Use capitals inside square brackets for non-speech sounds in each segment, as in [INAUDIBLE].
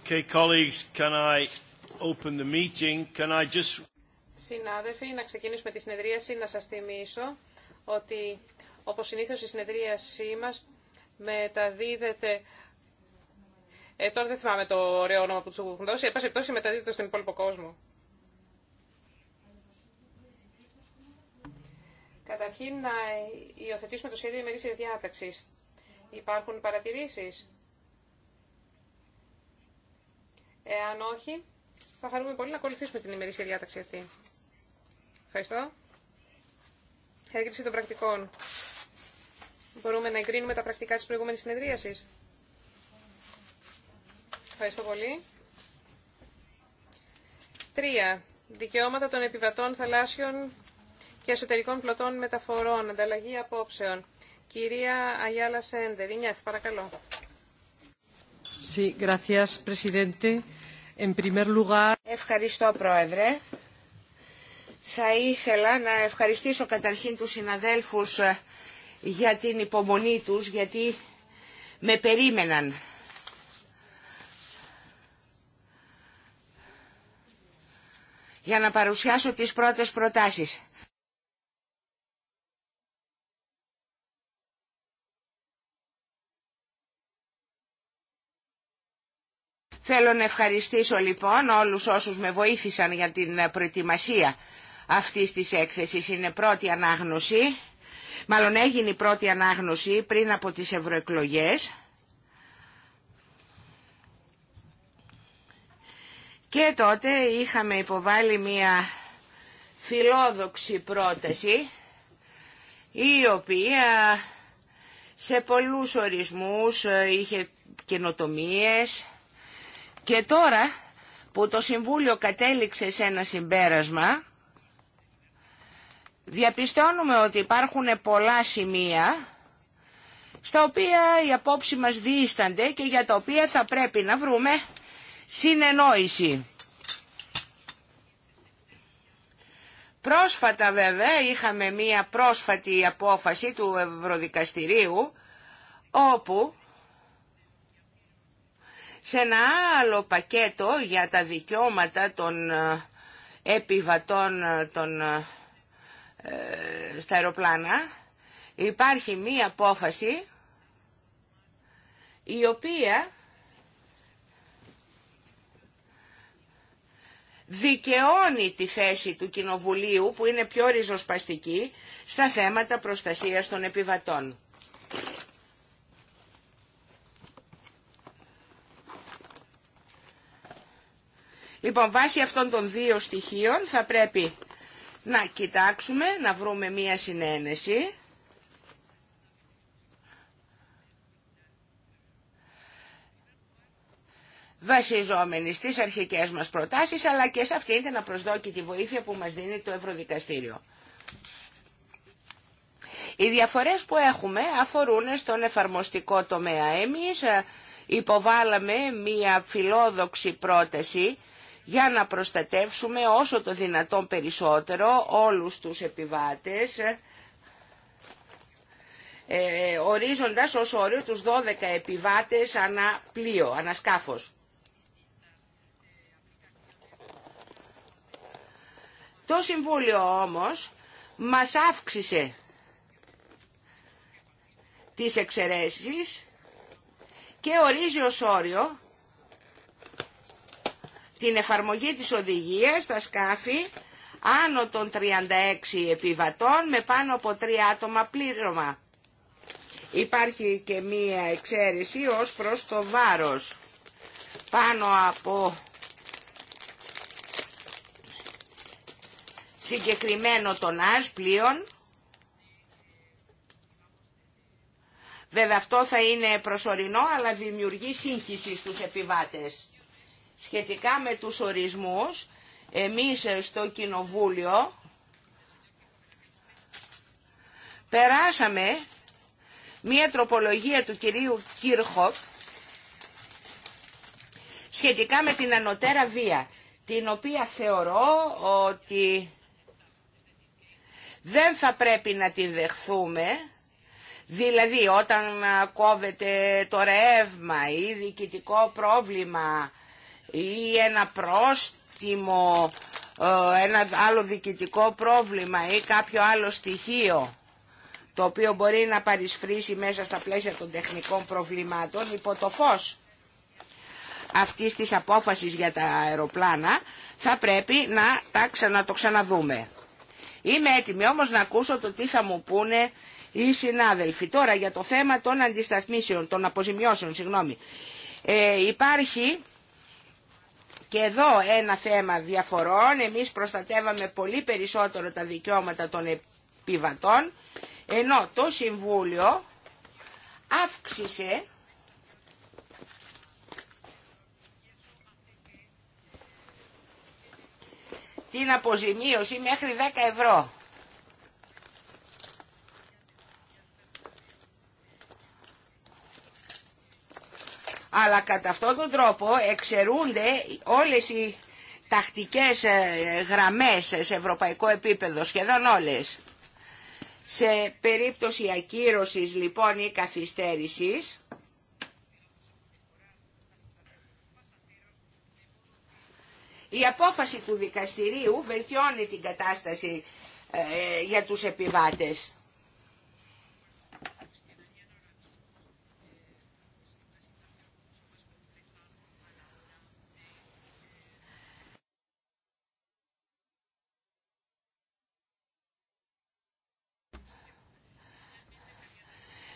Okay, Συνάδελφοι, να ξεκινήσουμε τη συνεδρίαση, να σας θυμίσω ότι όπως συνήθως η συνεδρίασή μας μεταδίδεται... Ε, τώρα δεν θυμάμαι το ωραίο όνομα που τους έχουν δώσει, έπασε πτώση μεταδίδεται στον υπόλοιπο κόσμο. Καταρχήν να υιοθετήσουμε το σχέδιο ημερήσιας διάταξης. Υπάρχουν παρατηρήσεις. Εάν όχι, θα χαρούμε πολύ να ακολουθήσουμε την ημερήσια διάταξη αυτή. Ευχαριστώ. Έγκριση των πρακτικών. Μπορούμε να εγκρίνουμε τα πρακτικά της προηγούμενης συνεδρίασης. Ευχαριστώ πολύ. Τρία. Δικαιώματα των επιβατών θαλάσσιων και εσωτερικών πλωτών μεταφορών. Ανταλλαγή απόψεων. Κυρία Αγιάλα Σέντερ, ΙΝΙΑΘ, παρακαλώ. Ευχαριστώ, Πρόεδρε. Θα ήθελα να ευχαριστήσω καταρχήν τους συναδέλφους ε, για την υπομονή τους, γιατί με περίμεναν. για να παρουσιάσω τις πρώτες προτάσεις. Θέλω να ευχαριστήσω λοιπόν όλους όσους με βοήθησαν για την προετοιμασία αυτής της έκθεσης. Είναι πρώτη ανάγνωση, μάλλον έγινε η πρώτη ανάγνωση πριν από τις ευρωεκλογές. Και τότε είχαμε υποβάλει μια φιλόδοξη πρόταση η οποία σε πολλούς ορισμούς είχε καινοτομίες και τώρα που το Συμβούλιο κατέληξε σε ένα συμπέρασμα, διαπιστώνουμε ότι υπάρχουν πολλά σημεία στα οποία οι απόψεις μας διήστανται και για τα οποία θα πρέπει να βρούμε συνεννόηση. Πρόσφατα βέβαια είχαμε μία πρόσφατη απόφαση του Ευρωδικαστηρίου όπου σε ένα άλλο πακέτο για τα δικαιώματα των ε, επιβατών ε, των, ε, στα αεροπλάνα υπάρχει μία απόφαση η οποία δικαιώνει τη θέση του Κοινοβουλίου που είναι πιο ριζοσπαστική στα θέματα προστασίας των επιβατών. Λοιπόν, βάσει αυτών των δύο στοιχείων θα πρέπει να κοιτάξουμε, να βρούμε μία συνένεση. βασιζόμενοι στις αρχικές μας προτάσεις, αλλά και σε αυτήν την απροσδόκητη βοήθεια που μας δίνει το Ευρωδικαστήριο. Οι διαφορές που έχουμε αφορούν στον εφαρμοστικό τομέα. Εμείς ε, υποβάλαμε μία φιλόδοξη πρόταση για να προστατεύσουμε όσο το δυνατόν περισσότερο όλους τους επιβάτες ε, ε, ορίζοντας ως όριο τους 12 επιβάτες ανά πλοίο, ανά σκάφος. Το Συμβούλιο όμως μας αύξησε τις εξαιρέσεις και ορίζει ως όριο την εφαρμογή της οδηγίας στα σκάφη άνω των 36 επιβατών με πάνω από 3 άτομα πλήρωμα. Υπάρχει και μία εξαίρεση ως προς το βάρος. Πάνω από συγκεκριμένο τον ΑΣ πλοίων. Βέβαια αυτό θα είναι προσωρινό αλλά δημιουργεί σύγχυση στους επιβάτες. Σχετικά με τους ορισμούς, εμείς στο Κοινοβούλιο περάσαμε μία τροπολογία του κυρίου κιρχόπ σχετικά με την ανωτέρα βία, την οποία θεωρώ ότι δεν θα πρέπει να την δεχθούμε, δηλαδή όταν κόβεται το ρεύμα ή διοικητικό πρόβλημα ή ένα πρόστιμο, ε, ένα άλλο διοικητικό πρόβλημα ή κάποιο άλλο στοιχείο το οποίο μπορεί να παρισφρήσει μέσα στα πλαίσια των τεχνικών προβλημάτων υπό το φως αυτής της απόφασης για τα αεροπλάνα θα πρέπει να, τα το ξαναδούμε. Είμαι έτοιμη όμως να ακούσω το τι θα μου πούνε οι συνάδελφοι. Τώρα για το θέμα των αντισταθμίσεων, των αποζημιώσεων, συγγνώμη. Ε, υπάρχει και εδώ ένα θέμα διαφορών, εμείς προστατεύαμε πολύ περισσότερο τα δικαιώματα των επιβατών, ενώ το Συμβούλιο αύξησε την αποζημίωση μέχρι 10 ευρώ. αλλά κατά αυτόν τον τρόπο εξαιρούνται όλες οι τακτικές ε, γραμμές σε ευρωπαϊκό επίπεδο, σχεδόν όλες. Σε περίπτωση ακύρωσης λοιπόν ή καθυστέρησης, η απόφαση του δικαστηρίου βελτιώνει την κατάσταση ε, για τους επιβάτες.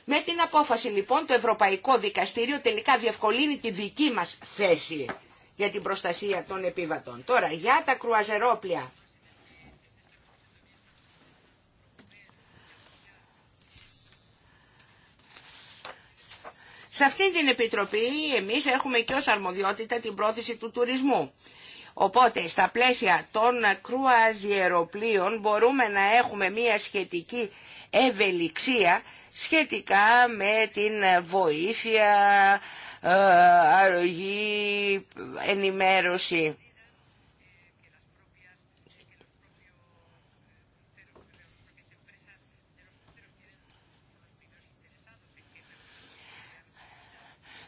Με την απόφαση λοιπόν το Ευρωπαϊκό Δικαστήριο τελικά διευκολύνει τη δική μας θέση για την προστασία των επίβατων. Τώρα για τα κρουαζερόπλια. Σε αυτή την Επιτροπή εμείς έχουμε και ως αρμοδιότητα την πρόθεση του τουρισμού. Οπότε στα πλαίσια των κρουαζιεροπλίων μπορούμε να έχουμε μια σχετική ευελιξία σχετικά με την βοήθεια, ε, αρρωγή, ενημέρωση.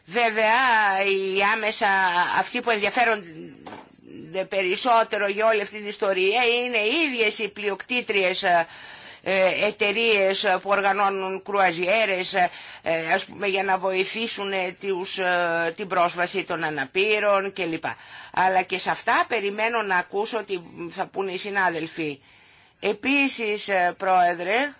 Βέβαια, οι άμεσα αυτοί που ενδιαφέρονται περισσότερο για όλη αυτή την ιστορία είναι οι ίδιες οι πλειοκτήτριες ε, ε, εταιρείες ε, που οργανώνουν κρουαζιέρες ε, για να βοηθήσουν τους, την πρόσβαση των αναπήρων κλπ. Αλλά και σε αυτά περιμένω να ακούσω τι θα πούνε οι συνάδελφοι. Επίσης, Πρόεδρε,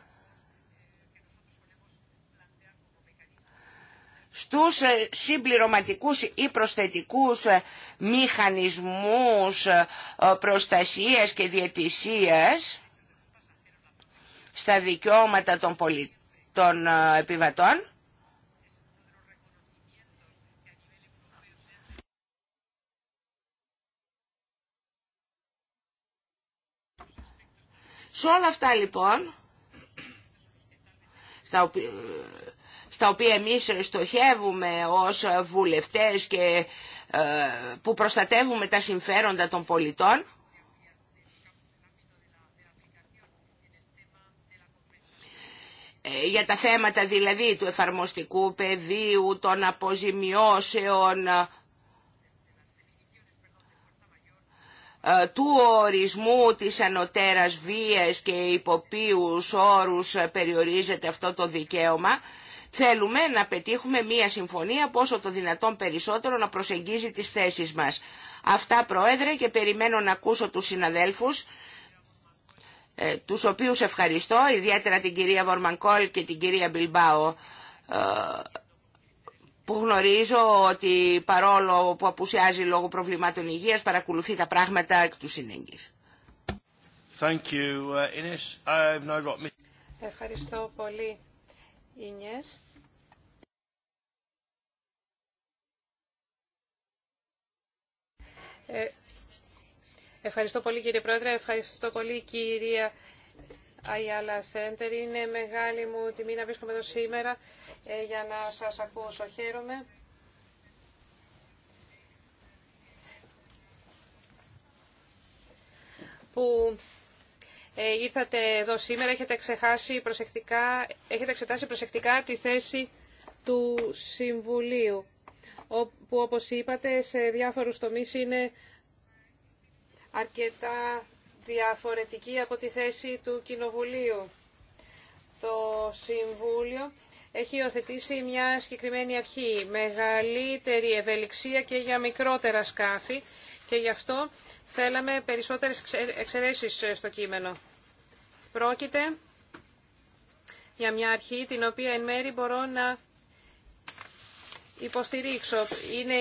στους συμπληρωματικούς ή προσθετικούς μηχανισμούς προστασίας και διαιτησίας στα δικαιώματα των, πολι... των ε, επιβατών. Σε όλα αυτά λοιπόν, στα οποία, στα οποία εμείς στοχεύουμε ως βουλευτές και ε, που προστατεύουμε τα συμφέροντα των πολιτών, Ε, για τα θέματα δηλαδή του εφαρμοστικού πεδίου, των αποζημιώσεων, ε, του ορισμού της ανωτέρας βίας και υποποιούς όρους ε, περιορίζεται αυτό το δικαίωμα, θέλουμε να πετύχουμε μία συμφωνία πόσο το δυνατόν περισσότερο να προσεγγίζει τις θέσεις μας. Αυτά Πρόεδρε και περιμένω να ακούσω τους συναδέλφους ε, τους οποίους ευχαριστώ, ιδιαίτερα την κυρία Βορμανκόλ και την κυρία Μπιλμπάο, ε, που γνωρίζω ότι παρόλο που απουσιάζει λόγω προβλημάτων υγείας, παρακολουθεί τα πράγματα εκ του συνέγγυς. Uh, ευχαριστώ πολύ, Ινιές. Ε, Ευχαριστώ πολύ κύριε Πρόεδρε, ευχαριστώ πολύ κυρία Αγιάλα Σέντερ. Είναι μεγάλη μου τιμή να βρίσκομαι εδώ σήμερα ε, για να σας ακούσω. Χαίρομαι. που ε, ήρθατε εδώ σήμερα, έχετε, ξεχάσει προσεκτικά, έχετε εξετάσει προσεκτικά τη θέση του Συμβουλίου, που όπως είπατε σε διάφορους τομείς είναι αρκετά διαφορετική από τη θέση του Κοινοβουλίου. Το Συμβούλιο έχει υιοθετήσει μια συγκεκριμένη αρχή, μεγαλύτερη ευελιξία και για μικρότερα σκάφη και γι' αυτό θέλαμε περισσότερες εξαιρέσεις στο κείμενο. Πρόκειται για μια αρχή την οποία εν μέρη μπορώ να υποστηρίξω. Είναι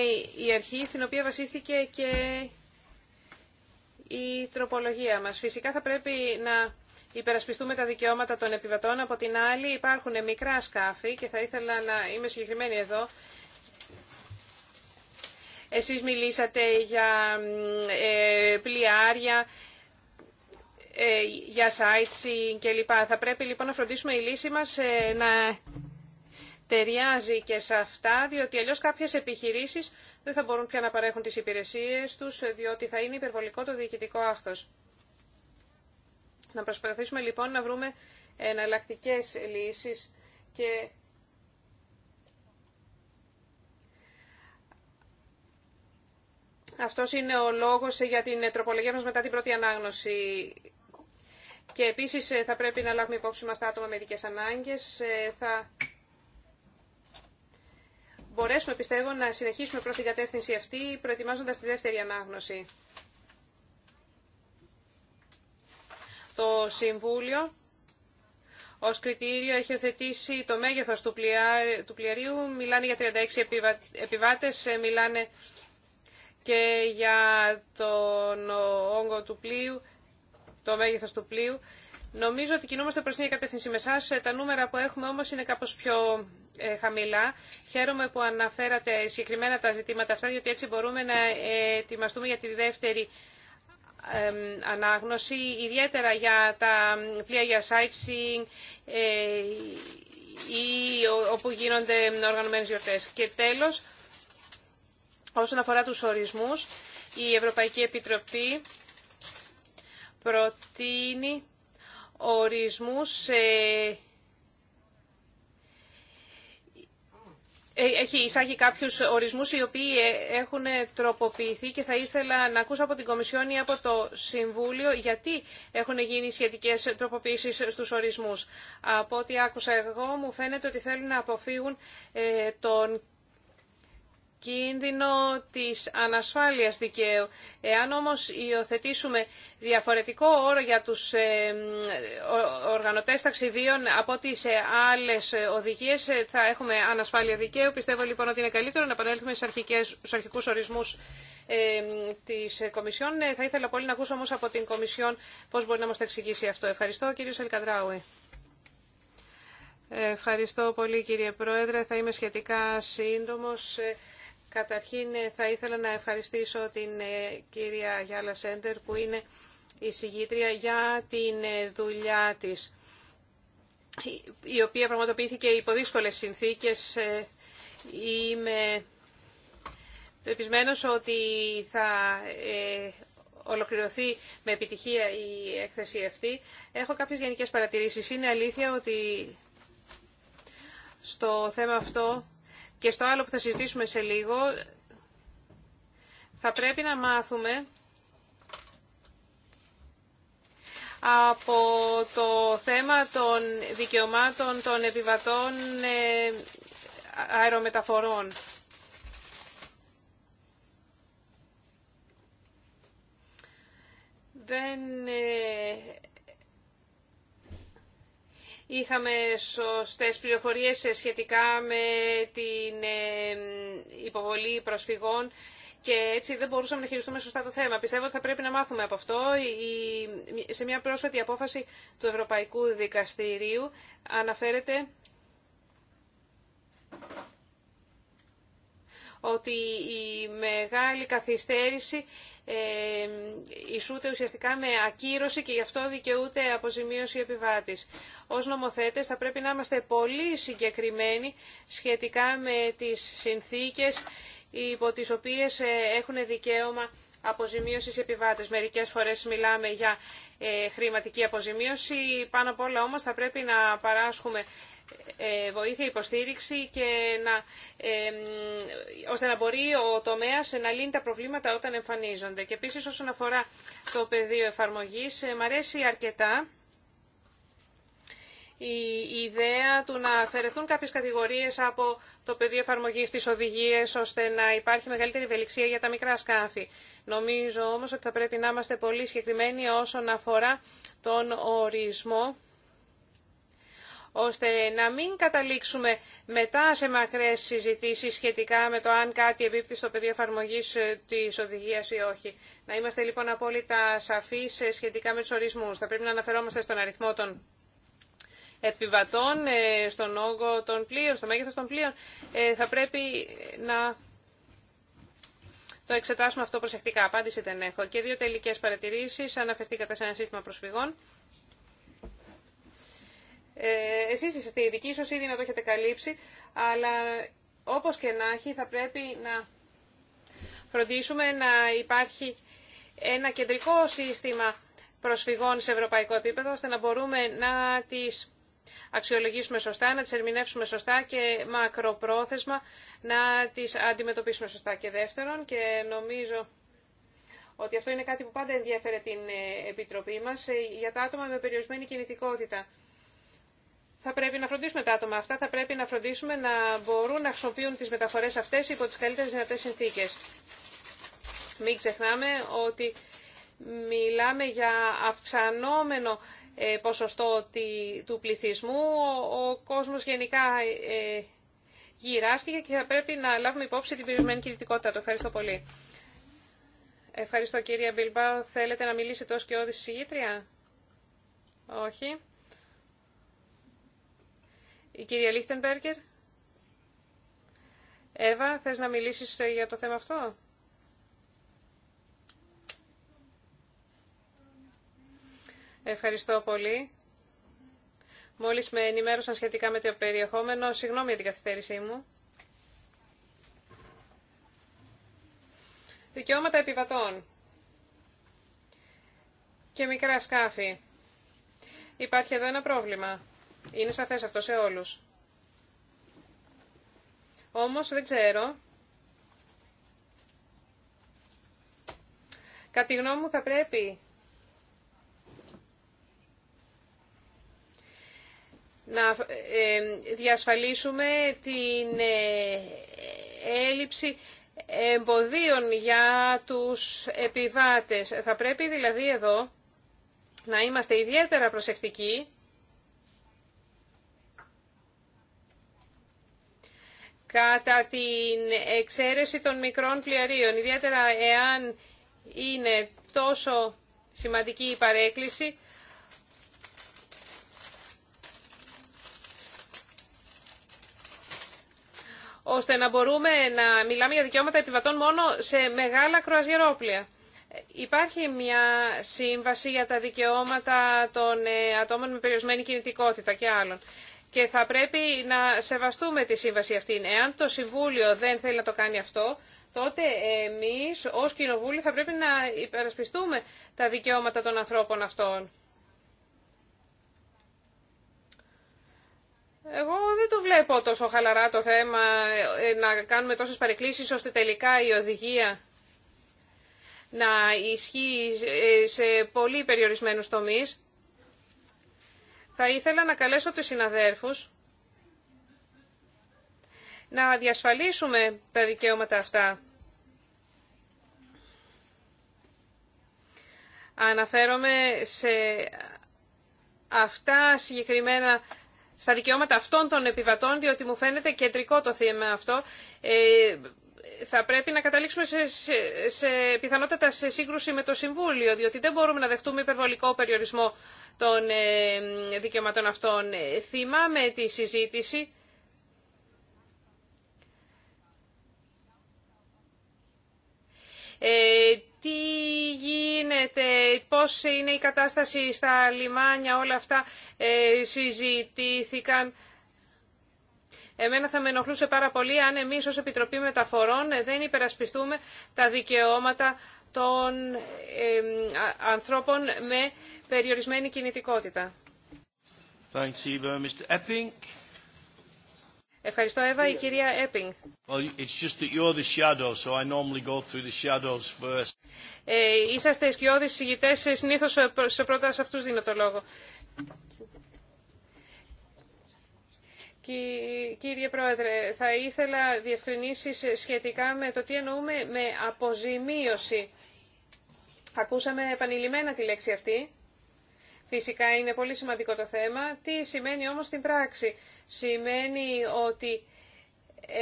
η αρχή στην οποία βασίστηκε και η τροπολογία μας. Φυσικά θα πρέπει να υπερασπιστούμε τα δικαιώματα των επιβατών. Από την άλλη υπάρχουν μικρά σκάφη και θα ήθελα να είμαι συγκεκριμένη εδώ. Εσείς μιλήσατε για ε, πλοιάρια, ε, για sightseeing κλπ. Θα πρέπει λοιπόν να φροντίσουμε η λύση μας ε, να ταιριάζει και σε αυτά, διότι αλλιώ κάποιε επιχειρήσει δεν θα μπορούν πια να παρέχουν τι υπηρεσίε του, διότι θα είναι υπερβολικό το διοικητικό άχθος. Να προσπαθήσουμε λοιπόν να βρούμε εναλλακτικέ λύσει. και Αυτός είναι ο λόγο για την τροπολογία μα μετά την πρώτη ανάγνωση. Και επίσης ε, θα πρέπει να λάβουμε υπόψη μας τα άτομα με ειδικές ανάγκες. Ε, θα μπορέσουμε, πιστεύω, να συνεχίσουμε προς την κατεύθυνση αυτή, προετοιμάζοντας τη δεύτερη ανάγνωση. Το Συμβούλιο ως κριτήριο έχει οθετήσει το μέγεθος του, του Μιλάνε για 36 επιβάτες, ε, μιλάνε και για τον όγκο του πλοίου, το μέγεθος του πλοίου. Νομίζω ότι κινούμαστε προς την κατεύθυνση με εσά. Ε, τα νούμερα που έχουμε όμως είναι κάπως πιο ε, χαμηλά. Χαίρομαι που αναφέρατε συγκεκριμένα τα ζητήματα αυτά, διότι έτσι μπορούμε να ε, ετοιμαστούμε για τη δεύτερη ανάγνωση, ιδιαίτερα για τα πλοία για sightseeing ή όπου γίνονται οργανωμένες γιορτές. Και τέλος, όσον αφορά τους ορισμούς, η Ευρωπαϊκή τελος οσον αφορα του ορισμου προτείνει ορισμούς ε, ε, έχει εισάγει κάποιους ορισμούς οι οποίοι ε, έχουν τροποποιηθεί και θα ήθελα να ακούσω από την Κομισιόν ή από το Συμβούλιο γιατί έχουν γίνει σχετικές τροποποιήσεις στους ορισμούς. Από ό,τι άκουσα εγώ μου φαίνεται ότι θέλουν να αποφύγουν τον κίνδυνο της ανασφάλειας δικαίου. Εάν όμως υιοθετήσουμε διαφορετικό όρο για τους ε, οργανωτές ταξιδίων από ό,τι σε άλλες οδηγίες ε, θα έχουμε ανασφάλεια δικαίου. Πιστεύω λοιπόν ότι είναι καλύτερο να επανέλθουμε στους, αρχικές, στους αρχικούς ορισμούς ε, της Κομισιόν. Θα ήθελα πολύ να ακούσω όμως από την Κομισιόν πώς μπορεί να μας τα εξηγήσει αυτό. Ευχαριστώ κύριο Ελκαντράουι. Ευχαριστώ πολύ κύριε Πρόεδρε. Θα είμαι σχετικά σύντομος. Καταρχήν ε, θα ήθελα να ευχαριστήσω την ε, κυρία Γιάλα Σέντερ που είναι η συγγήτρια για την ε, δουλειά της η οποία πραγματοποιήθηκε υπό δύσκολες συνθήκες. Είμαι πεπισμένος ότι θα ολοκληρωθεί με επιτυχία η έκθεση αυτή. Έχω κάποιες γενικές παρατηρήσεις. Είναι αλήθεια ότι στο θέμα αυτό και στο άλλο που θα συζητήσουμε σε λίγο, θα πρέπει να μάθουμε από το θέμα των δικαιωμάτων των επιβατών ε, αερομεταφορών. Δεν ε, Είχαμε σωστές πληροφορίες σχετικά με την ε, υποβολή προσφυγών και έτσι δεν μπορούσαμε να χειριστούμε σωστά το θέμα. Πιστεύω ότι θα πρέπει να μάθουμε από αυτό. Σε μια πρόσφατη απόφαση του Ευρωπαϊκού Δικαστηρίου αναφέρεται ότι η μεγάλη καθυστέρηση ε, ισούται ουσιαστικά με ακύρωση και γι' αυτό δικαιούται αποζημίωση επιβάτης. Ως νομοθέτες θα πρέπει να είμαστε πολύ συγκεκριμένοι σχετικά με τις συνθήκες υπό τις οποίες ε, έχουν δικαίωμα αποζημίωσης επιβάτες. Μερικές φορές μιλάμε για ε, χρηματική αποζημίωση. Πάνω απ' όλα όμως θα πρέπει να παράσχουμε ε, βοήθεια, υποστήριξη και ε, ώστε να μπορεί ο τομέας να λύνει τα προβλήματα όταν εμφανίζονται. Και επίσης όσον αφορά το πεδίο εφαρμογής, ε, αρέσει αρκετά η ιδέα του να αφαιρεθούν κάποιες κατηγορίες από το πεδίο εφαρμογή της οδηγίες ώστε να υπάρχει μεγαλύτερη ευελιξία για τα μικρά σκάφη. Νομίζω όμως ότι θα πρέπει να είμαστε πολύ συγκεκριμένοι όσον αφορά τον ορισμό ώστε να μην καταλήξουμε μετά σε μακρές συζητήσεις σχετικά με το αν κάτι επίπτει στο πεδίο εφαρμογή ε, της οδηγίας ή όχι. Να είμαστε λοιπόν απόλυτα σαφείς ε, σχετικά με τους ορισμούς. Θα πρέπει να αναφερόμαστε στον αριθμό των επιβατών, ε, στον όγκο των πλοίων, στο μέγεθος των πλοίων. Θα πρέπει να το εξετάσουμε αυτό προσεκτικά. Απάντηση δεν έχω. Και δύο τελικές παρατηρήσεις. Αναφερθήκατε σε ένα σύστημα προσφυγών. Ε, εσείς είστε ειδικοί, ίσως ήδη να το έχετε καλύψει, αλλά όπως και να έχει θα πρέπει να φροντίσουμε να υπάρχει ένα κεντρικό σύστημα προσφυγών σε ευρωπαϊκό επίπεδο, ώστε να μπορούμε να τις αξιολογήσουμε σωστά, να τις ερμηνεύσουμε σωστά και μακροπρόθεσμα να τις αντιμετωπίσουμε σωστά. Και δεύτερον, και νομίζω ότι αυτό είναι κάτι που πάντα ενδιέφερε την ε, Επιτροπή μας, ε, για τα άτομα με περιορισμένη κινητικότητα θα πρέπει να φροντίσουμε τα άτομα αυτά, θα πρέπει να φροντίσουμε να μπορούν να χρησιμοποιούν τις μεταφορές αυτές υπό τις καλύτερες δυνατές συνθήκες. Μην ξεχνάμε ότι μιλάμε για αυξανόμενο ε, ποσοστό του πληθυσμού. Ο κόσμος γενικά ε, γυράσκει και θα πρέπει να λάβουμε υπόψη την περιορισμένη κινητικότητα. Το ευχαριστώ πολύ. Ευχαριστώ κύριε Μπιλμπάου. Θέλετε να μιλήσετε ως και όδηση συγγήτρια? Όχι. Η κυρία Λίχτενμπέργκερ. Εύα, θες να μιλήσεις ε, για το θέμα αυτό. Ευχαριστώ πολύ. Μόλις με ενημέρωσαν σχετικά με το περιεχόμενο, συγγνώμη για την καθυστέρησή μου. Δικαιώματα επιβατών και μικρά σκάφη. Υπάρχει εδώ ένα πρόβλημα. Είναι σαφές αυτό σε όλους. Όμως δεν ξέρω. Κατά τη γνώμη μου θα πρέπει να ε, διασφαλίσουμε την ε, έλλειψη εμποδίων για τους επιβάτες. Θα πρέπει δηλαδή εδώ να είμαστε ιδιαίτερα προσεκτικοί κατά την εξαίρεση των μικρών πλοιαρίων, ιδιαίτερα εάν είναι τόσο σημαντική η παρέκκληση, ώστε να μπορούμε να μιλάμε για δικαιώματα επιβατών μόνο σε μεγάλα κρουαζιερόπλια. Υπάρχει μια σύμβαση για τα δικαιώματα των ε, ατόμων με περιορισμένη κινητικότητα και άλλων και θα πρέπει να σεβαστούμε τη σύμβαση αυτή. Εάν το Συμβούλιο δεν θέλει να το κάνει αυτό, τότε εμείς ως Κοινοβούλιο θα πρέπει να υπερασπιστούμε τα δικαιώματα των ανθρώπων αυτών. Εγώ δεν το βλέπω τόσο χαλαρά το θέμα ε, ε, να κάνουμε τόσες παρεκκλήσεις ώστε τελικά η οδηγία να ισχύει ε, σε πολύ περιορισμένους τομείς θα ήθελα να καλέσω τους συναδέρφους να διασφαλίσουμε τα δικαιώματα αυτά. Αναφέρομαι σε αυτά συγκεκριμένα στα δικαιώματα αυτών των επιβατών, διότι μου φαίνεται κεντρικό το θέμα αυτό. Ε, θα πρέπει να καταλήξουμε σε, σε πιθανότατα σε σύγκρουση με το Συμβούλιο, διότι δεν μπορούμε να δεχτούμε υπερβολικό περιορισμό των ε, δικαιωματών αυτών. Ε, θυμάμαι τη συζήτηση ε, τι γίνεται, πώς είναι η κατάσταση στα λιμάνια, όλα αυτά ε, συζητήθηκαν Εμένα θα με ενοχλούσε πάρα πολύ αν εμείς ως Επιτροπή Μεταφορών ε, δεν υπερασπιστούμε τα δικαιώματα των ανθρώπων με περιορισμένη κινητικότητα. Ευχαριστώ, Εύα. Η κυρία Έπινγκ. Ε, είσαστε σκιώδης συγητές, συνήθως ε, σε πρώτα σε αυτούς δίνω το λόγο. Κύριε Πρόεδρε, θα ήθελα διευκρινήσεις σχετικά με το τι εννοούμε με αποζημίωση. Ακούσαμε επανειλημμένα τη λέξη αυτή. Φυσικά είναι πολύ σημαντικό το θέμα. Τι σημαίνει όμως την πράξη. Σημαίνει ότι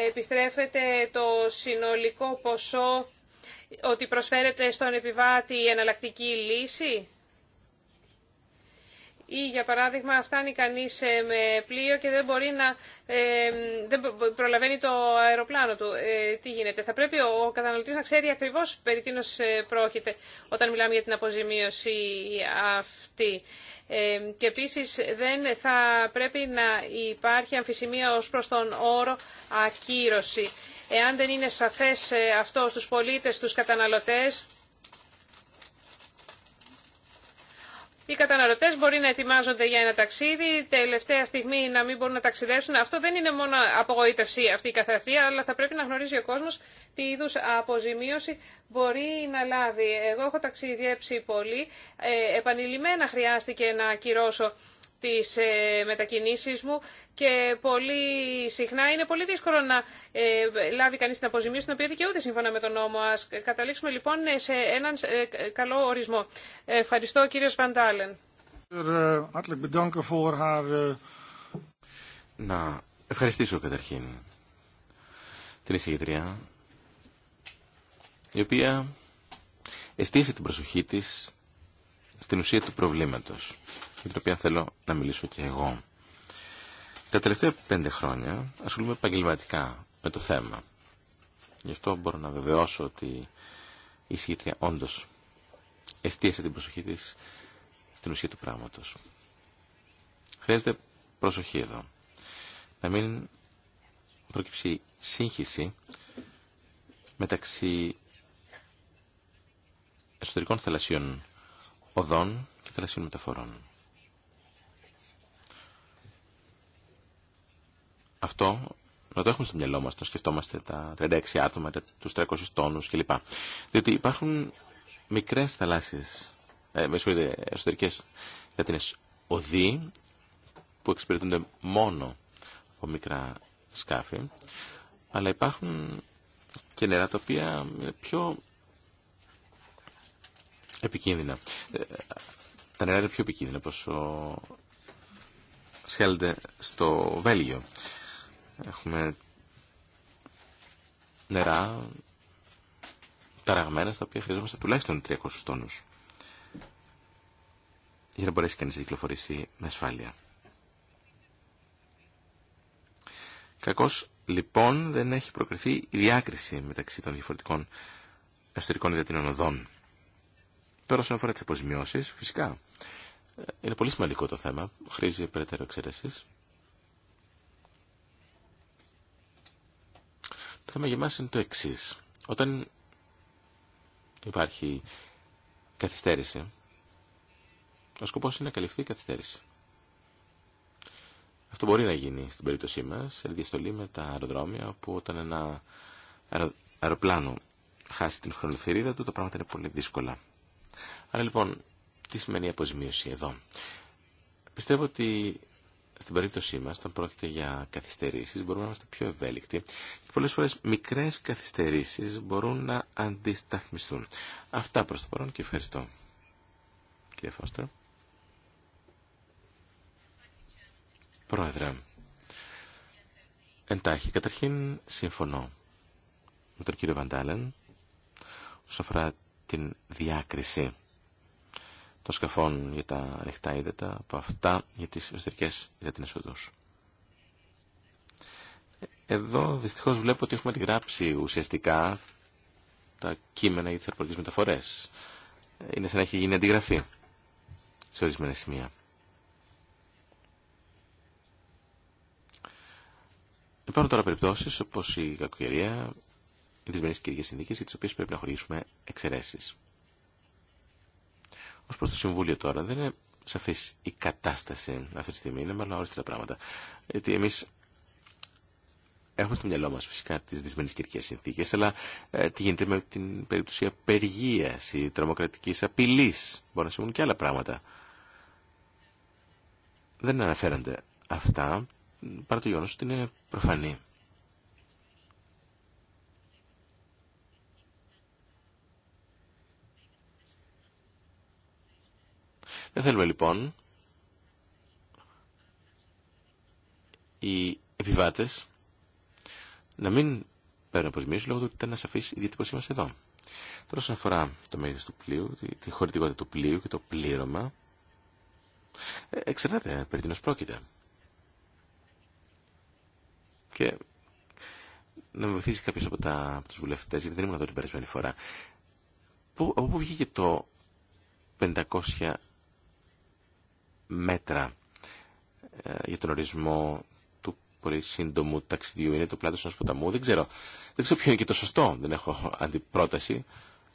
επιστρέφεται το συνολικό ποσό ότι προσφέρεται στον επιβάτη η εναλλακτική λύση. Ή για παράδειγμα φτάνει κανείς ε, με πλοίο και δεν μπορεί να ε, δεν προλαβαίνει το αεροπλάνο του. Ε, τι γίνεται. Θα πρέπει ο καταναλωτής να ξέρει ακριβώς περί τίνος πρόκειται όταν μιλάμε για την αποζημίωση αυτή. και επίσης δεν θα πρέπει να υπάρχει αμφισημία ως προς τον όρο ακύρωση. Εάν δεν είναι σαφές αυτό στους πολίτες, στους καταναλωτές, Οι καταναλωτέ μπορεί να ετοιμάζονται για ένα ταξίδι, τελευταία στιγμή να μην μπορούν να ταξιδέψουν. Αυτό δεν είναι μόνο απογοήτευση αυτή η καθεαυτία, αλλά θα πρέπει να γνωρίζει ο κόσμο τι είδους αποζημίωση μπορεί να λάβει. Εγώ έχω ταξιδιέψει πολύ, ε, επανειλημμένα χρειάστηκε να ακυρώσω τις ε, μετακινήσεις μου και πολύ συχνά είναι πολύ δύσκολο να ε, λάβει κανείς την αποζημίωση την οποία δικαιούται σύμφωνα με τον νόμο. Ας καταλήξουμε λοιπόν ε, σε έναν καλό ορισμό. Ευχαριστώ κύριος Βαντάλεν. Να ευχαριστήσω καταρχήν την εισηγητριά η οποία εστίασε την προσοχή της στην ουσία του προβλήματος, για την οποία θέλω να μιλήσω και εγώ. Τα τελευταία πέντε χρόνια ασχολούμαι επαγγελματικά με το θέμα. Γι' αυτό μπορώ να βεβαιώσω ότι η συγκεκριά όντως εστίασε την προσοχή της στην ουσία του πράγματος. Χρειάζεται προσοχή εδώ. Να μην προκύψει σύγχυση μεταξύ εσωτερικών θαλασσιών οδών και θαλασσίων μεταφορών. Αυτό να το έχουμε στο μυαλό μας, να σκεφτόμαστε τα 36 άτομα, τους 300 τόνους κλπ. Διότι υπάρχουν μικρές θαλάσσιες, ε, με με εσωτερικές λατινές οδοί που εξυπηρετούνται μόνο από μικρά σκάφη, αλλά υπάρχουν και νερά τα οποία είναι πιο επικίνδυνα. Ε, τα νερά είναι πιο επικίνδυνα πόσο σχέλνεται στο Βέλγιο. Έχουμε νερά ταραγμένα στα οποία χρειαζόμαστε τουλάχιστον 300 τόνους για να μπορέσει κανείς να κυκλοφορήσει με ασφάλεια. Κακώς λοιπόν δεν έχει προκριθεί η διάκριση μεταξύ των διαφορετικών εσωτερικών υδατινών οδών. Τώρα, όσον αφορά τι αποζημιώσει, φυσικά είναι πολύ σημαντικό το θέμα. Χρήζει περαιτέρω εξαίρεση. Το θέμα για είναι το εξή. Όταν υπάρχει καθυστέρηση, ο σκοπός είναι να καλυφθεί η καθυστέρηση. Αυτό μπορεί να γίνει στην περίπτωσή μας, σε διαστολή με τα αεροδρόμια, όπου όταν ένα αεροπλάνο χάσει την χρονοθυρίδα του, τα πράγματα είναι πολύ δύσκολα. Άρα λοιπόν, τι σημαίνει αποζημίωση εδώ. Πιστεύω ότι στην περίπτωσή μα, όταν πρόκειται για καθυστερήσει, μπορούμε να είμαστε πιο ευέλικτοι και πολλέ φορέ μικρέ καθυστερήσει μπορούν να αντισταθμιστούν. Αυτά προ το παρόν και ευχαριστώ. Κύριε Φώστερ. Πρόεδρε, εντάχει, καταρχήν συμφωνώ με τον κύριο Βαντάλεν όσον την διάκριση των σκαφών για τα ανοιχτά ύδατα από αυτά για τις για την οδούς. Εδώ δυστυχώς βλέπω ότι έχουμε αντιγράψει ουσιαστικά τα κείμενα για τις τα μεταφορές. Είναι σαν να έχει γίνει αντιγραφή σε ορισμένα σημεία. Υπάρχουν τώρα περιπτώσεις όπως η κακοκαιρία, ορισμένε κυριακέ συνθήκε για τι οποίε πρέπει να χωρίσουμε εξαιρέσει. Ω προ το Συμβούλιο τώρα, δεν είναι σαφή η κατάσταση αυτή τη στιγμή. Είναι μάλλον τα πράγματα. Γιατί εμεί έχουμε στο μυαλό μα φυσικά τι δυσμενεί κυριακέ συνθήκε, αλλά ε, τι γίνεται με την περίπτωση απεργία ή τρομοκρατική απειλή. Μπορεί να συμβούν και άλλα πράγματα. Δεν αναφέρονται αυτά παρά το γεγονό ότι είναι προφανή Δεν θέλουμε λοιπόν οι επιβάτες να μην παίρνουν αποσμίωση λόγω του ότι ήταν ασαφή η διατύπωσή μας εδώ. Τώρα όσον αφορά το μέγεθο του πλοίου, τη χωρητικότητα του πλοίου και το πλήρωμα, ε, εξαρτάται περί τίνο πρόκειται. Και να με βοηθήσει κάποιος από, από γιατί δεν ήμουν εδώ την περασμένη φορά. από πού βγήκε το 500 μέτρα ε, για τον ορισμό του πολύ σύντομου ταξιδιού. Είναι το πλάτος ενός ποταμού. Δεν ξέρω. Δεν ξέρω ποιο είναι και το σωστό. Δεν έχω αντιπρόταση.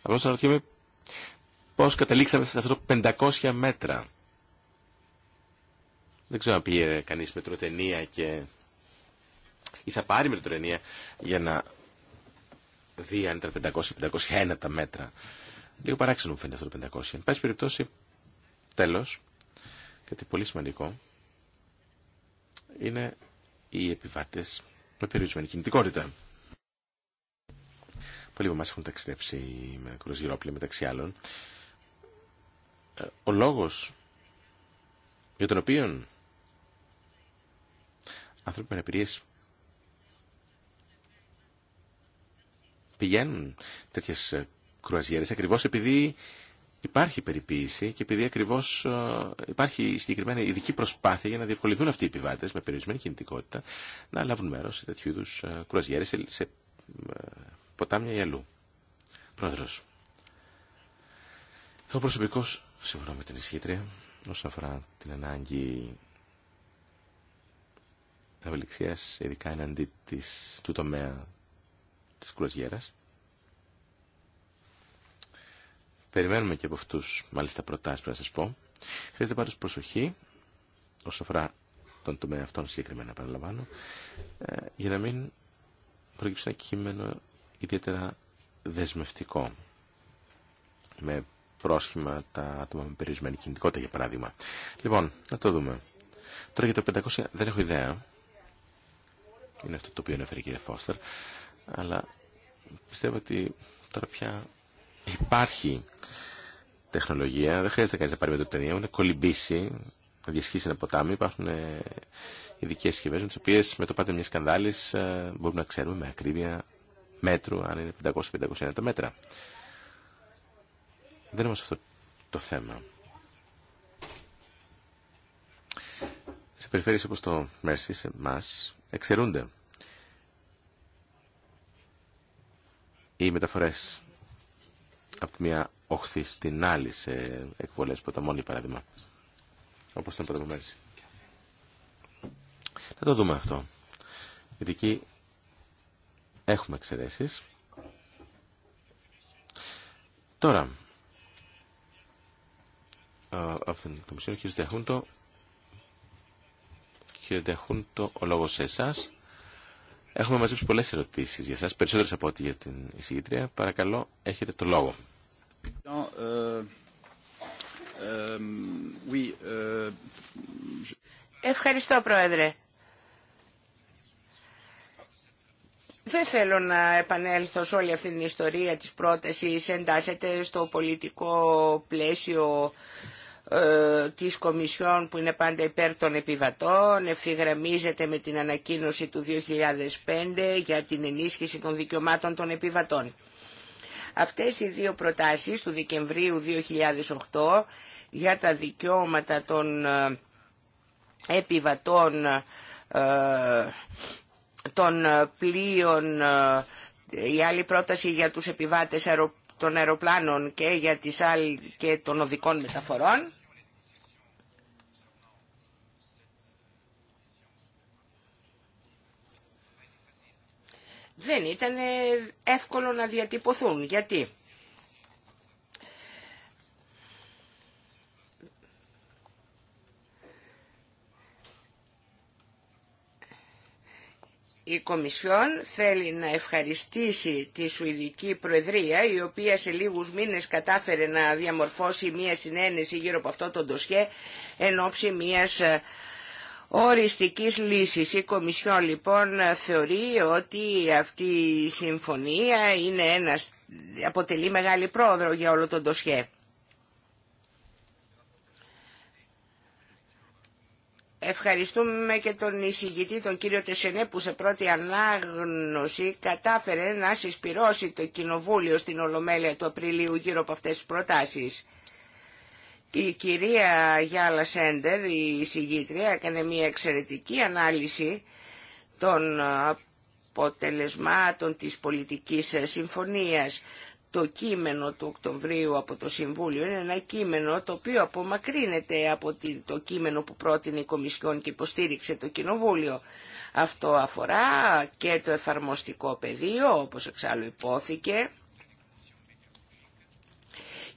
Απλώ αναρωτιέμαι πώ καταλήξαμε σε αυτό το 500 μέτρα. Δεν ξέρω αν πήγε κανεί μετροτενία και... ή θα πάρει μετροτενία για να δει αν ήταν 500 501 τα μέτρα. Λίγο παράξενο μου φαίνεται αυτό το 500. Εν πάση περιπτώσει, τέλο. Κάτι πολύ σημαντικό είναι οι επιβάτες με περιορισμένη κινητικότητα. Πολλοί από εμάς έχουν ταξιδέψει με κρουζιρόπλια μεταξύ άλλων. Ε, ο λόγος για τον οποίο άνθρωποι με αναπηρίες πηγαίνουν τέτοιες ε, κρουαζιέρες ακριβώς επειδή υπάρχει περιποίηση και επειδή ακριβώ ε, υπάρχει συγκεκριμένη ειδική προσπάθεια για να διευκολυνθούν αυτοί οι επιβάτε με περιορισμένη κινητικότητα να λάβουν μέρο σε τέτοιου είδου ε, κρουαζιέρε σε ε, ποτάμια ή αλλού. Πρόεδρο. Εγώ προσωπικώ συμφωνώ με την ισχύτρια όσον αφορά την ανάγκη ευελιξία, ειδικά εναντί της, του τομέα τη κρουαζιέρα. Περιμένουμε και από αυτού μάλιστα, προτάσει πρέπει να σα πω. Χρειάζεται πάντω προσοχή, όσον αφορά τον τομέα αυτόν συγκεκριμένα, παραλαμβάνω, ε, για να μην προκύψει ένα κείμενο ιδιαίτερα δεσμευτικό, με πρόσχημα τα άτομα με περιορισμένη κινητικότητα, για παράδειγμα. Λοιπόν, να το δούμε. Τώρα για το 500 δεν έχω ιδέα. Είναι αυτό το οποίο έφερε η κυρία Φώστερ. Αλλά πιστεύω ότι τώρα πια Υπάρχει τεχνολογία, δεν χρειάζεται κανεί να πάρει με το ταινία, να κολυμπήσει, να διασχίσει ένα ποτάμι. Υπάρχουν ε, ειδικέ συσκευέ με τι οποίε με το πάτε μια σκανδάλη ε, μπορούμε να ξέρουμε με ακρίβεια μέτρου αν είναι 500-590 μέτρα. Δεν είναι όμω αυτό το θέμα. Σε περιφέρειες όπως το Μέρσι, σε εξαιρούνται οι μεταφορές από τη μία οχθή στην άλλη σε εκβολές ποταμών, για παράδειγμα. Όπως ήταν προηγουμένως. Να το δούμε αυτό. Γιατί εκεί έχουμε εξαιρέσει. Τώρα, ε, από την Κομισιόν, κύριε Διαχούντο, κύριε ο λόγος σε εσάς. Έχουμε μαζέψει πολλές ερωτήσεις για εσάς, περισσότερες από ό,τι για την εισηγήτρια. Παρακαλώ, έχετε το λόγο. Euh, euh, euh, Ευχαριστώ, Πρόεδρε. Δεν θέλω να επανέλθω σε όλη αυτή την ιστορία της πρότασης εντάσσεται στο πολιτικό πλαίσιο ε, της Κομισιόν που είναι πάντα υπέρ των επιβατών, ευθυγραμμίζεται με την ανακοίνωση του 2005 για την ενίσχυση των δικαιωμάτων των επιβατών. Αυτές οι δύο προτάσεις του Δεκεμβρίου 2008 για τα δικαιώματα των ε, επιβατών ε, των ε, πλοίων, η άλλη πρόταση για τους επιβάτες των αεροπλάνων και, για τις και των οδικών μεταφορών δεν ήταν ε, εύκολο να διατυπωθούν. Γιατί Η Κομισιόν θέλει να ευχαριστήσει τη Σουηδική Προεδρία, η οποία σε λίγους μήνες κατάφερε να διαμορφώσει μία συνένεση γύρω από αυτό το ντοσχέ, εν ώψη μίας ε, οριστικής λύσης. Η Κομισιόν λοιπόν θεωρεί ότι αυτή η συμφωνία είναι ένας, αποτελεί μεγάλη πρόοδο για όλο τον τοσχέ. Ευχαριστούμε και τον εισηγητή, τον κύριο Τεσενέ, που σε πρώτη ανάγνωση κατάφερε να συσπυρώσει το Κοινοβούλιο στην Ολομέλεια του Απριλίου γύρω από αυτές τις προτάσεις. Η κυρία Γιάλα Σέντερ, η συγγήτρια, έκανε μια εξαιρετική ανάλυση των αποτελεσμάτων της πολιτικής συμφωνίας. Το κείμενο του Οκτωβρίου από το Συμβούλιο είναι ένα κείμενο το οποίο απομακρύνεται από το κείμενο που πρότεινε η Κομισιόν και υποστήριξε το Κοινοβούλιο. Αυτό αφορά και το εφαρμοστικό πεδίο, όπως εξάλλου υπόθηκε,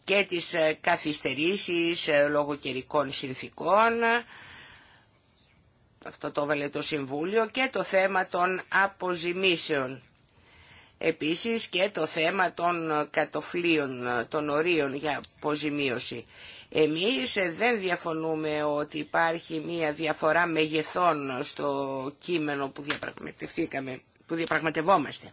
και τις ε, καθυστερήσεις ε, λόγω καιρικών συνθήκων, αυτό το έβαλε το Συμβούλιο, και το θέμα των αποζημίσεων. Επίσης και το θέμα των κατοφλίων, των ορίων για αποζημίωση. Εμείς δεν διαφωνούμε ότι υπάρχει μία διαφορά μεγεθών στο κείμενο που, διαπραγματευτήκαμε, που διαπραγματευόμαστε.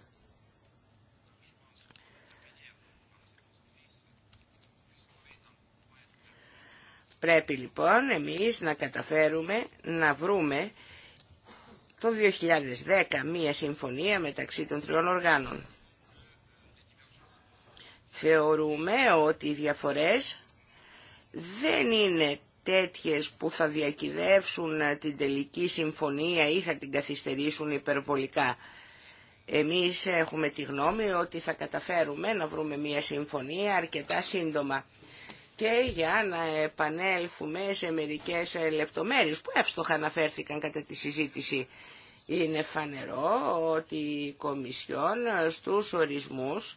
Πρέπει λοιπόν εμείς να καταφέρουμε να βρούμε το 2010 μία συμφωνία μεταξύ των τριών οργάνων. Θεωρούμε ότι οι διαφορές δεν είναι τέτοιες που θα διακυδεύσουν την τελική συμφωνία ή θα την καθυστερήσουν υπερβολικά. Εμείς έχουμε τη γνώμη ότι θα καταφέρουμε να βρούμε μία συμφωνία αρκετά σύντομα και για να επανέλθουμε σε μερικές λεπτομέρειες που εύστοχα αναφέρθηκαν κατά τη συζήτηση. Είναι φανερό ότι η Κομισιόν στους ορισμούς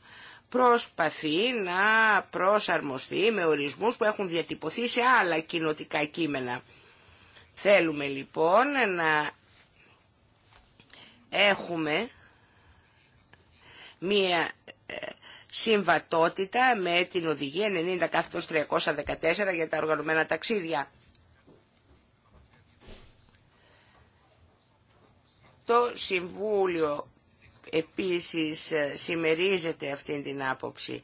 προσπαθεί να προσαρμοστεί με ορισμούς που έχουν διατυπωθεί σε άλλα κοινοτικά κείμενα. Θέλουμε λοιπόν να έχουμε μία ε, συμβατότητα με την οδηγία 90 314 για τα οργανωμένα ταξίδια. Το Συμβούλιο επίσης ε, συμμερίζεται αυτήν την άποψη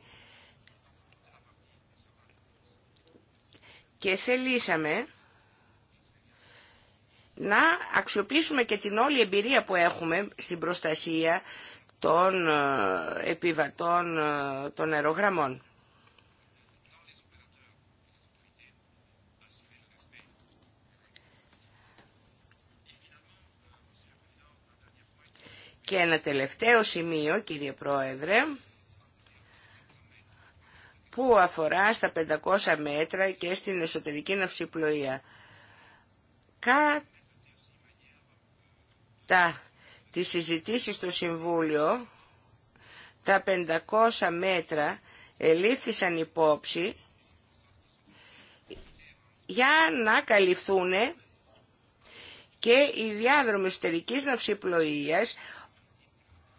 και θελήσαμε να αξιοποιήσουμε και την όλη εμπειρία που έχουμε στην προστασία των ε, επιβατών ε, των αερογραμμών. Και ένα τελευταίο σημείο, κύριε Πρόεδρε, που αφορά στα 500 μέτρα και στην εσωτερική ναυσιπλοεία. Κατά τις συζητήσεις στο Συμβούλιο, τα 500 μέτρα ελήφθησαν υπόψη για να καλυφθούν και οι διάδρομοι εσωτερικής ναυσιπλοείας,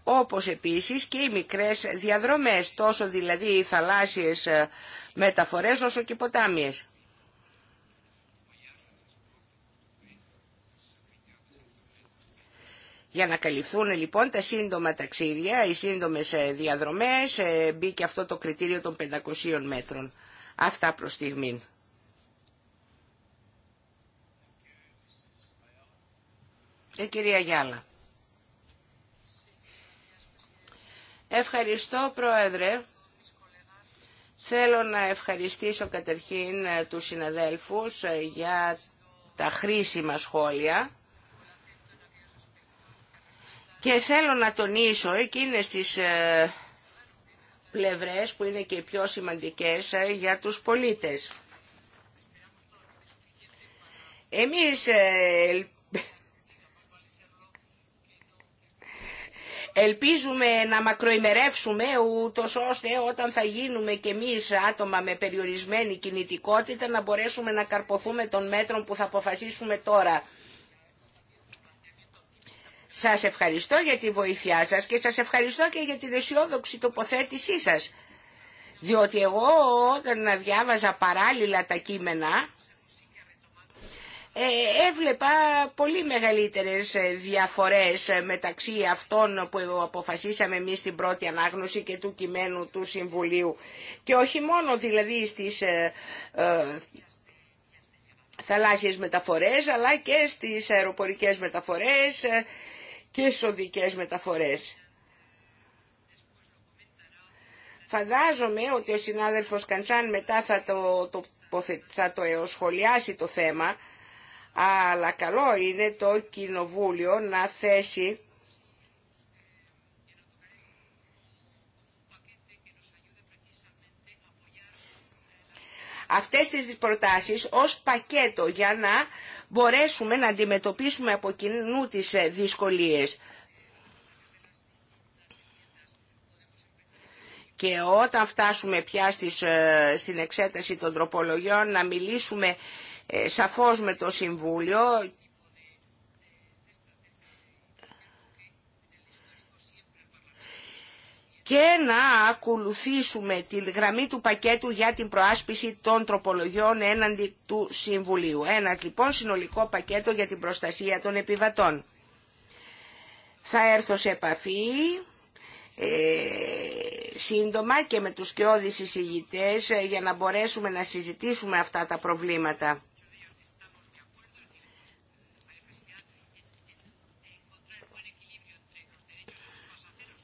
όπως επίσης και οι μικρές διαδρομές, τόσο δηλαδή οι θαλάσσιες ε, μεταφορές όσο και οι ποτάμιες. Για να καλυφθούν λοιπόν τα σύντομα ταξίδια, οι σύντομες ε, διαδρομές, ε, μπήκε αυτό το κριτήριο των 500 μέτρων. Αυτά προς στιγμή. Ε, κυρία Γιάλα. Ευχαριστώ Πρόεδρε. Θέλω να ευχαριστήσω καταρχήν τους συναδέλφους για τα χρήσιμα σχόλια. Και θέλω να τονίσω εκείνες τις ε, πλευρές που είναι και οι πιο σημαντικές ε, για τους πολίτες. Εμείς ε, ελπίζουμε να μακροημερεύσουμε ούτω ώστε όταν θα γίνουμε κι εμείς άτομα με περιορισμένη κινητικότητα να μπορέσουμε να καρποθούμε των μέτρων που θα αποφασίσουμε τώρα. Σας ευχαριστώ για τη βοήθειά σας και σας ευχαριστώ και για την αισιόδοξη τοποθέτησή σας. Διότι εγώ όταν διάβαζα παράλληλα τα κείμενα, ε, έβλεπα πολύ μεγαλύτερες διαφορές μεταξύ αυτών που αποφασίσαμε εμείς στην πρώτη ανάγνωση και του κειμένου του Συμβουλίου. Και όχι μόνο δηλαδή στις ε, ε, θαλάσσιες μεταφορές αλλά και στις αεροπορικές μεταφορές και οδικές μεταφορές. Φαντάζομαι ότι ο συνάδελφος Καντσάν μετά θα το, το, θα το σχολιάσει το θέμα, αλλά καλό είναι το Κοινοβούλιο να θέσει αυτές τις προτάσεις ως πακέτο για να μπορέσουμε να αντιμετωπίσουμε από κοινού τις ε, δυσκολίες. Και όταν φτάσουμε πια ε, στην εξέταση των τροπολογιών να μιλήσουμε ε, σαφώς με το Συμβούλιο και να ακολουθήσουμε τη γραμμή του πακέτου για την προάσπιση των τροπολογιών έναντι του Συμβουλίου. Ένα λοιπόν συνολικό πακέτο για την προστασία των επιβατών. Θα έρθω σε επαφή ε, σύντομα και με τους κοιόδης εισηγητές ε, για να μπορέσουμε να συζητήσουμε αυτά τα προβλήματα.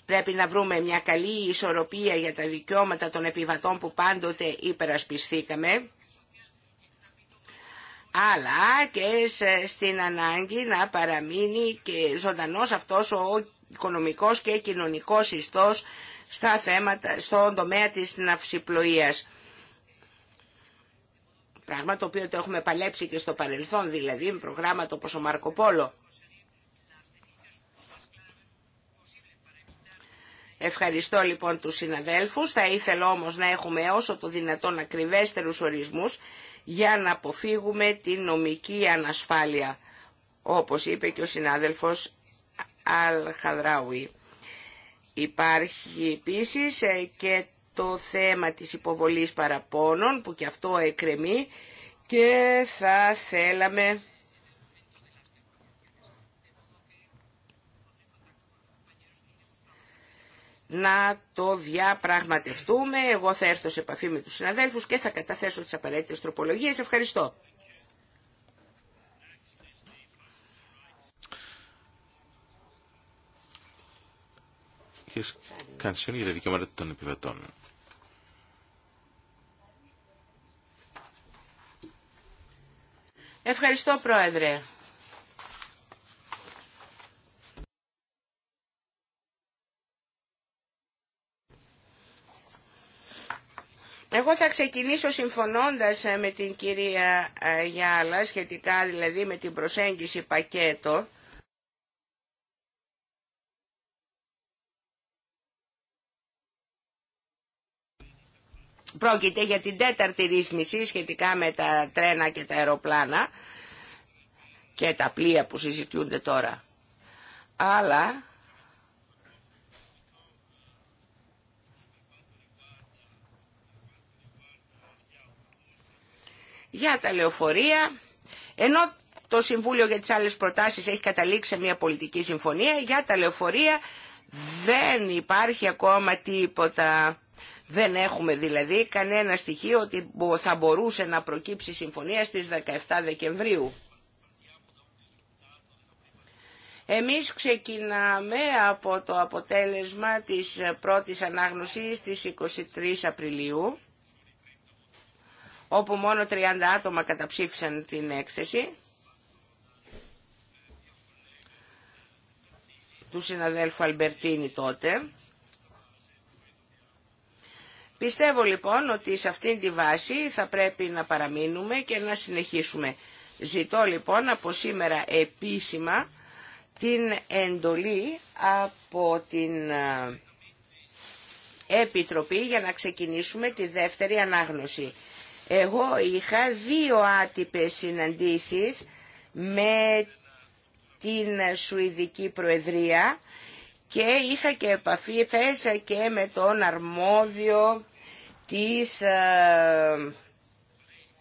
Πρέπει να βρούμε μια καλή ισορροπία για τα δικαιώματα των επιβατών που πάντοτε υπερασπιστήκαμε αλλά και στην ανάγκη να παραμείνει και ζωντανός αυτός ο οικονομικός και κοινωνικός ιστός στα θέματα, στον τομέα της ναυσιπλοείας. Πράγμα το οποίο το έχουμε παλέψει και στο παρελθόν, δηλαδή με προγράμματα όπως ο Μαρκοπόλο. Ευχαριστώ λοιπόν τους συναδέλφους. Θα ήθελα όμως να έχουμε όσο το δυνατόν ακριβέστερους ορισμούς για να αποφύγουμε την νομική ανασφάλεια, όπως είπε και ο συνάδελφος Χαδράουι. Υπάρχει επίσης ε, και το θέμα της υποβολής παραπώνων που και αυτό εκκρεμεί και θα θέλαμε να το διαπραγματευτούμε. Εγώ θα έρθω σε επαφή με τους συναδέλφους και θα καταθέσω τις απαραίτητες τροπολογίες. Ευχαριστώ. Κανσιόν για τα δικαιώματα των Ευχαριστώ, Πρόεδρε. Εγώ θα ξεκινήσω συμφωνώντας ε, με την κυρία ε, Γιάλα σχετικά δηλαδή με την προσέγγιση πακέτο. Πρόκειται για την τέταρτη ρύθμιση σχετικά με τα τρένα και τα αεροπλάνα και τα πλοία που συζητιούνται τώρα. Αλλά για τα λεωφορεία, ενώ το Συμβούλιο για τις άλλες προτάσεις έχει καταλήξει σε μια πολιτική συμφωνία, για τα λεωφορεία δεν υπάρχει ακόμα τίποτα. Δεν έχουμε δηλαδή κανένα στοιχείο ότι θα μπορούσε να προκύψει συμφωνία στις 17 Δεκεμβρίου. Εμείς ξεκινάμε από το αποτέλεσμα της πρώτης ανάγνωσης της 23 Απριλίου όπου μόνο 30 άτομα καταψήφισαν την έκθεση του συναδέλφου Αλμπερτίνη τότε. Πιστεύω λοιπόν ότι σε αυτήν τη βάση θα πρέπει να παραμείνουμε και να συνεχίσουμε. Ζητώ λοιπόν από σήμερα επίσημα την εντολή από την ε, Επιτροπή για να ξεκινήσουμε τη δεύτερη ανάγνωση. Εγώ είχα δύο άτυπες συναντήσεις με την Σουηδική Προεδρία και είχα και επαφή θέσα και με τον αρμόδιο της ε,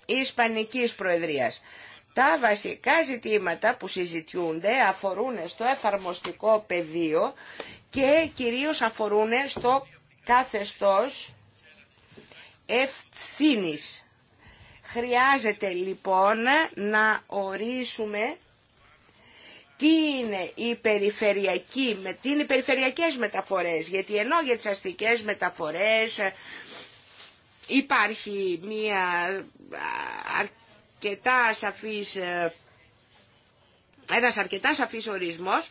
Ισπανικής Προεδρίας. Τα βασικά ζητήματα που συζητιούνται αφορούν στο εφαρμοστικό πεδίο και κυρίως αφορούν στο καθεστώς ευθύνης. Χρειάζεται λοιπόν να ορίσουμε τι είναι η περιφερειακή, με τι είναι οι περιφερειακές μεταφορές, γιατί ενώ για τις αστικές μεταφορές ε, υπάρχει μία αρκετά σαφής, ε, ένας αρκετά σαφής ορισμός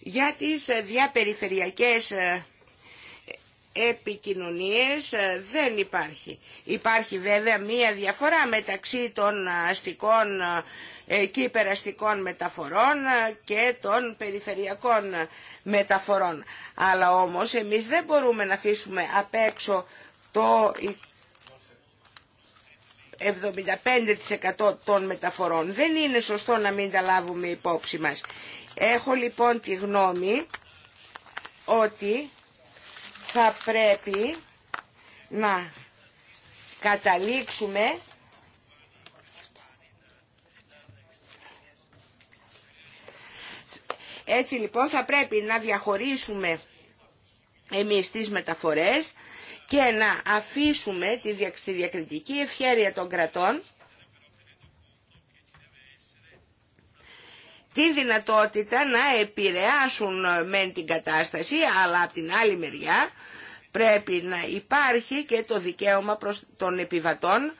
για τις ε, διαπεριφερειακές επικοινωνίες ε, δεν υπάρχει. Υπάρχει βέβαια μία διαφορά μεταξύ των αστικών ε, και υπεραστικών μεταφορών ε, και των περιφερειακών μεταφορών. Αλλά όμως εμείς δεν μπορούμε να αφήσουμε απ' έξω το 75% των μεταφορών. Δεν είναι σωστό να μην τα λάβουμε υπόψη μας. Έχω λοιπόν τη γνώμη ότι θα πρέπει να καταλήξουμε Έτσι λοιπόν θα πρέπει να διαχωρίσουμε εμείς τις μεταφορές και να αφήσουμε τη διακριτική ευχέρεια των κρατών την δυνατότητα να επηρεάσουν ε, με την κατάσταση, αλλά από την άλλη μεριά πρέπει να υπάρχει και το δικαίωμα προς των επιβατών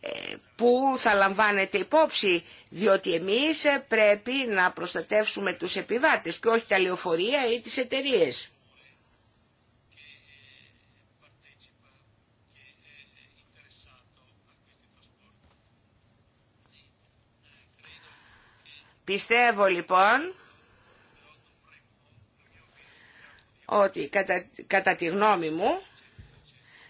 ε, που θα λαμβάνεται υπόψη, διότι εμείς ε, πρέπει να προστατεύσουμε τους επιβάτες και όχι τα λεωφορεία ή τις εταιρείες. Πιστεύω λοιπόν ότι κατά, τη γνώμη μου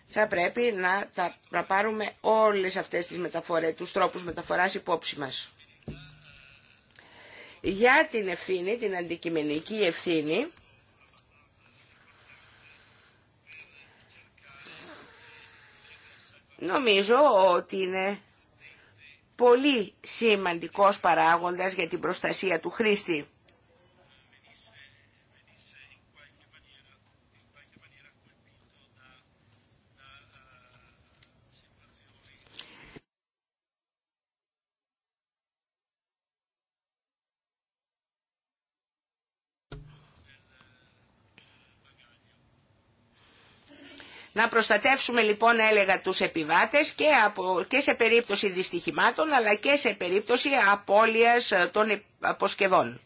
θα πρέπει να, τα, να πάρουμε όλες αυτές τις μεταφορές, τους τρόπους μεταφοράς υπόψη μας. Για την ευθύνη, την αντικειμενική ευθύνη, νομίζω ότι είναι πολύ σημαντικός παράγοντας για την προστασία του χρήστη. Να προστατεύσουμε λοιπόν έλεγα τους επιβάτες και, από, και σε περίπτωση δυστυχημάτων αλλά και σε περίπτωση απώλειας ε, των αποσκευών.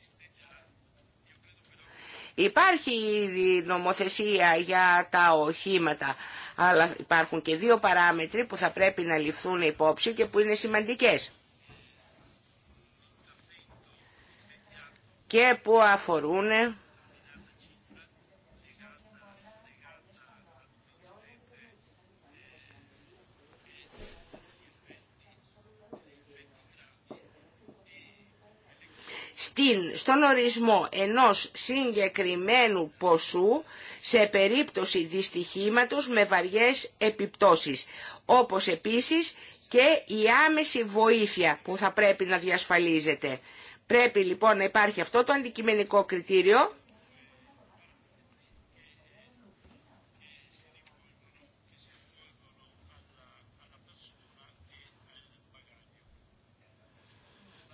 Υπάρχει ήδη νομοθεσία για τα οχήματα, αλλά υπάρχουν και δύο παράμετροι που θα πρέπει να ληφθούν υπόψη και που είναι σημαντικές. Και που αφορούν στην, στον ορισμό ενός συγκεκριμένου ποσού σε περίπτωση δυστυχήματος με βαριές επιπτώσεις, όπως επίσης και η άμεση βοήθεια που θα πρέπει να διασφαλίζεται. Πρέπει λοιπόν να υπάρχει αυτό το αντικειμενικό κριτήριο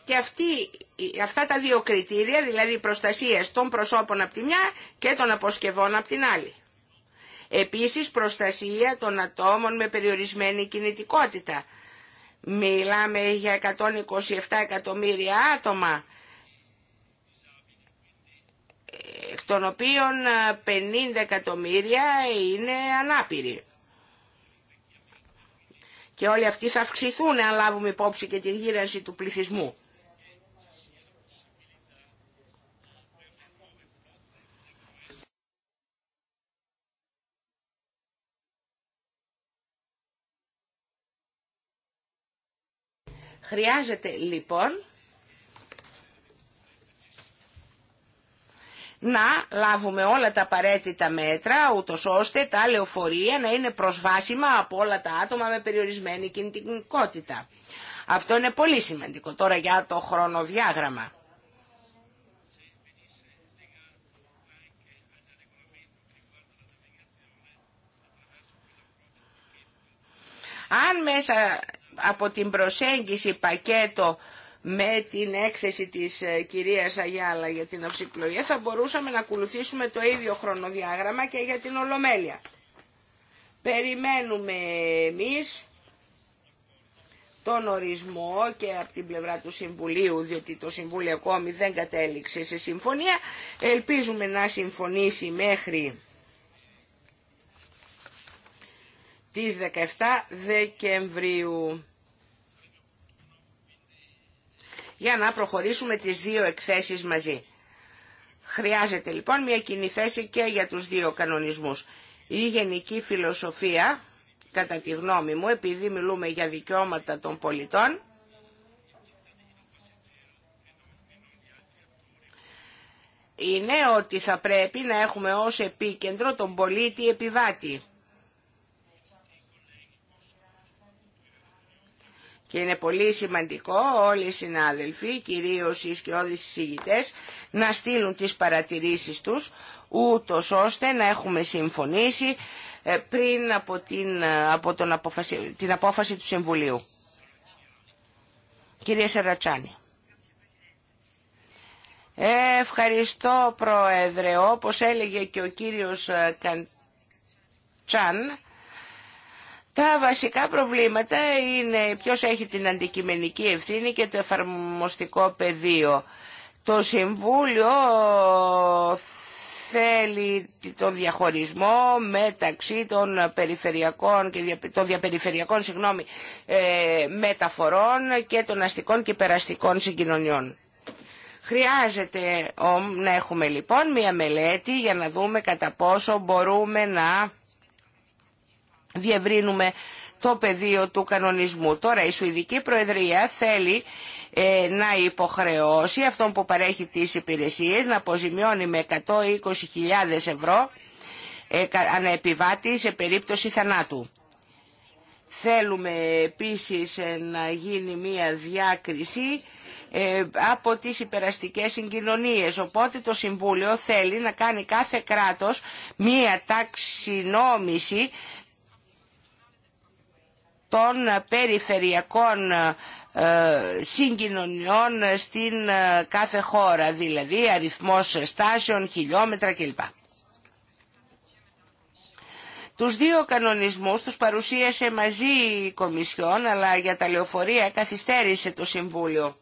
και αυτή, αυτά τα δύο κριτήρια, δηλαδή προστασία των προσώπων από τη μια και των αποσκευών από την άλλη. Επίσης προστασία των ατόμων με περιορισμένη κινητικότητα. Μιλάμε για 127 εκατομμύρια άτομα, εκ των οποίων 50 ε, εκατομμύρια είναι ανάπηροι. Και όλοι αυτοί θα αυξηθούν αν λάβουμε υπόψη και τη γύρανση του πληθυσμού. Χρειάζεται λοιπόν να λάβουμε όλα τα απαραίτητα μέτρα, ούτω ώστε τα λεωφορεία να είναι προσβάσιμα από όλα τα άτομα με περιορισμένη κινητικότητα. Αυτό είναι πολύ σημαντικό. Τώρα για το χρονοδιάγραμμα. Αν μέσα από την προσέγγιση πακέτο με την έκθεση της ε, κυρίας Αγιάλα για την αυσυκλογία θα μπορούσαμε να ακολουθήσουμε το ίδιο χρονοδιάγραμμα και για την Ολομέλεια. Περιμένουμε εμείς τον ορισμό και από την πλευρά του Συμβουλίου, διότι το Συμβούλιο ακόμη δεν κατέληξε σε συμφωνία. Ελπίζουμε να συμφωνήσει μέχρι τις 17 Δεκεμβρίου. για να προχωρήσουμε τις δύο εκθέσεις μαζί. Χρειάζεται λοιπόν μια κοινή θέση και για τους δύο κανονισμούς. Η γενική φιλοσοφία, κατά τη γνώμη μου, επειδή μιλούμε για δικαιώματα των πολιτών, είναι ότι θα πρέπει να έχουμε ως επίκεντρο τον πολίτη επιβάτη. Και είναι πολύ σημαντικό όλοι οι συνάδελφοι, κυρίως οι σκιώδεις συζητητές, να στείλουν τις παρατηρήσεις τους, ούτω ώστε να έχουμε συμφωνήσει ε, πριν από, την, ε, από αποφαση, την απόφαση του Συμβουλίου. Κυρία Σαρατσάνη. Ε, ευχαριστώ Πρόεδρε. Όπως έλεγε και ο κύριος Καντσάν, τα βασικά προβλήματα είναι ποιος έχει την αντικειμενική ευθύνη και το εφαρμοστικό πεδίο. Το Συμβούλιο θέλει το διαχωρισμό μεταξύ των περιφερειακών και των διαπεριφερειακών συγγνώμη, ε, μεταφορών και των αστικών και περαστικών συγκοινωνιών. Χρειάζεται να έχουμε λοιπόν μία μελέτη για να δούμε κατά πόσο μπορούμε να διευρύνουμε το πεδίο του κανονισμού. Τώρα η Σουηδική Προεδρία θέλει ε, να υποχρεώσει αυτόν που παρέχει τις υπηρεσίες να αποζημιώνει με 120.000 ευρώ ε, αναεπιβάτη σε περίπτωση θανάτου. Θέλουμε επίσης ε, να γίνει μία διάκριση ε, από τις υπεραστικές συγκοινωνίες. Οπότε το Συμβούλιο θέλει να κάνει κάθε κράτος μία ταξινόμηση των περιφερειακών ε, συγκοινωνιών στην ε, κάθε χώρα, δηλαδή αριθμός στάσεων, χιλιόμετρα κλπ. Τους δύο κανονισμούς τους παρουσίασε μαζί η Κομισιόν, αλλά για τα λεωφορεία καθυστέρησε το Συμβούλιο.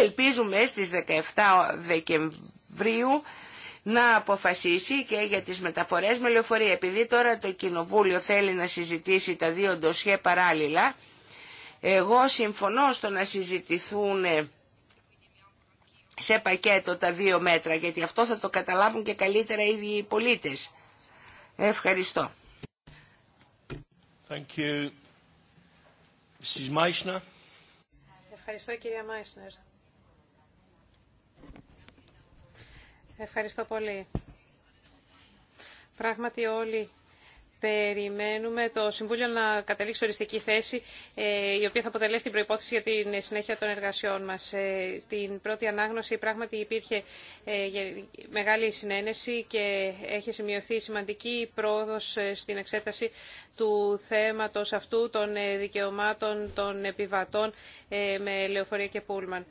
Ελπίζουμε στις 17 Δεκεμβρίου να αποφασίσει και για τις μεταφορές με λεωφορεία. Επειδή τώρα το Κοινοβούλιο θέλει να συζητήσει τα δύο ντοσιέ παράλληλα, εγώ συμφωνώ στο να συζητηθούν σε πακέτο τα δύο μέτρα, γιατί αυτό θα το καταλάβουν και καλύτερα ήδη οι πολίτες. Ευχαριστώ. Thank you. Mrs. Meissner. Ευχαριστώ κυρία Μάισνερ. Ευχαριστώ πολύ. Πράγματι όλοι περιμένουμε το Συμβούλιο να καταλήξει οριστική θέση, ε, η οποία θα αποτελέσει την προϋπόθεση για την συνέχεια των εργασιών μας. Ε, στην πρώτη ανάγνωση πράγματι υπήρχε ε, μεγάλη συνένεση και έχει σημειωθεί σημαντική πρόοδος στην εξέταση του θέματος αυτού των δικαιωμάτων των επιβατών με λεωφορεία και πούλμαν.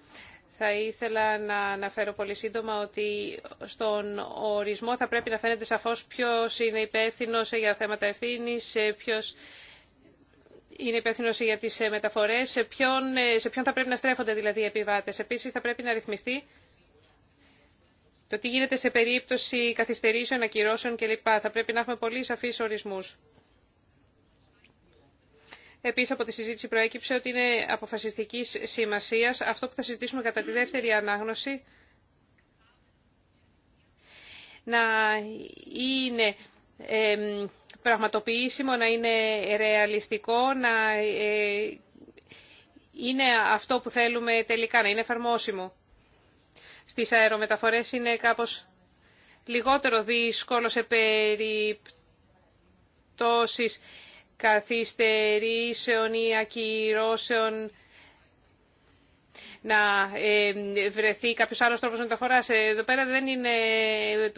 Θα ήθελα να αναφέρω πολύ σύντομα ότι στον ορισμό θα πρέπει να φαίνεται σαφώς ποιος είναι υπεύθυνο για θέματα ευθύνης, ποιος είναι υπεύθυνο για τις μεταφορές, σε ποιον, σε ποιον θα πρέπει να στρέφονται δηλαδή οι επιβάτες. Επίσης θα πρέπει να ρυθμιστεί το τι γίνεται σε περίπτωση καθυστερήσεων, ακυρώσεων κλπ. Θα πρέπει να έχουμε πολύ σαφείς ορισμούς. Επίση από τη συζήτηση προέκυψε ότι είναι αποφασιστική σημασίας αυτό που θα συζητήσουμε κατά τη δεύτερη ανάγνωση να είναι πραγματοποιήσιμο, να είναι ρεαλιστικό, να ε, είναι αυτό που θέλουμε τελικά, να είναι εφαρμόσιμο. Στις αερομεταφορές είναι κάπως λιγότερο δύσκολο σε περιπτώσεις καθυστερήσεων ή ακυρώσεων να ε, βρεθεί κάποιος άλλος τρόπος μεταφοράς. Ε, εδώ πέρα δεν είναι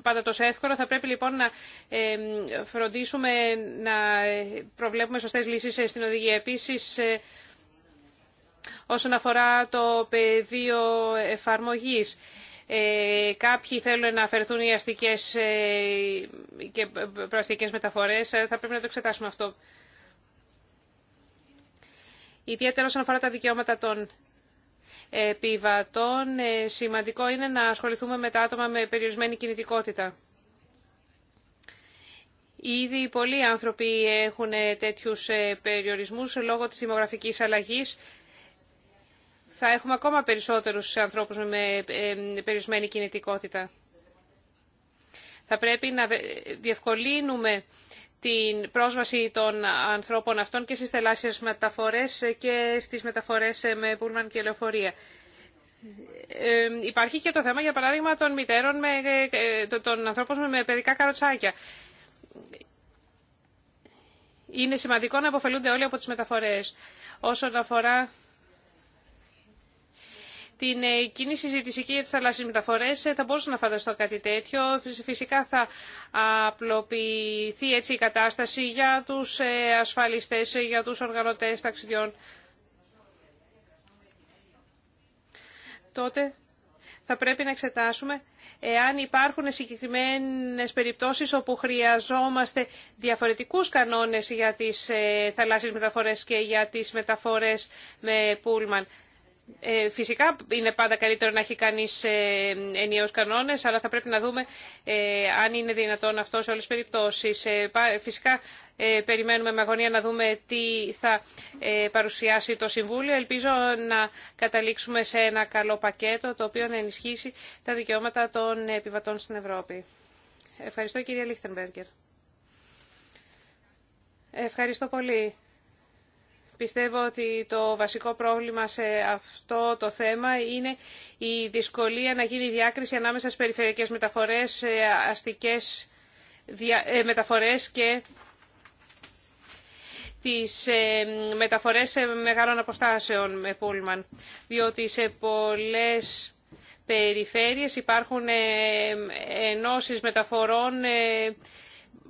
πάντα τόσο εύκολο. Θα πρέπει λοιπόν να ε, φροντίσουμε να προβλέπουμε σωστές λύσεις στην οδηγία. Επίσης, όσον αφορά το πεδίο εφαρμογής, κάποιοι θέλουν να αφαιρθούν οι αστικές και προαστικές μεταφορές. Θα πρέπει να το εξετάσουμε αυτό. Ιδιαίτερα όσον αφορά τα δικαιώματα των ε, επιβατών, ε, σημαντικό είναι να ασχοληθούμε με τα άτομα με περιορισμένη κινητικότητα. Ήδη πολλοί άνθρωποι έχουν ε, τέτοιους περιορισμούς λόγω της δημογραφικής αλλαγής. Θα έχουμε ακόμα περισσότερους ανθρώπους με περιορισμένη κινητικότητα. Θα πρέπει να διευκολύνουμε την πρόσβαση των ανθρώπων αυτών και στις θελάσσιες μεταφορές και στις μεταφορές με πούλμαν και λεωφορεία. Ε, υπάρχει και το θέμα, για παράδειγμα, των μητέρων, με, ε, ε, των ανθρώπων με παιδικά καροτσάκια. Είναι σημαντικό να αποφελούνται όλοι από τις μεταφορές. Όσον αφορά την ε, κοινή συζήτηση και για τις θαλάσσιες μεταφορές ε, θα μπορούσα να φανταστώ κάτι τέτοιο. Φυσικά θα απλοποιηθεί έτσι η κατάσταση για τους ε, ασφαλιστές, για τους οργανωτές ταξιδιών. Τότε θα πρέπει να εξετάσουμε εάν υπάρχουν συγκεκριμένες περιπτώσεις όπου χρειαζόμαστε διαφορετικούς κανόνες για τις θαλάσσιες μεταφορές και για τις μεταφορές με πούλμαν. Ε, φυσικά είναι πάντα καλύτερο να έχει κανείς ε, ενιαίου κανόνε, αλλά θα πρέπει να δούμε ε, αν είναι δυνατόν αυτό σε όλες τις περιπτώσεις. Φυσικά περιμένουμε με αγωνία να δούμε τι θα παρουσιάσει το Συμβούλιο. Ελπίζω να καταλήξουμε σε ένα καλό πακέτο το οποίο να ενισχύσει τα δικαιώματα των επιβατών στην Ευρώπη. Ευχαριστώ κυρία Λίχτενμπέργκερ. Ευχαριστώ πολύ Πιστεύω ότι το βασικό πρόβλημα σε αυτό το θέμα είναι η δυσκολία να γίνει διάκριση ανάμεσα στις περιφερειακές μεταφορές, ε, αστικές ε, μεταφορές και τις ε, μεταφορές σε μεγάλων αποστάσεων με πούλμαν. Διότι σε πολλές περιφέρειες υπάρχουν ενώσεις μεταφορών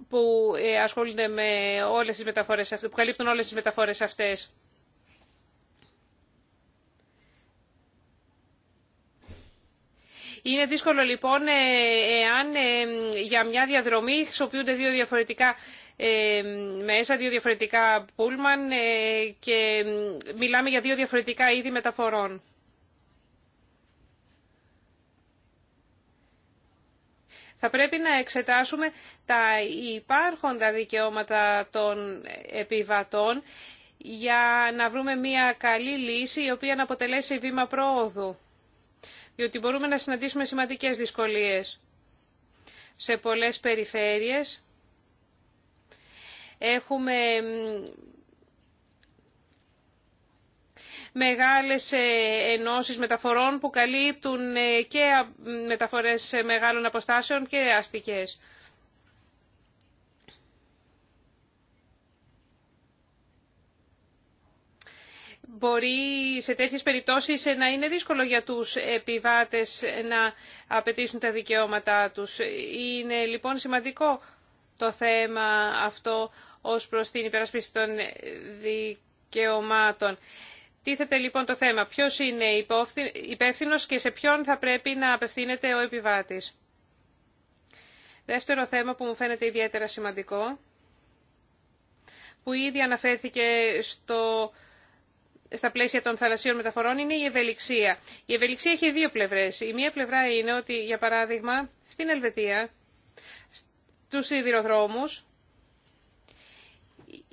που ε, ασχολούνται με όλες τις μεταφορές αυτές, που καλύπτουν όλες τις μεταφορές αυτές. Είναι δύσκολο λοιπόν ε, εάν ε, για μια διαδρομή χρησιμοποιούνται δύο διαφορετικά μέσα, δύο διαφορετικά πούλμαν και μιλάμε για δύο διαφορετικά είδη μεταφορών. Θα πρέπει να εξετάσουμε τα υπάρχοντα δικαιώματα των επιβατών για να βρούμε μια καλή λύση η οποία να αποτελέσει βήμα πρόοδου. Διότι μπορούμε να συναντήσουμε σημαντικές δυσκολίες σε πολλές περιφέρειες. Έχουμε μεγάλες ε, ενώσεις μεταφορών που καλύπτουν ε, και μεταφορές ε, μεγάλων αποστάσεων και αστικές. μπορεί σε τέτοιες περιπτώσεις να είναι δύσκολο για τους επιβάτες να απαιτήσουν τα δικαιώματά τους. Είναι λοιπόν σημαντικό το θέμα αυτό ως προς την υπερασπίση των δικαιωμάτων. Τίθεται λοιπόν το θέμα ποιο είναι υπεύθυνο και σε ποιον θα πρέπει να απευθύνεται ο επιβάτης. Δεύτερο θέμα που μου φαίνεται ιδιαίτερα σημαντικό, που ήδη αναφέρθηκε στο, στα πλαίσια των θαλασσίων μεταφορών, είναι η ευελιξία. Η ευελιξία έχει δύο πλευρές. Η μία πλευρά είναι ότι, για παράδειγμα, στην Ελβετία, στους σιδηροδρόμους,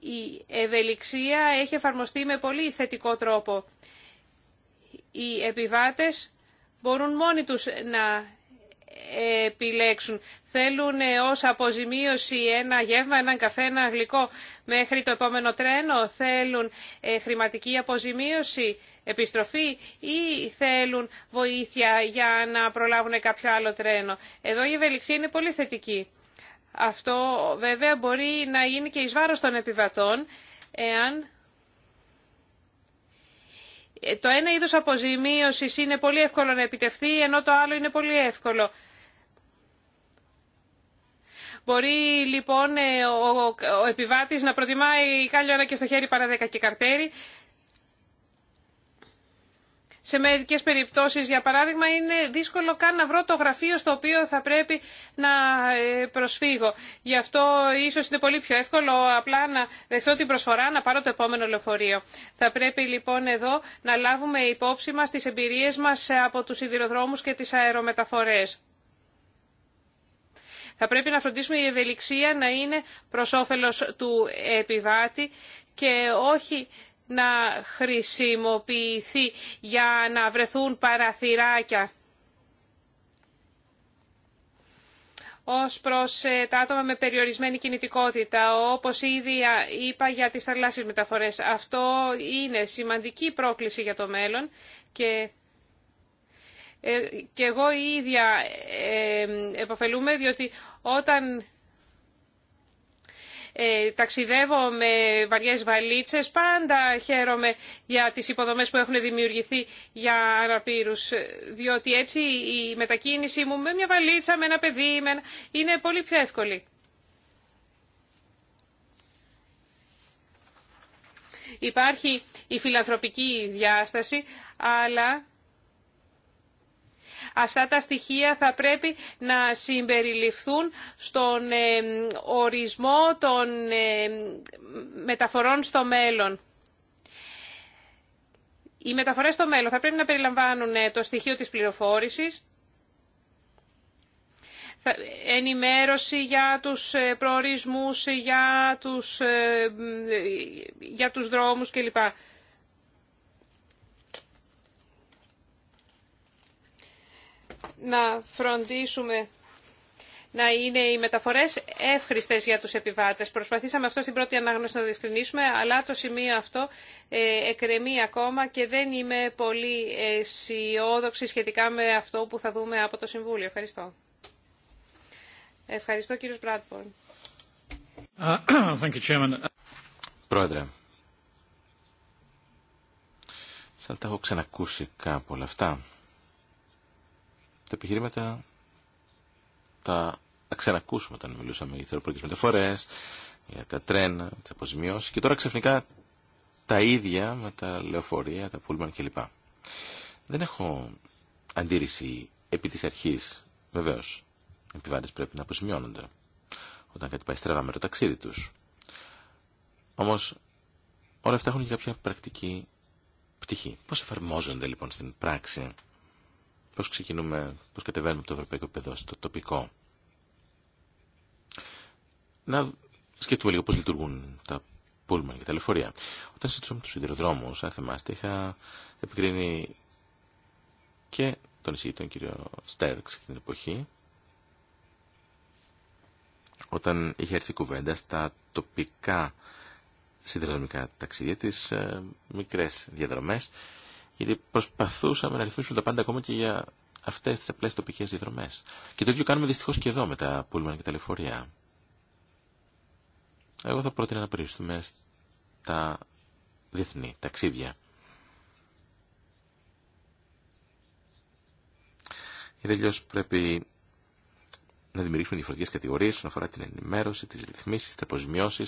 η ευελιξία έχει εφαρμοστεί με πολύ θετικό τρόπο. Οι επιβάτες μπορούν μόνοι τους να επιλέξουν. Θέλουν ως αποζημίωση ένα γεύμα, έναν καφέ, ένα γλυκό μέχρι το επόμενο τρένο. Θέλουν ε, χρηματική αποζημίωση, επιστροφή ή θέλουν βοήθεια για να προλάβουν κάποιο άλλο τρένο. Εδώ η ευελιξία είναι πολύ θετική. Αυτό βέβαια μπορεί να γίνει και εις βάρος των επιβατών, εάν το ένα είδος αποζημίωσης είναι πολύ εύκολο να επιτευχθεί, ενώ το άλλο είναι πολύ εύκολο. Μπορεί λοιπόν ε, ο επιβάτης να προτιμάει ένα και στο χέρι παρά και καρτέρι σε μερικές περιπτώσεις, για παράδειγμα, είναι δύσκολο καν να βρω το γραφείο στο οποίο θα πρέπει να ε, προσφύγω. Γι' αυτό ίσως είναι πολύ πιο εύκολο απλά να δεχτώ την προσφορά να πάρω το επόμενο λεωφορείο. Θα πρέπει λοιπόν εδώ να λάβουμε υπόψη μας τις εμπειρίες μας από τους σιδηροδρόμους και τις αερομεταφορές. Θα πρέπει να φροντίσουμε η ευελιξία να είναι προς όφελος του επιβάτη και όχι να χρησιμοποιηθεί για να βρεθούν παραθυράκια ως προς ε, τα άτομα με περιορισμένη κινητικότητα, όπως ήδη είπα για τις θαλάσσιες μεταφορές. Αυτό είναι σημαντική πρόκληση για το μέλλον και ε, και εγώ ίδια ε, ε επαφελούμε, διότι όταν ε, ταξιδεύω με βαριές βαλίτσες, πάντα χαίρομαι για τις υποδομές που έχουν δημιουργηθεί για αναπήρους, διότι έτσι η μετακίνησή μου με μια βαλίτσα, με ένα παιδί, είναι πολύ πιο εύκολη. Υπάρχει η φιλανθρωπική διάσταση, αλλά Αυτά τα στοιχεία θα πρέπει να συμπεριληφθούν στον ε, ορισμό των ε, μεταφορών στο μέλλον. Οι μεταφορές στο μέλλον θα πρέπει να περιλαμβάνουν ε, το στοιχείο της πληροφόρησης, ενημέρωση για τους προορισμούς, για τους, για τους δρόμους κλπ. να φροντίσουμε να είναι οι μεταφορές εύχριστες για τους επιβάτες. Προσπαθήσαμε αυτό στην πρώτη ανάγνωση να το διευκρινίσουμε, αλλά το σημείο αυτό ε, εκρεμεί ακόμα και δεν είμαι πολύ αισιόδοξη σχετικά με αυτό που θα δούμε από το Συμβούλιο. Ευχαριστώ. Ευχαριστώ κύριος Μπράτπορν. [CLEARS THROAT] Πρόεδρε, σαν τα έχω ξανακούσει κάπου όλα αυτά. Τα επιχειρήματα τα ξανακούσουμε όταν μιλούσαμε για θεωροπορικές μεταφορές, για τα τρένα, τι αποζημιώσει και τώρα ξαφνικά τα ίδια με τα λεωφορεία, τα πούλμαν κλπ. Δεν έχω αντίρρηση επί της αρχής, βεβαίως. Οι επιβάτε πρέπει να αποζημιώνονται όταν κάτι πάει στραβά με το ταξίδι τους. Όμως όλα αυτά έχουν και κάποια πρακτική πτυχή. Πώς εφαρμόζονται λοιπόν στην πράξη πώς ξεκινούμε, πώς κατεβαίνουμε το ευρωπαϊκό επίπεδο στο τοπικό. Να σκεφτούμε λίγο πώς λειτουργούν τα πούλμαν και τα λεωφορεία. Όταν συζητούσαμε τους σιδηροδρόμους, αν θυμάστε, είχα επικρίνει και τον εισηγητή, τον κύριο Στέρξ, την εποχή, όταν είχε έρθει κουβέντα στα τοπικά σιδηροδρομικά ταξίδια, τις ε, μικρές διαδρομές, γιατί προσπαθούσαμε να ρυθμίσουμε τα πάντα ακόμα και για αυτέ τι απλέ τοπικέ διαδρομέ. Και το ίδιο κάνουμε δυστυχώ και εδώ με τα πούλμαν και τα λεωφορεία. Εγώ θα πρότεινα να περιοριστούμε στα διεθνή ταξίδια. Ή τελειώ πρέπει να δημιουργήσουμε διαφορετικέ κατηγορίε όσον αφορά την ενημέρωση, τι ρυθμίσει, τι αποζημιώσει.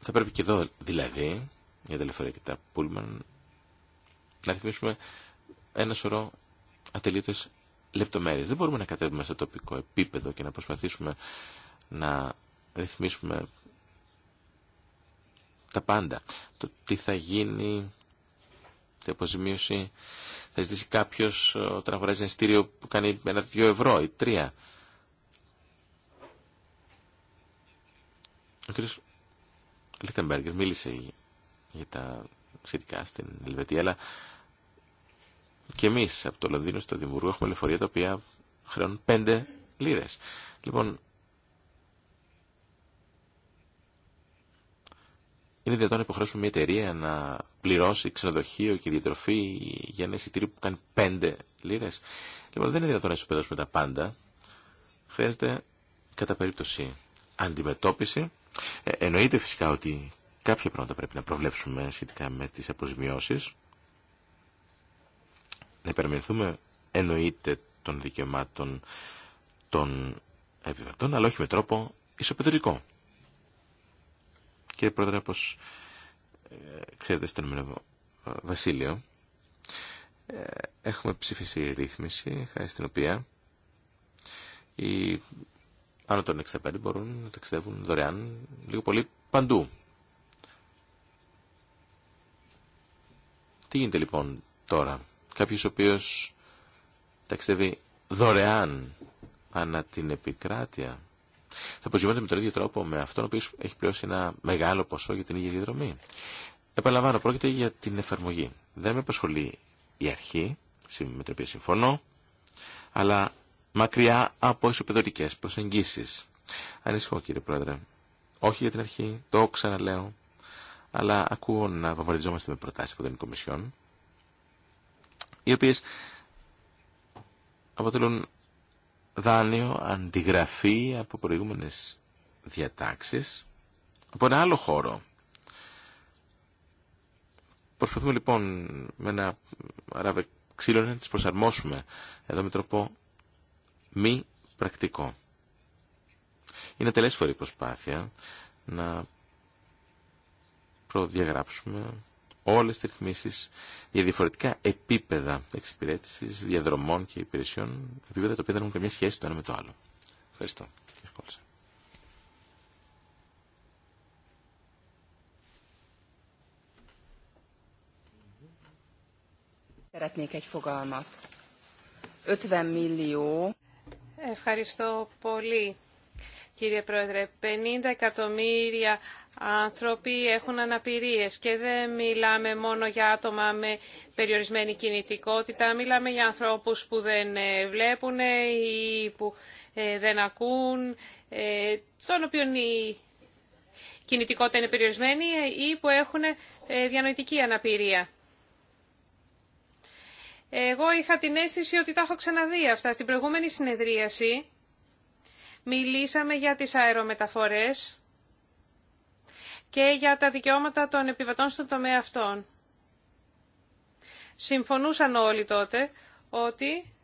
Θα πρέπει και εδώ δηλαδή για τα και τα πούλμαν, να ρυθμίσουμε ένα σωρό ατελείωτες λεπτομέρειες. Δεν μπορούμε να κατέβουμε σε τοπικό επίπεδο και να προσπαθήσουμε να ρυθμίσουμε τα πάντα. Το τι θα γίνει, η αποζημίωση θα ζητήσει κάποιος όταν αγοράζει ένα στήριο που κάνει ένα δυο ευρώ ή τρία. Ο κ. Λίχτεμπεργκερ μίλησε για τα σχετικά στην Ελβετία, αλλά και εμεί από το Λονδίνο στο Δημβουργό έχουμε λεωφορεία τα οποία χρεώνουν 5 λίρε. Λοιπόν, είναι δυνατόν να υποχρεώσουμε μια εταιρεία να πληρώσει ξενοδοχείο και διατροφή για ένα εισιτήριο που κάνει 5 λίρε. Λοιπόν, δεν είναι δυνατόν να ισοπεδώσουμε τα πάντα. Χρειάζεται κατά περίπτωση αντιμετώπιση. Ε, εννοείται φυσικά ότι Κάποια πράγματα πρέπει να προβλέψουμε σχετικά με τις αποζημιώσεις. Να υπερμηνθούμε εννοείται των δικαιωμάτων των επιβατών, αλλά όχι με τρόπο ισοπεδρικό. Κύριε Πρόεδρε, όπως ε, ξέρετε στον Ηνωμένο Βασίλειο, ε, έχουμε ψήφιση ρύθμιση, χάρη στην οποία οι άνω των 65 μπορούν να ταξιδεύουν δωρεάν λίγο πολύ παντού. Τι γίνεται λοιπόν τώρα. Κάποιος ο οποίος ταξιδεύει δωρεάν ανά την επικράτεια θα αποζημιώνεται με τον ίδιο τρόπο με αυτόν ο οποίος έχει πληρώσει ένα μεγάλο ποσό για την ίδια διαδρομή. Επαναλαμβάνω, πρόκειται για την εφαρμογή. Δεν με απασχολεί η αρχή, με την οποία συμφωνώ, αλλά μακριά από ισοπεδωτικές προσεγγίσεις. Ανησυχώ κύριε Πρόεδρε. Όχι για την αρχή, το ξαναλέω αλλά ακούω να βαβαριζόμαστε με προτάσεις από την Κομισιόν, οι οποίες αποτελούν δάνειο, αντιγραφή από προηγούμενες διατάξεις, από ένα άλλο χώρο. Προσπαθούμε λοιπόν με ένα ράβε ξύλο να τις προσαρμόσουμε εδώ με τρόπο μη πρακτικό. Είναι τελέσφορη προσπάθεια να προδιαγράψουμε όλες τις ρυθμίσεις για διαφορετικά επίπεδα εξυπηρέτησης, διαδρομών και υπηρεσιών, επίπεδα τα οποία δεν έχουν καμία σχέση το ένα με το άλλο. Ευχαριστώ. Ευχαριστώ. Ευχαριστώ πολύ κύριε Πρόεδρε. 50 εκατομμύρια άνθρωποι έχουν αναπηρίες και δεν μιλάμε μόνο για άτομα με περιορισμένη κινητικότητα, μιλάμε για ανθρώπους που δεν ε, βλέπουν ε, ή που ε, δεν ακούν, των οποίων η κινητικότητα είναι περιορισμένη ή που έχουν διανοητική αναπηρία. Εγώ είχα την αίσθηση ότι τα έχω ξαναδεί αυτά στην προηγούμενη συνεδρίαση. Μιλήσαμε για τις αερομεταφορές και για τα δικαιώματα των επιβατών στον τομέα αυτών. Συμφωνούσαν όλοι τότε ότι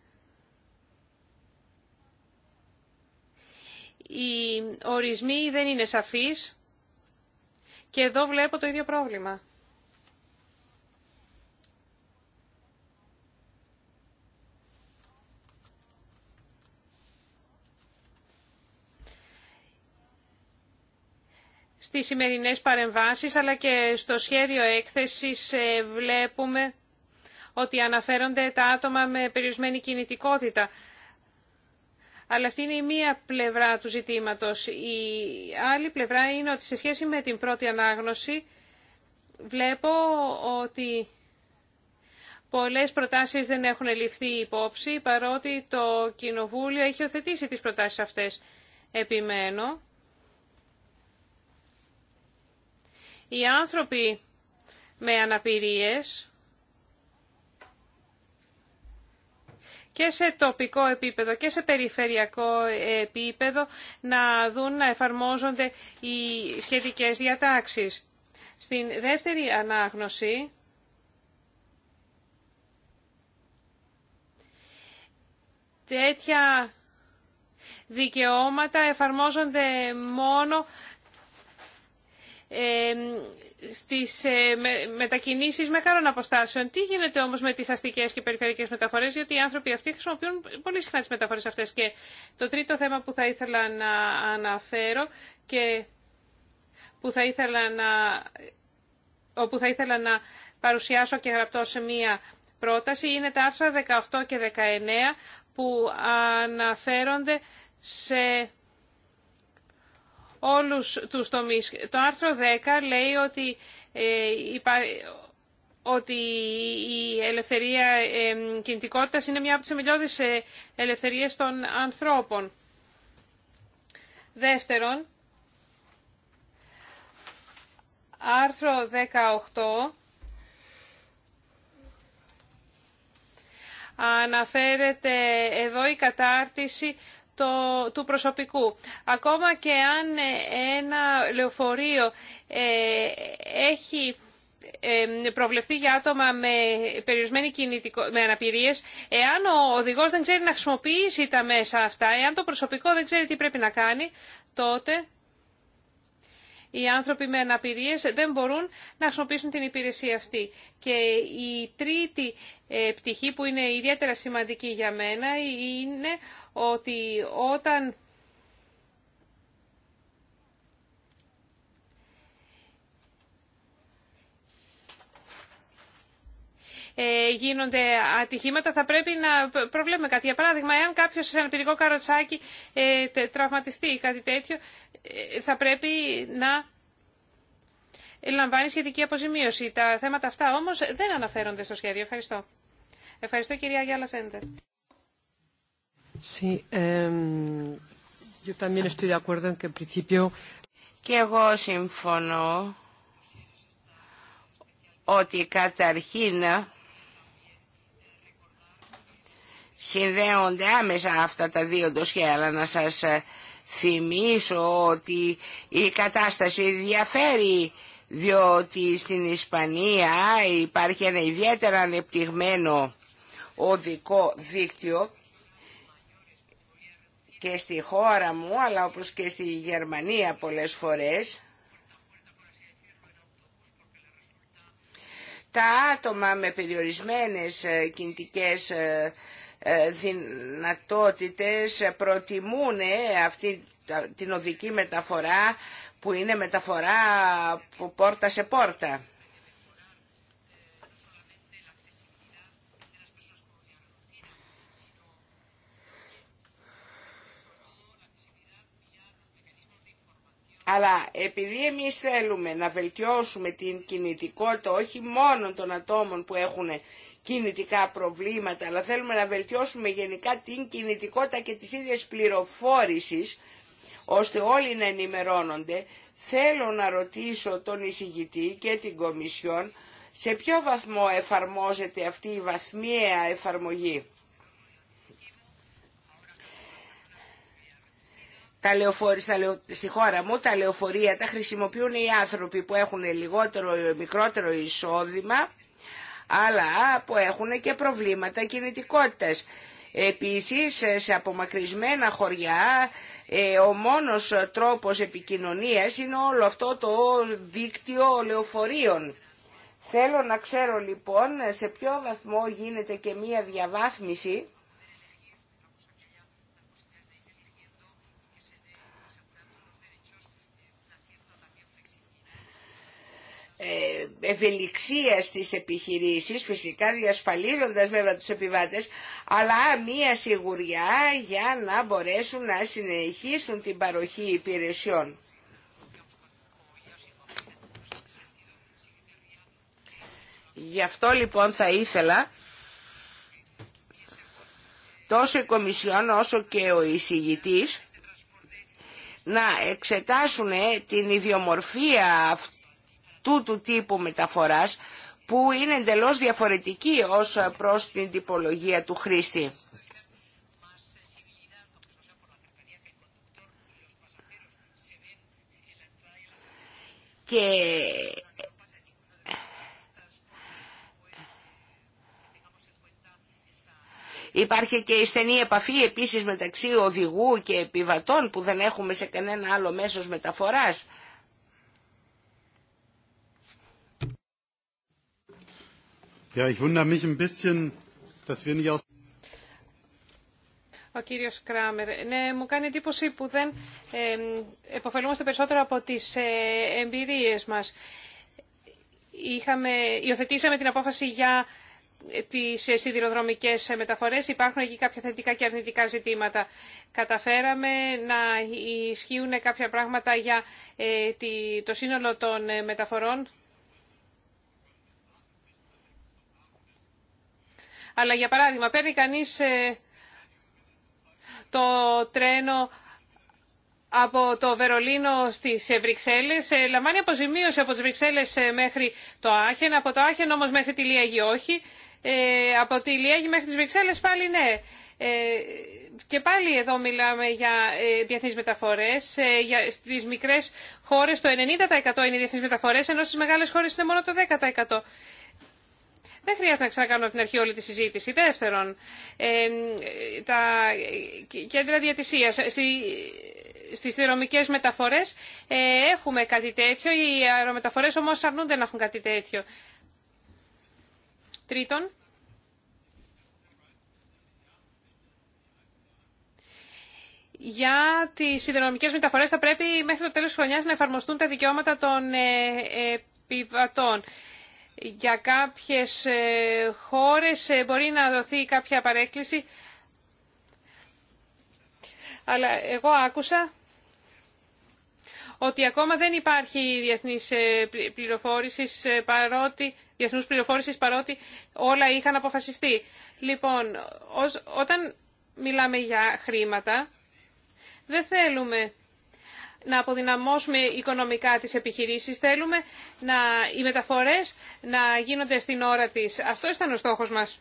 οι ορισμοί δεν είναι σαφείς και εδώ βλέπω το ίδιο πρόβλημα. στις σημερινές παρεμβάσεις, αλλά και στο σχέδιο έκθεσης ε, βλέπουμε ότι αναφέρονται τα άτομα με περιορισμένη κινητικότητα. Αλλά αυτή είναι η μία πλευρά του ζητήματος. Η άλλη πλευρά είναι ότι σε σχέση με την πρώτη ανάγνωση βλέπω ότι πολλές προτάσεις δεν έχουν ληφθεί υπόψη, παρότι το Κοινοβούλιο έχει οθετήσει τις προτάσεις αυτές. Επιμένω Οι άνθρωποι με αναπηρίες και σε τοπικό επίπεδο και σε περιφερειακό επίπεδο να δουν να εφαρμόζονται οι σχετικές διατάξεις. Στην δεύτερη ανάγνωση τέτοια δικαιώματα εφαρμόζονται μόνο στις ε, μετακινήσεις μεγάλων αποστάσεων. Τι γίνεται όμως με τις αστικές και περιφερειακές μεταφορές, γιατί οι άνθρωποι αυτοί χρησιμοποιούν πολύ συχνά τις μεταφορές αυτές. Και το τρίτο θέμα που θα ήθελα να αναφέρω και που θα ήθελα να, όπου θα ήθελα να παρουσιάσω και γραπτώ σε μία πρόταση είναι τα άρθρα 18 και 19 που αναφέρονται σε όλους τους τομείς. Το άρθρο 10 λέει ότι, ε, ότι η ελευθερία ε, κινητικότητας είναι μια από τις εμελιώδεις ε, ελευθερίες των ανθρώπων. Δεύτερον, άρθρο 18... Αναφέρεται εδώ η κατάρτιση το, του προσωπικού. Ακόμα και αν ε, ένα λεωφορείο ε, έχει ε, προβλεφθεί για άτομα με περιορισμένη κινητικο... με αναπηρίες, εάν ο οδηγός δεν ξέρει να χρησιμοποιήσει τα μέσα αυτά, εάν το προσωπικό δεν ξέρει τι πρέπει να κάνει, τότε οι άνθρωποι με αναπηρίες δεν μπορούν να χρησιμοποιήσουν την υπηρεσία αυτή. Και η τρίτη ε, πτυχή που είναι ιδιαίτερα σημαντική για μένα είναι ότι όταν ε, γίνονται ατυχήματα, θα πρέπει να προβλέπουμε κάτι. Για παράδειγμα, εάν κάποιο σε ένα πυρικό καροτσάκι ε, τραυματιστεί ή κάτι τέτοιο, ε, θα πρέπει να λαμβάνει σχετική αποζημίωση. Τα θέματα αυτά όμως δεν αναφέρονται στο σχέδιο. Ευχαριστώ. Ευχαριστώ κυρία Γιάλα Σέντερ. Και εγώ συμφωνώ ότι καταρχήν συνδέονται άμεσα αυτά τα δύο ντοσιά, αλλά να σας ε, θυμίσω ότι η κατάσταση διαφέρει διότι στην Ισπανία υπάρχει ένα ιδιαίτερα ανεπτυγμένο οδικό δίκτυο και στη χώρα μου, αλλά όπως και στη Γερμανία πολλές φορές, τα άτομα με περιορισμένες ε, κινητικές ε, ε, δυνατότητες προτιμούν αυτή την οδική μεταφορά που είναι μεταφορά από πόρτα σε πόρτα. Αλλά επειδή εμείς θέλουμε να βελτιώσουμε την κινητικότητα όχι μόνο των ατόμων που έχουν κινητικά προβλήματα, αλλά θέλουμε να βελτιώσουμε γενικά την κινητικότητα και τις ίδιες πληροφόρησης, ώστε όλοι να ενημερώνονται, θέλω να ρωτήσω τον εισηγητή και την Κομισιόν σε ποιο βαθμό εφαρμόζεται αυτή η βαθμιαία εφαρμογή. τα στη χώρα μου τα λεωφορεία τα χρησιμοποιούν οι άνθρωποι που έχουν λιγότερο ή μικρότερο εισόδημα αλλά που έχουν και προβλήματα κινητικότητας. Επίσης σε απομακρυσμένα χωριά ε, ο μόνος τρόπος επικοινωνίας είναι όλο αυτό το δίκτυο λεωφορείων. Θέλω να ξέρω λοιπόν σε ποιο βαθμό γίνεται και μία διαβάθμιση Ε, ευελιξία της επιχειρήσεις, φυσικά διασφαλίζοντας βέβαια τους επιβάτες, αλλά μία σιγουριά για να μπορέσουν να συνεχίσουν την παροχή υπηρεσιών. Γι' αυτό λοιπόν θα ήθελα τόσο η Κομισιόν όσο και ο εισηγητής να εξετάσουν την ιδιομορφία αυτή αυτού του τύπου μεταφοράς που είναι εντελώς διαφορετική ως προς την τυπολογία του χρήστη. Υπάρχει και η στενή επαφή επίσης μεταξύ οδηγού και επιβατών που δεν έχουμε σε κανένα άλλο μέσος μεταφοράς. Ja, ο κύριος Κράμερ. Ναι, μου κάνει εντύπωση που δεν ε, εποφελούμαστε περισσότερο από τις ε, εμπειρίες μας. υιοθετήσαμε την απόφαση για ε, τις ε, σιδηροδρομικές ε, μεταφορές. Υπάρχουν εκεί κάποια θετικά και αρνητικά ζητήματα. Καταφέραμε να ισχύουν κάποια πράγματα για το σύνολο των μεταφορών Αλλά για παράδειγμα, παίρνει κανείς ε, το τρένο από το Βερολίνο στις ε, Βρυξέλλες, ε, λαμβάνει αποζημίωση από τις Βρυξέλλες μέχρι το Άχεν, από το Άχεν όμως μέχρι τη Λιέγη όχι, από τη Λιέγη μέχρι τις Βρυξέλλε πάλι ναι. Και πάλι εδώ μιλάμε για διεθνείς μεταφορές. Στις μικρές χώρες το 90% είναι διεθνείς μεταφορές, ενώ στις μεγάλες χώρες είναι μόνο το 10%. Δεν χρειάζεται να ξανακάνουμε από την αρχή όλη τη συζήτηση. Δεύτερον, ε, τα κέντρα διατησία. Στη, στις μεταφορέ μεταφορές ε, έχουμε κάτι τέτοιο, οι αερομεταφορέ όμω αρνούνται να έχουν κάτι τέτοιο. Τρίτον, για τι συνδρομικέ μεταφορέ θα πρέπει μέχρι το τέλο τη χρονιά να εφαρμοστούν τα δικαιώματα των ε, επιβατών για κάποιες ε, χώρες ε, μπορεί να δοθεί κάποια παρέκκληση. Αλλά εγώ άκουσα ότι ακόμα δεν υπάρχει διεθνής ε, πληροφόρησης παρότι, πληροφόρησης παρότι όλα είχαν αποφασιστεί. Λοιπόν, όταν μιλάμε για χρήματα, δεν θέλουμε να αποδυναμώσουμε οικονομικά τις επιχειρήσεις, θέλουμε να, οι μεταφορές να γίνονται στην ώρα της. Αυτό ήταν ο στόχος μας.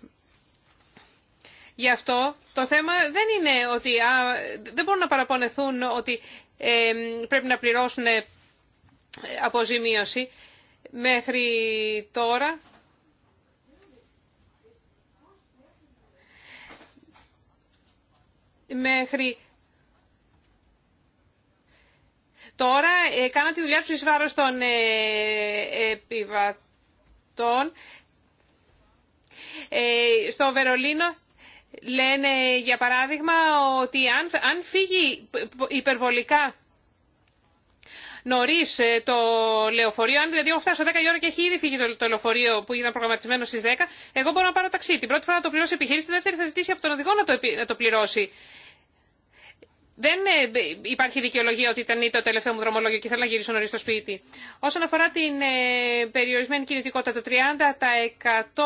Γι' αυτό το θέμα δεν είναι ότι δεν μπορούν να παραπονεθούν ότι ε, πρέπει να πληρώσουν ε, αποζημίωση. Μέχρι τώρα μέχρι Τώρα ε, κάνω τη δουλειά του εις βάρος των ε, επιβατών. Ε, στο Βερολίνο λένε για παράδειγμα ότι αν, φύγει υπερβολικά νωρί το λεωφορείο, αν δηλαδή εγώ φτάσω 10 η ώρα και έχει ήδη φύγει το, λεωφορείο που ήταν προγραμματισμένο στι 10, εγώ μπορώ να πάρω ταξί. Την πρώτη φορά να το πληρώσει επιχείρηση, την δεύτερη θα ζητήσει από τον οδηγό να το, να το πληρώσει. Δεν ε, υπάρχει δικαιολογία ότι ήταν το τελευταίο μου δρομολόγιο και ήθελα να γυρίσω νωρί στο σπίτι. Όσον αφορά την ε, περιορισμένη κινητικότητα, το 30%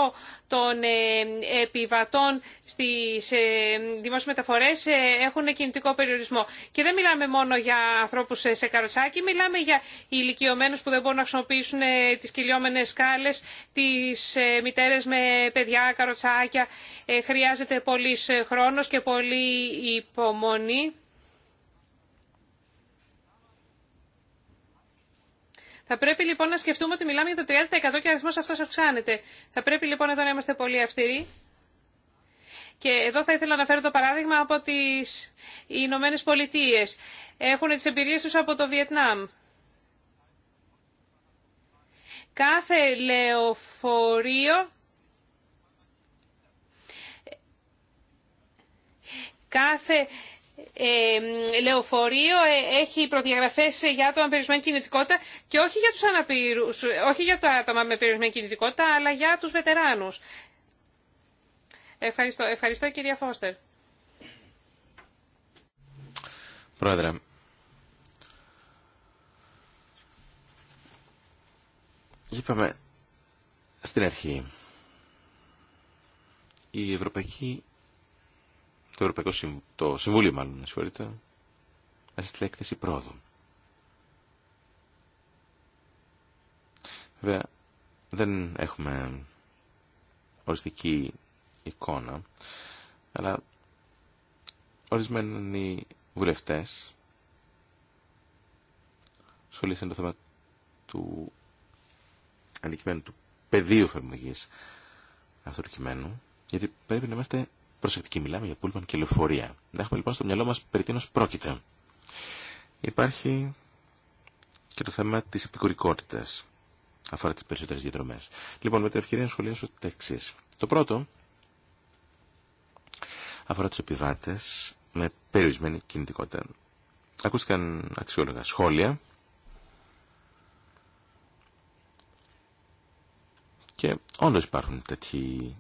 των ε, επιβατών στις δημόσιες μεταφορές έχουν κινητικό περιορισμό. Και δεν μιλάμε μόνο για ανθρώπους σε καροτσάκι, μιλάμε για ηλικιωμένους που δεν μπορούν να χρησιμοποιήσουν τις κυλιόμενες σκάλες, τις μητέρε με παιδιά, καροτσάκια. Χρειάζεται πολλής χρόνο και πολύ υπομονή Θα πρέπει λοιπόν να σκεφτούμε ότι μιλάμε για το 30% και ο αριθμό αυτός αυξάνεται. Θα πρέπει λοιπόν εδώ να είμαστε πολύ αυστηροί. Και εδώ θα ήθελα να φέρω το παράδειγμα από τι Ηνωμένε Πολιτείε. Έχουν τι εμπειρίες του από το Βιετνάμ. Κάθε λεωφορείο κάθε λεωφορείο ε, έχει προδιαγραφέ για άτομα με περιορισμένη κινητικότητα και όχι για του αναπήρου, όχι για τα άτομα με περιορισμένη κινητικότητα, αλλά για τους βετεράνους. Ευχαριστώ, Ευχαριστώ κυρία Φώστερ. Πρόεδρε, είπαμε στην αρχή η Ευρωπαϊκή το Ευρωπαϊκό το Συμβούλιο μάλλον, με συγχωρείτε, έστειλε έκθεση πρόοδου. Βέβαια, δεν έχουμε οριστική εικόνα, αλλά ορισμένοι βουλευτές σχολήσαν το θέμα του αντικειμένου του πεδίου εφαρμογή αυτού του κειμένου, γιατί πρέπει να είμαστε προσεκτικοί. Μιλάμε για πούλμαν και λεωφορεία. Να έχουμε λοιπόν στο μυαλό μας περί τίνος πρόκειται. Υπάρχει και το θέμα της επικουρικότητας. Αφορά τις περισσότερες διαδρομές. Λοιπόν, με την ευκαιρία να σχολιάσω τα εξή. Το πρώτο αφορά τους επιβάτες με περιορισμένη κινητικότητα. Ακούστηκαν αξιόλογα σχόλια και όντως υπάρχουν τέτοιοι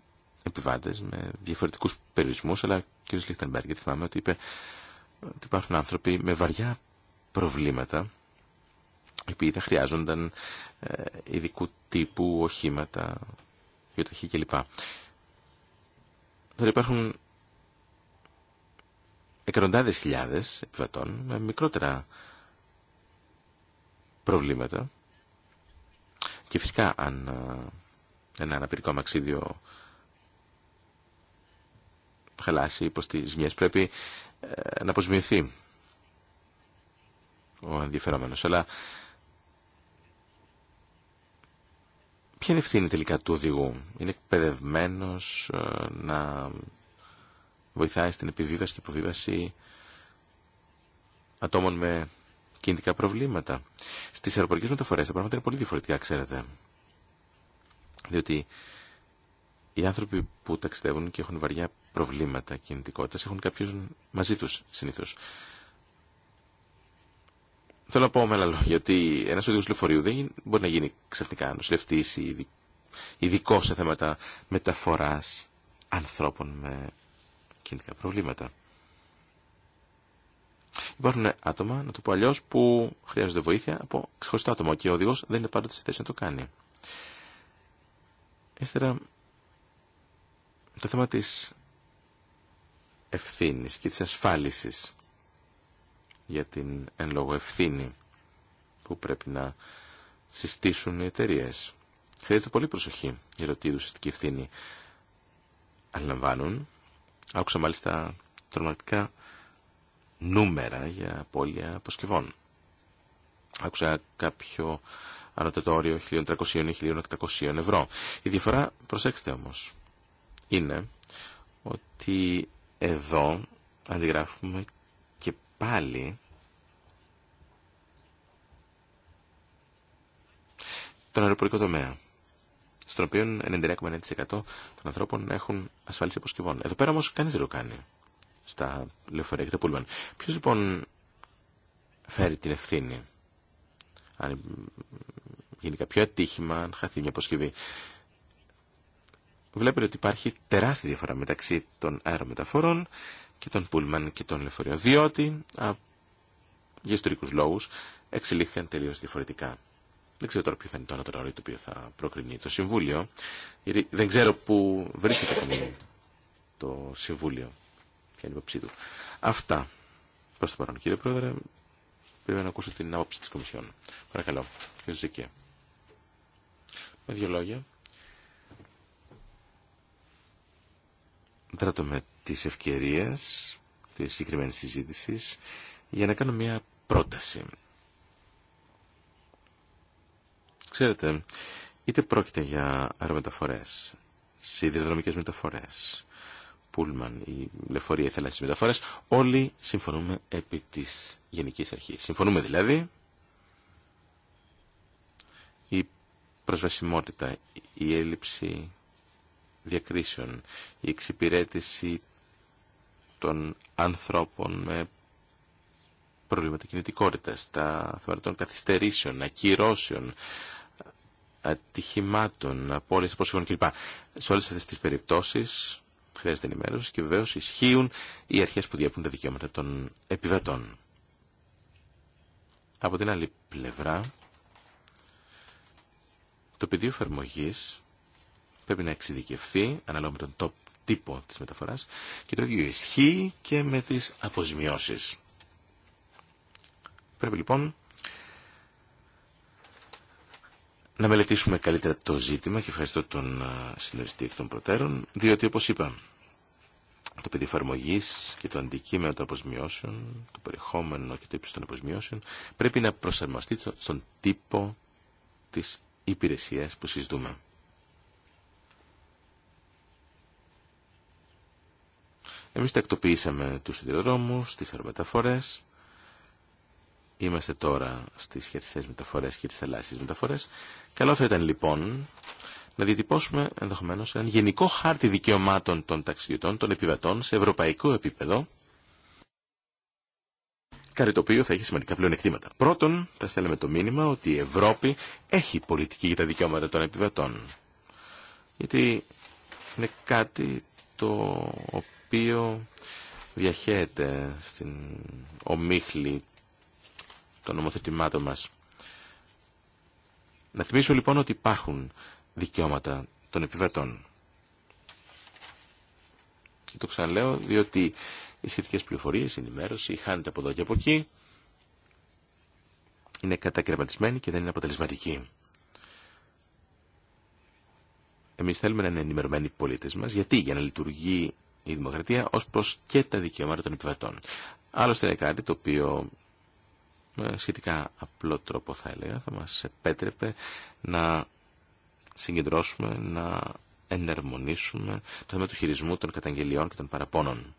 επιβάτε με διαφορετικού περιορισμού, αλλά ο κ. Λίχτενμπέργκερ θυμάμαι ότι είπε ότι υπάρχουν άνθρωποι με βαριά προβλήματα, οι οποίοι θα χρειάζονταν ε, ειδικού τύπου οχήματα, βιοταχή κλπ. Τώρα υπάρχουν εκατοντάδε χιλιάδες επιβατών με μικρότερα προβλήματα και φυσικά αν ε, ένα αναπηρικό μαξίδιο χαλάσει υπό τι ζημιέ. Πρέπει ε, να αποσμιωθεί ο ενδιαφερόμενο. Αλλά ποια είναι η ευθύνη τελικά του οδηγού. Είναι εκπαιδευμένο ε, να βοηθάει στην επιβίβαση και υποβίβαση ατόμων με κινητικά προβλήματα. Στις αεροπορικέ μεταφορέ τα πράγματα είναι πολύ διαφορετικά, ξέρετε. Διότι οι άνθρωποι που ταξιδεύουν και έχουν βαριά προβλήματα κινητικότητας έχουν κάποιον μαζί τους συνήθως. Θέλω να πω με άλλα λόγια ότι ένας οδηγός λεωφορείου δεν μπορεί να γίνει ξαφνικά νοσηλευτής ή ειδικό σε θέματα μεταφοράς ανθρώπων με κινητικά προβλήματα. Υπάρχουν άτομα, να το πω αλλιώ, που χρειάζονται βοήθεια από ξεχωριστά άτομα και ο οδηγό δεν είναι πάντοτε σε θέση να το κάνει. Ύστερα, το θέμα της ευθύνης και της ασφάλισης για την εν λόγω ευθύνη που πρέπει να συστήσουν οι εταιρείε. Χρειάζεται πολύ προσοχή για το τι ουσιαστική ευθύνη αναλαμβάνουν. Άκουσα μάλιστα τρομακτικά νούμερα για απώλεια αποσκευών. Άκουσα κάποιο ανατετόριο 1.300 ή 1.800 ευρώ. Η διαφορά, προσέξτε όμως, είναι ότι εδώ αντιγράφουμε και πάλι τον αεροπορικό τομέα στον οποίο 99,9% των ανθρώπων έχουν ασφάλιση αποσκευών. Εδώ πέρα όμω κανεί δεν το κάνει στα λεωφορεία και τα πούλμαν. Ποιο λοιπόν φέρει την ευθύνη αν γίνει κάποιο ατύχημα, αν χαθεί μια αποσκευή βλέπετε ότι υπάρχει τεράστια διαφορά μεταξύ των αερομεταφορών και των πούλμαν και των λεωφορείων, διότι α, για ιστορικού λόγους εξελίχθηκαν τελείω διαφορετικά. Δεν ξέρω τώρα ποιο θα είναι το ανώτερο το οποίο θα προκρινεί το Συμβούλιο, γιατί δεν ξέρω πού βρίσκεται το, το Συμβούλιο, ποια είναι η του. Αυτά προς το παρόν. Κύριε Πρόεδρε, πρέπει να ακούσω την άποψη τη Κομισιόν. Παρακαλώ, κύριε Ζήκε. Με δύο λόγια. δράτω τις ευκαιρίες της συγκεκριμένη συζήτηση για να κάνω μια πρόταση. Ξέρετε, είτε πρόκειται για αερομεταφορές, σιδηροδρομικές μεταφορές, πούλμαν ή λεωφορεία θαλάσσιες μεταφορές, όλοι συμφωνούμε επί της γενικής αρχής. Συμφωνούμε δηλαδή η λεωφορεια θελασσιες μεταφορες ολοι συμφωνουμε επι της γενικης αρχης συμφωνουμε δηλαδη η έλλειψη διακρίσεων, η εξυπηρέτηση των ανθρώπων με προβλήματα κινητικότητα, τα θέματα των καθυστερήσεων, ακυρώσεων, ατυχημάτων, απόλυση πρόσφυγων κλπ. Σε όλε αυτέ τι περιπτώσει χρειάζεται ενημέρωση και βεβαίω ισχύουν οι αρχέ που διαπούν τα δικαιώματα των επιβατών. Από την άλλη πλευρά, το πεδίο εφαρμογή πρέπει να εξειδικευθεί ανάλογα με τον τύπο της μεταφοράς και το ίδιο ισχύει και με τις αποζημιώσεις. Πρέπει λοιπόν να μελετήσουμε καλύτερα το ζήτημα και ευχαριστώ τον συνεργαστή εκ των προτέρων, διότι όπως είπα, το πεδίο εφαρμογή και το αντικείμενο των αποσμιώσεων, το περιεχόμενο και το ύψο των αποσμιώσεων, πρέπει να προσαρμοστεί στον τύπο τη υπηρεσία που συζητούμε. Εμείς τακτοποιήσαμε τους σιδηροδρόμους, τις αερομεταφορές. Είμαστε τώρα στις χερσαίες μεταφορές και τις θαλάσσιες μεταφορές. Καλό θα ήταν λοιπόν να διατυπώσουμε ενδεχομένω έναν γενικό χάρτη δικαιωμάτων των ταξιδιωτών, των επιβατών, σε ευρωπαϊκό επίπεδο, κάτι το οποίο θα έχει σημαντικά πλεονεκτήματα. Πρώτον, θα στέλνουμε το μήνυμα ότι η Ευρώπη έχει πολιτική για τα δικαιώματα των επιβατών. Γιατί είναι κάτι το οποίο διαχέεται στην ομίχλη των νομοθετημάτων μας. Να θυμίσω λοιπόν ότι υπάρχουν δικαιώματα των επιβατών. Και το ξαναλέω διότι οι σχετικές πληροφορίες, η ενημέρωση, χάνεται από εδώ και από εκεί, είναι κατακρεματισμένη και δεν είναι αποτελεσματική. Εμείς θέλουμε να είναι ενημερωμένοι οι πολίτες μας. Γιατί, για να λειτουργεί η δημοκρατία ως προς και τα δικαιώματα των επιβατών. Άλλωστε είναι κάτι το οποίο με σχετικά απλό τρόπο θα έλεγα θα μας επέτρεπε να συγκεντρώσουμε, να ενερμονίσουμε το θέμα του χειρισμού των καταγγελιών και των παραπώνων.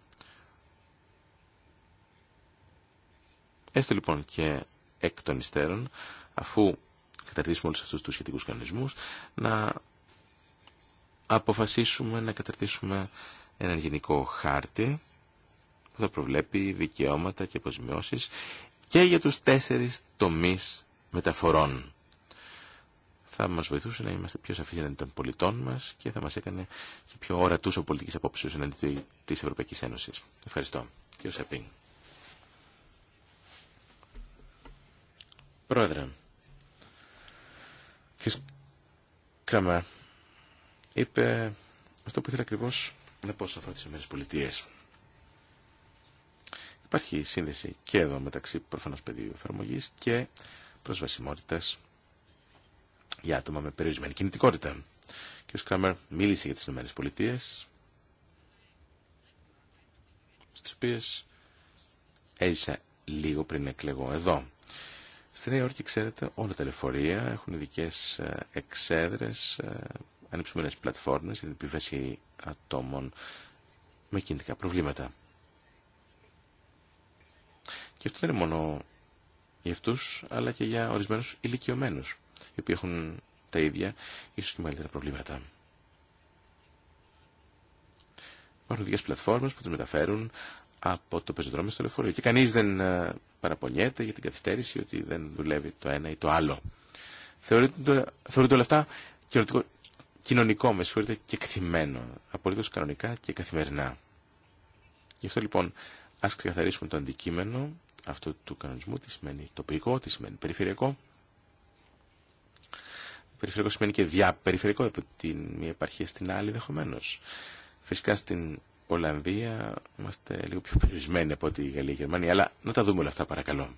Έστω λοιπόν και εκ των υστέρων, αφού καταρτήσουμε όλους αυτούς τους σχετικούς κανονισμούς, να αποφασίσουμε να καταρτήσουμε ένα γενικό χάρτη που θα προβλέπει δικαιώματα και αποζημιώσεις και για τους τέσσερις τομείς μεταφορών. Θα μας βοηθούσε να είμαστε πιο σαφείς εναντί των πολιτών μας και θα μας έκανε και πιο ορατούς ο πολιτικής απόψεως εναντί της Ευρωπαϊκής Ένωσης. Ευχαριστώ. Κύριο Σαπίν. Πρόεδρε, Κύριε Κραμα. είπε αυτό που ήθελα ακριβώς με ναι, πόσο αφορά τις ΗΠΑ. Υπάρχει σύνδεση και εδώ μεταξύ προφανώς πεδίου εφαρμογή και προσβασιμότητας για άτομα με περιορισμένη κινητικότητα. Και ο Σκράμερ μίλησε για τις ΗΠΑ, στις οποίες έζησα λίγο πριν εκλεγώ εδώ. Στη Νέα Υόρκη, ξέρετε, όλα τα λεωφορεία έχουν ειδικέ ε, εξέδρες ε, Ανεψουμένε πλατφόρμες για την επιβέση ατόμων με κινητικά προβλήματα. Και αυτό δεν είναι μόνο για αυτούς, αλλά και για ορισμένους ηλικιωμένους, οι οποίοι έχουν τα ίδια, ίσως και μεγαλύτερα προβλήματα. Υπάρχουν δυο πλατφόρμες που τους μεταφέρουν από το πεζοδρόμιο στο λεωφορείο. Και κανείς δεν ε, παραπονιέται για την καθυστέρηση ότι δεν δουλεύει το ένα ή το άλλο. Θεωρείται όλα αυτά και κοινωνικό, με συγχωρείτε, και εκτιμένο, απολύτως κανονικά και καθημερινά. Γι' αυτό λοιπόν ας ξεκαθαρίσουμε το αντικείμενο αυτού του κανονισμού, τι σημαίνει τοπικό, τι σημαίνει περιφερειακό. Περιφερειακό σημαίνει και διαπεριφερειακό από την μία επαρχία στην άλλη δεχομένω. Φυσικά στην Ολλανδία είμαστε λίγο πιο περιορισμένοι από τη Γαλλία και Γερμανία, αλλά να τα δούμε όλα αυτά παρακαλώ.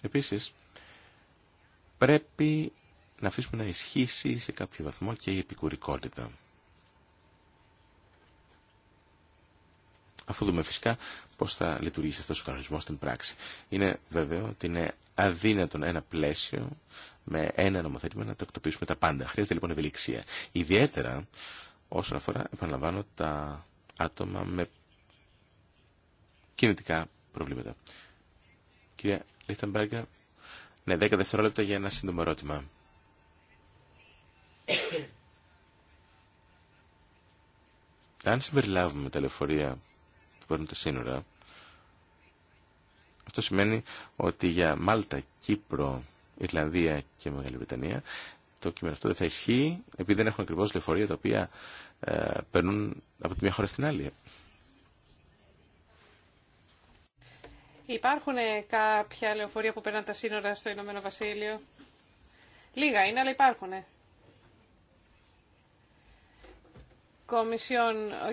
Επίσης, πρέπει να αφήσουμε να ισχύσει σε κάποιο βαθμό και η επικουρικότητα. Αφού δούμε φυσικά πώς θα λειτουργήσει αυτός ο κανονισμός στην πράξη. Είναι βέβαιο ότι είναι αδύνατον ένα πλαίσιο με ένα νομοθέτημα να τακτοποιήσουμε τα πάντα. Χρειάζεται λοιπόν ευελιξία. Ιδιαίτερα όσον αφορά, επαναλαμβάνω, τα άτομα με κινητικά προβλήματα. Κυρία Λίχτεμπέργκερ, ναι, 10 δευτερόλεπτα για ένα σύντομο ερώτημα. Αν συμπεριλάβουμε τα λεωφορεία που παίρνουν τα σύνορα, αυτό σημαίνει ότι για Μάλτα, Κύπρο, Ιρλανδία και Μεγάλη Βρετανία το κείμενο αυτό δεν θα ισχύει επειδή δεν έχουν ακριβώ λεωφορεία τα οποία ε, από τη μια χώρα στην άλλη. Υπάρχουν ε, κάποια λεωφορεία που παίρνουν τα σύνορα στο Ηνωμένο Βασίλειο. Λίγα είναι, αλλά υπάρχουν. Ε. η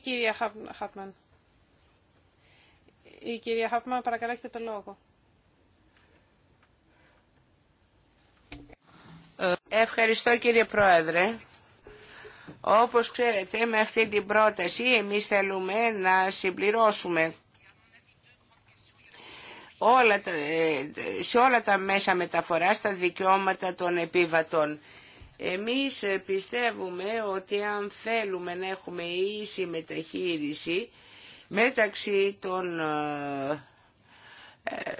κυρία Χάπμαν. κυρια η λόγο. Ευχαριστώ κύριε Πρόεδρε. Όπως ξέρετε με αυτή την πρόταση εμείς θέλουμε να συμπληρώσουμε όλα, ε, σε όλα τα μέσα μεταφοράς τα δικαιώματα των επιβατών. Εμείς ε, πιστεύουμε ότι αν θέλουμε να έχουμε ίση μεταχείριση μεταξύ των ε, ε,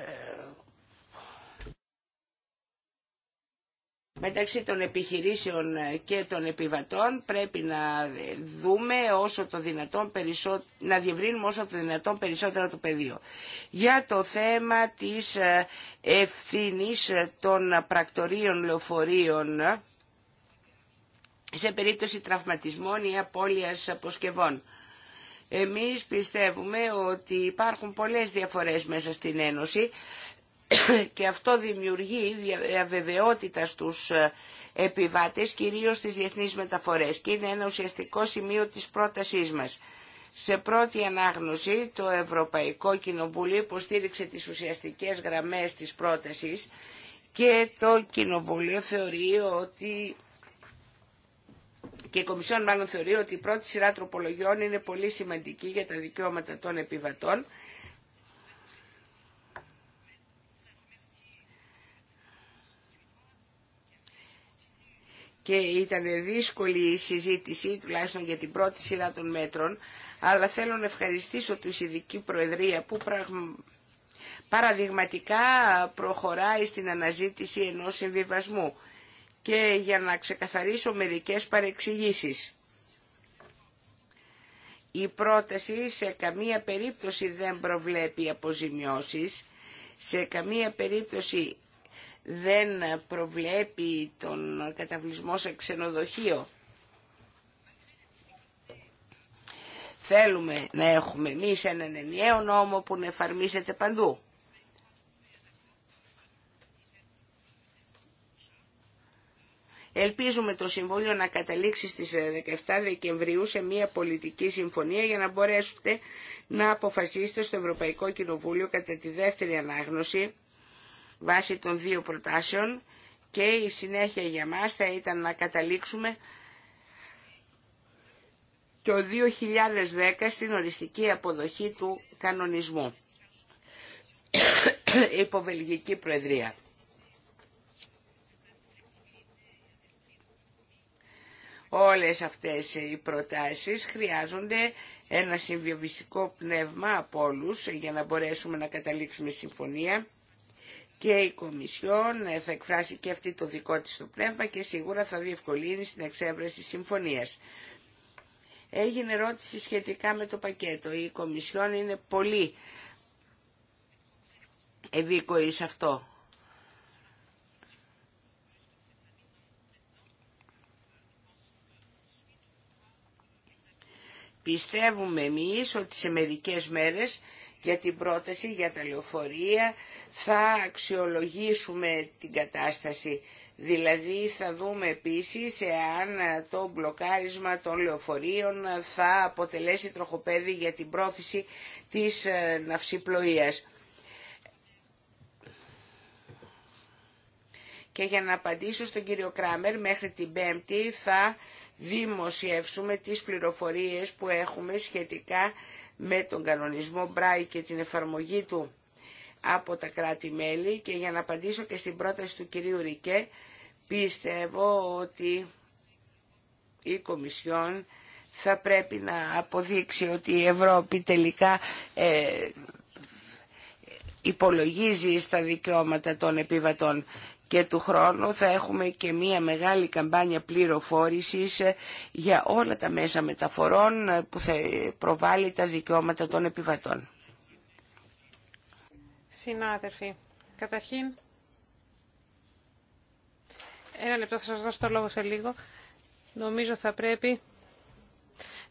μεταξύ των επιχειρήσεων και των επιβατών πρέπει να δούμε όσο το δυνατόν να διευρύνουμε όσο το δυνατόν περισσότερο το πεδίο. Για το θέμα της ευθύνης των πρακτορείων λεωφορείων σε περίπτωση τραυματισμών ή απώλειας αποσκευών. Εμείς πιστεύουμε ότι υπάρχουν πολλές διαφορές μέσα στην Ένωση [COUGHS] και αυτό δημιουργεί αβεβαιότητα στους ε, επιβάτες, κυρίως στις διεθνείς μεταφορές και είναι ένα ουσιαστικό σημείο της πρότασής μας. Σε πρώτη ανάγνωση το Ευρωπαϊκό Κοινοβούλιο υποστήριξε τις ουσιαστικές γραμμές της πρότασης και το Κοινοβούλιο θεωρεί ότι και η Κομισιόν μάλλον θεωρεί ότι η πρώτη σειρά τροπολογιών είναι πολύ σημαντική για τα δικαιώματα των επιβατών. Και ήταν δύσκολη η συζήτηση, τουλάχιστον για την πρώτη σειρά των μέτρων, αλλά θέλω να ευχαριστήσω του Ειδική Προεδρία που πραγμα... παραδειγματικά προχωράει στην αναζήτηση ενός συμβιβασμού και για να ξεκαθαρίσω μερικές παρεξηγήσεις. Η πρόταση σε καμία περίπτωση δεν προβλέπει αποζημιώσεις, σε καμία περίπτωση δεν προβλέπει τον καταβλισμό σε ξενοδοχείο. Θέλουμε να έχουμε εμεί έναν ενιαίο νόμο που να εφαρμίζεται παντού. Ελπίζουμε το Συμβούλιο να καταλήξει στις 17 ε, Δεκεμβρίου σε μια πολιτική συμφωνία για να μπορέσετε να αποφασίσετε στο Ευρωπαϊκό Κοινοβούλιο κατά τη δεύτερη ανάγνωση βάσει των δύο προτάσεων και η συνέχεια για μας θα ήταν να καταλήξουμε το 2010 στην οριστική αποδοχή του κανονισμού [COUGHS] βελγική προεδρία. Όλες αυτές οι προτάσεις χρειάζονται ένα συμβιοβιστικό πνεύμα από όλου για να μπορέσουμε να καταλήξουμε συμφωνία και η Κομισιόν θα εκφράσει και αυτή το δικό της το πνεύμα και σίγουρα θα διευκολύνει στην εξέβρεση συμφωνίας. Έγινε ερώτηση σχετικά με το πακέτο. Η Κομισιόν είναι πολύ ευήκοη σε αυτό. Πιστεύουμε εμείς ότι σε μερικές μέρες για την πρόταση για τα λεωφορεία θα αξιολογήσουμε την κατάσταση. Δηλαδή θα δούμε επίσης εάν το μπλοκάρισμα των λεωφορείων θα αποτελέσει τροχοπέδι για την πρόθεση της ε, ναυσιπλοείας. Και για να απαντήσω στον κύριο Κράμερ, μέχρι την Πέμπτη θα δημοσιεύσουμε τις πληροφορίες που έχουμε σχετικά με τον κανονισμό Μπράι και την εφαρμογή του από τα κράτη-μέλη και για να απαντήσω και στην πρόταση του κυρίου Ρικέ πιστεύω ότι η Κομισιόν θα πρέπει να αποδείξει ότι η Ευρώπη τελικά ε, υπολογίζει στα δικαιώματα των επιβατών και του χρόνου θα έχουμε και μία μεγάλη καμπάνια πληροφόρησης ε, για όλα τα μέσα μεταφορών ε, που θα προβάλλει τα δικαιώματα των επιβατών. Συνάδελφοι, καταρχήν, ένα λεπτό θα σας δώσω το λόγο σε λίγο. Νομίζω θα πρέπει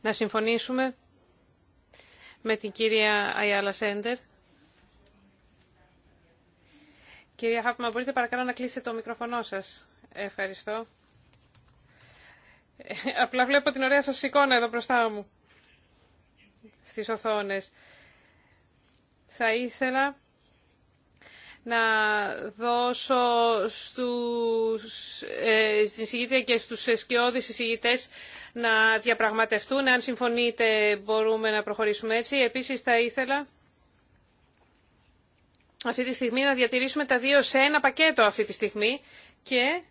να συμφωνήσουμε με την κυρία Αιάλα Σέντερ Κυρία Χάπμα, μπορείτε παρακαλώ να κλείσετε το μικροφωνό σας. Ευχαριστώ. Ε, απλά βλέπω την ωραία σας εικόνα εδώ μπροστά μου, στις οθόνες. Θα ήθελα να δώσω στους, ε, στην και στους σκιώδεις εισηγητές να διαπραγματευτούν. Αν συμφωνείτε μπορούμε να προχωρήσουμε έτσι. Επίσης θα ήθελα αυτή τη στιγμή να διατηρήσουμε τα δύο σε ένα πακέτο αυτή τη στιγμή και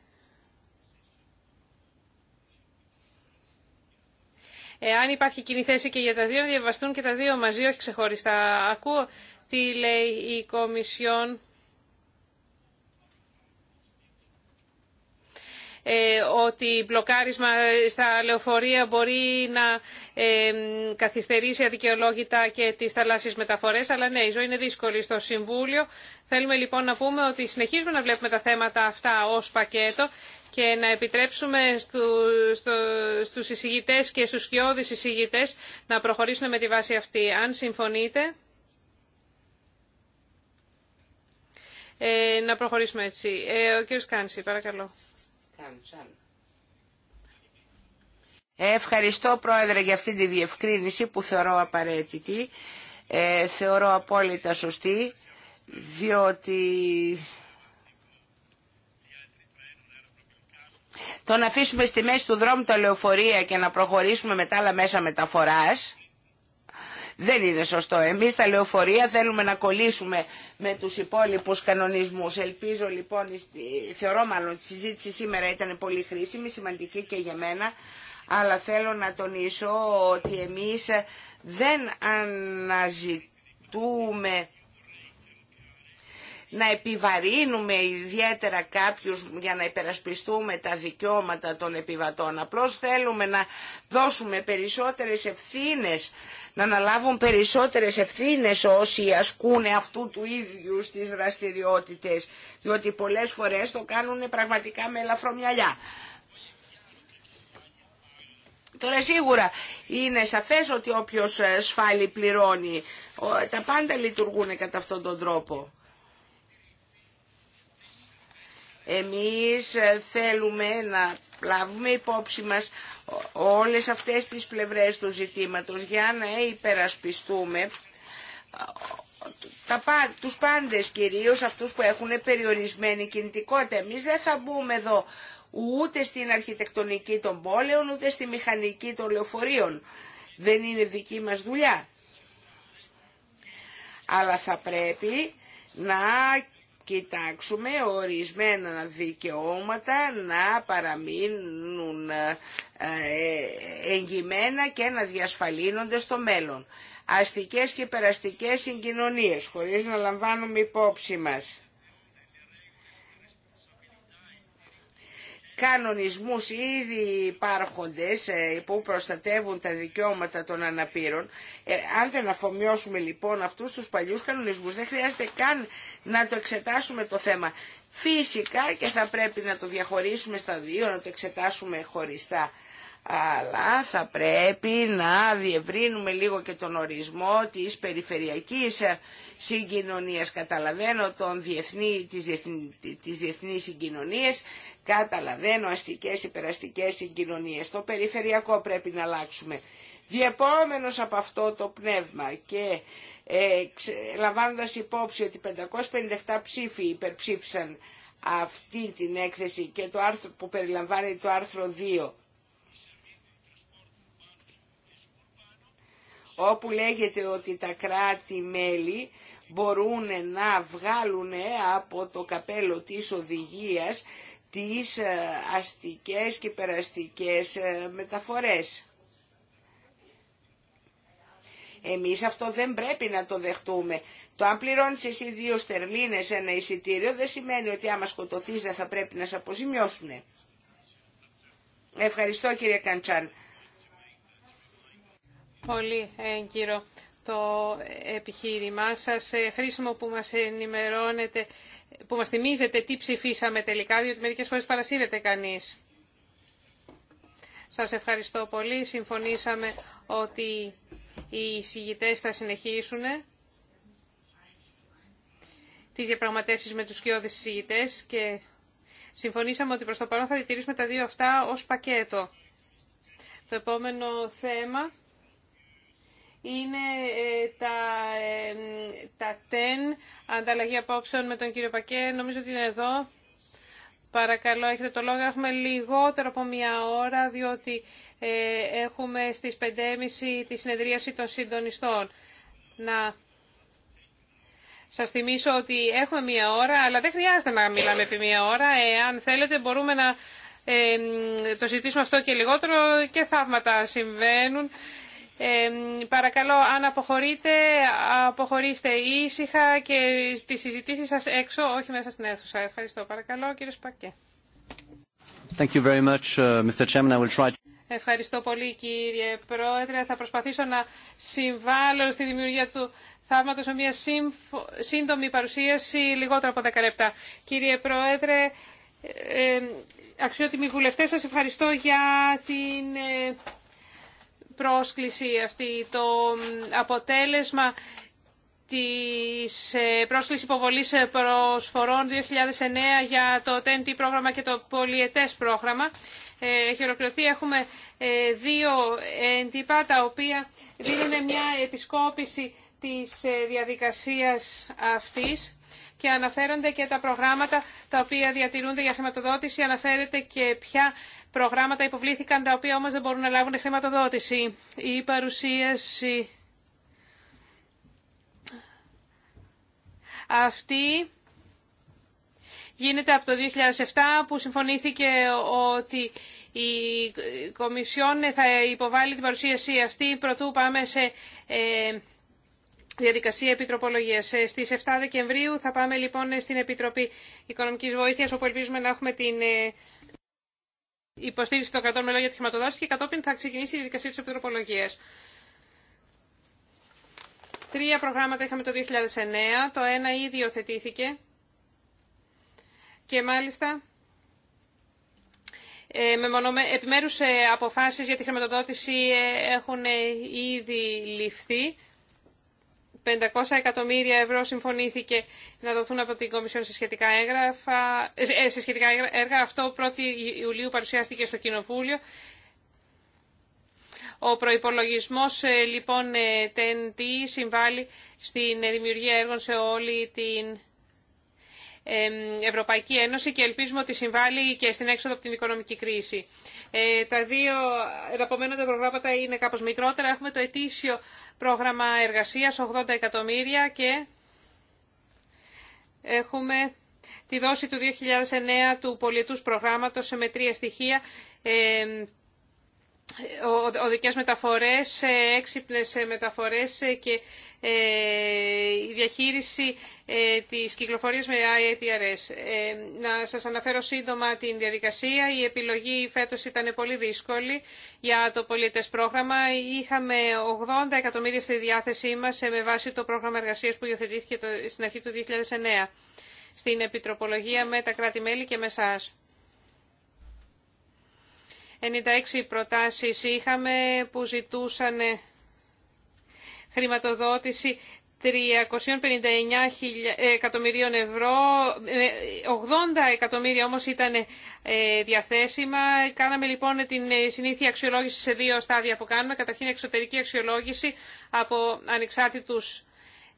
εάν υπάρχει κοινή θέση και για τα δύο να διαβαστούν και τα δύο μαζί, όχι ξεχωριστά. Ακούω τι λέει η Κομισιόν Ε, ότι μπλοκάρισμα στα λεωφορεία μπορεί να ε, καθυστερήσει αδικαιολόγητα και τις θαλάσσιες μεταφορές. Αλλά ναι, η ζωή είναι δύσκολη στο Συμβούλιο. Θέλουμε λοιπόν να πούμε ότι συνεχίζουμε να βλέπουμε τα θέματα αυτά ως πακέτο και να επιτρέψουμε στου, στο, στους εισηγητές και στους σκιώδεις εισηγητές να προχωρήσουν με τη βάση αυτή. Αν συμφωνείτε, ε, να προχωρήσουμε έτσι. Ε, ο κύριος Κάνση, παρακαλώ. Ευχαριστώ πρόεδρε για αυτή τη διευκρίνηση που θεωρώ απαραίτητη, ε, θεωρώ απόλυτα σωστή, διότι το να αφήσουμε στη μέση του δρόμου τα λεωφορεία και να προχωρήσουμε με τα άλλα μέσα μεταφοράς δεν είναι σωστό. Εμείς τα λεωφορεία θέλουμε να κολλήσουμε με τους υπόλοιπους κανονισμούς. Ελπίζω λοιπόν, θεωρώ μάλλον ότι η συζήτηση σήμερα ήταν πολύ χρήσιμη, σημαντική και για μένα, αλλά θέλω να τονίσω ότι εμείς δεν αναζητούμε να επιβαρύνουμε ιδιαίτερα κάποιους για να υπερασπιστούμε τα δικαιώματα των επιβατών. Απλώς θέλουμε να δώσουμε περισσότερες ευθύνες, να αναλάβουν περισσότερες ευθύνες όσοι ασκούν αυτού του ίδιου στις δραστηριότητες, διότι πολλές φορές το κάνουν πραγματικά με ελαφρομυαλιά. Τώρα σίγουρα είναι σαφές ότι όποιος ε, σφάλει πληρώνει. Τα πάντα λειτουργούν κατά αυτόν τον τρόπο. Εμείς ε, θέλουμε να λάβουμε υπόψη μας όλες αυτές τις πλευρές του ζητήματος για να υπερασπιστούμε ε, τα, τους πάντες, κυρίως αυτούς που έχουν περιορισμένη κινητικότητα. Εμείς δεν θα μπούμε εδώ ούτε στην αρχιτεκτονική των πόλεων, ούτε στη μηχανική των λεωφορείων. Δεν είναι δική μας δουλειά. Αλλά θα πρέπει να κοιτάξουμε ορισμένα δικαιώματα να παραμείνουν ε, ε, εγγυμένα και να διασφαλίνονται στο μέλλον. Αστικές και περαστικές συγκοινωνίες, χωρίς να λαμβάνουμε υπόψη μας κανονισμούς ήδη υπάρχοντες ε, που προστατεύουν τα δικαιώματα των αναπήρων. Ε, αν δεν αφομοιώσουμε λοιπόν αυτούς τους παλιούς κανονισμούς δεν χρειάζεται καν να το εξετάσουμε το θέμα. Φυσικά και θα πρέπει να το διαχωρίσουμε στα δύο, να το εξετάσουμε χωριστά αλλά θα πρέπει να διευρύνουμε λίγο και τον ορισμό της περιφερειακής συγκοινωνίας. Καταλαβαίνω τον διεθνή, τις, διεθνείς συγκοινωνίες, καταλαβαίνω αστικές, υπεραστικές συγκοινωνίες. Το περιφερειακό πρέπει να αλλάξουμε. Διεπόμενος από αυτό το πνεύμα και ε, λαμβάνοντας υπόψη ότι 557 ψήφοι υπερψήφισαν αυτή την έκθεση και το άρθρο που περιλαμβάνει το άρθρο 2 όπου λέγεται ότι τα κράτη-μέλη μπορούν να βγάλουν από το καπέλο της οδηγίας τις ε, αστικές και περαστικές ε, μεταφορές. Εμείς αυτό δεν πρέπει να το δεχτούμε. Το αν πληρώνεις εσύ δύο στερλίνες ένα εισιτήριο δεν σημαίνει ότι άμα σκοτωθείς δεν θα πρέπει να σε αποζημιώσουν. Ευχαριστώ κύριε Καντσάν πολύ έγκυρο το επιχείρημά σας. Ε, χρήσιμο που μας ενημερώνετε, που μας θυμίζετε τι ψηφίσαμε τελικά, διότι μερικές φορές παρασύρεται κανείς. Σας ευχαριστώ πολύ. Συμφωνήσαμε ότι οι συγητές θα συνεχίσουν τις διαπραγματεύσεις με τους κοιόδες συγητές και συμφωνήσαμε ότι προς το παρόν θα διατηρήσουμε τα δύο αυτά ως πακέτο. Το επόμενο θέμα είναι ε, τα, ε, τα τέν ανταλλαγή απόψεων με τον κύριο Πακέ. Νομίζω ότι είναι εδώ. Παρακαλώ, έχετε το λόγο. Έχουμε λιγότερο από μία ώρα, διότι ε, έχουμε στις 5.30 τη συνεδρίαση των συντονιστών. Να σας θυμίσω ότι έχουμε μία ώρα, αλλά δεν χρειάζεται να μιλάμε επί μία ώρα. Εάν θέλετε, μπορούμε να το συζητήσουμε αυτό και λιγότερο και θαύματα συμβαίνουν παρακαλώ, αν αποχωρείτε, αποχωρήστε ήσυχα και τι συζητήσει σας έξω, όχι μέσα στην αίθουσα. Ευχαριστώ. Παρακαλώ, κύριε Σπακέ. try... Ευχαριστώ πολύ, κύριε Πρόεδρε. Θα προσπαθήσω να συμβάλλω στη δημιουργία του θαύματο με μια σύντομη παρουσίαση λιγότερο από 10 λεπτά. Κύριε Πρόεδρε, ε, ε, αξιότιμοι βουλευτές, σας ευχαριστώ για την ε, πρόσκληση αυτή, το αποτέλεσμα της ε, πρόσκληση υποβολής ε, προσφορών 2009 για το TNT πρόγραμμα και το πολιετές πρόγραμμα. Ε, έχει ολοκληρωθεί. Έχουμε δύο εντύπα τα οποία δίνουν μια επισκόπηση της διαδικασίας αυτής και αναφέρονται και τα προγράμματα τα οποία διατηρούνται για χρηματοδότηση, αναφέρεται και ποια προγράμματα υποβλήθηκαν τα οποία όμως δεν μπορούν να λάβουν χρηματοδότηση. Η παρουσίαση αυτή γίνεται από το 2007 που συμφωνήθηκε ότι η Κομισιόν θα υποβάλει την παρουσίαση αυτή. Πρωτού πάμε σε ε, διαδικασία επιτροπολογία. Ε, Στι 7 Δεκεμβρίου θα πάμε λοιπόν στην Επιτροπή Οικονομική Βοήθεια, όπου ελπίζουμε να έχουμε την ε, υποστήριξη των 100 μελών για τη χρηματοδότηση και κατόπιν θα ξεκινήσει η διαδικασία τη επιτροπολογία. Τρία προγράμματα είχαμε το 2009. Το ένα ήδη υιοθετήθηκε και μάλιστα ε, με επιμέρους αποφάσεις για τη χρηματοδότηση έχουν ήδη ληφθεί. 500 εκατομμύρια ευρώ συμφωνήθηκε να δοθούν από την Κομισιόν σε σχετικά, ε, ε, σε σχετικά έργα. Αυτό 1η Ιουλίου παρουσιάστηκε στο Κοινοβούλιο. Ο προϋπολογισμός ε, λοιπόν TNT συμβάλλει στην δημιουργία έργων σε όλη την Ευρωπαϊκή Ένωση και ελπίζουμε ότι συμβάλλει και στην έξοδο από την οικονομική κρίση. τα δύο επομένω προγράμματα είναι κάπως μικρότερα. Έχουμε το ετήσιο πρόγραμμα εργασίας 80 εκατομμύρια και έχουμε τη δόση του 2009 του πολιετούς προγράμματος σε τρία στοιχεία ε, οδικές μεταφορές, ε, έξυπνες ε, μεταφορές ε, και η διαχείριση της κυκλοφορίας με IATRS. Να σας αναφέρω σύντομα την διαδικασία. Η επιλογή φέτος ήταν πολύ δύσκολη για το πολιτές πρόγραμμα. Είχαμε 80 εκατομμύρια στη διάθεσή μας με βάση το πρόγραμμα εργασίας που υιοθετήθηκε στην αρχή του 2009 στην Επιτροπολογία με τα κράτη-μέλη και με εσάς. 96 προτάσεις είχαμε που ζητούσαν χρηματοδότηση 359 ε, εκατομμυρίων ευρώ, 80 ε, εκατομμύρια όμως ήταν ε, διαθέσιμα. Κάναμε λοιπόν την συνήθεια αξιολόγηση σε δύο στάδια που κάνουμε. Καταρχήν εξωτερική αξιολόγηση από ανεξάρτητους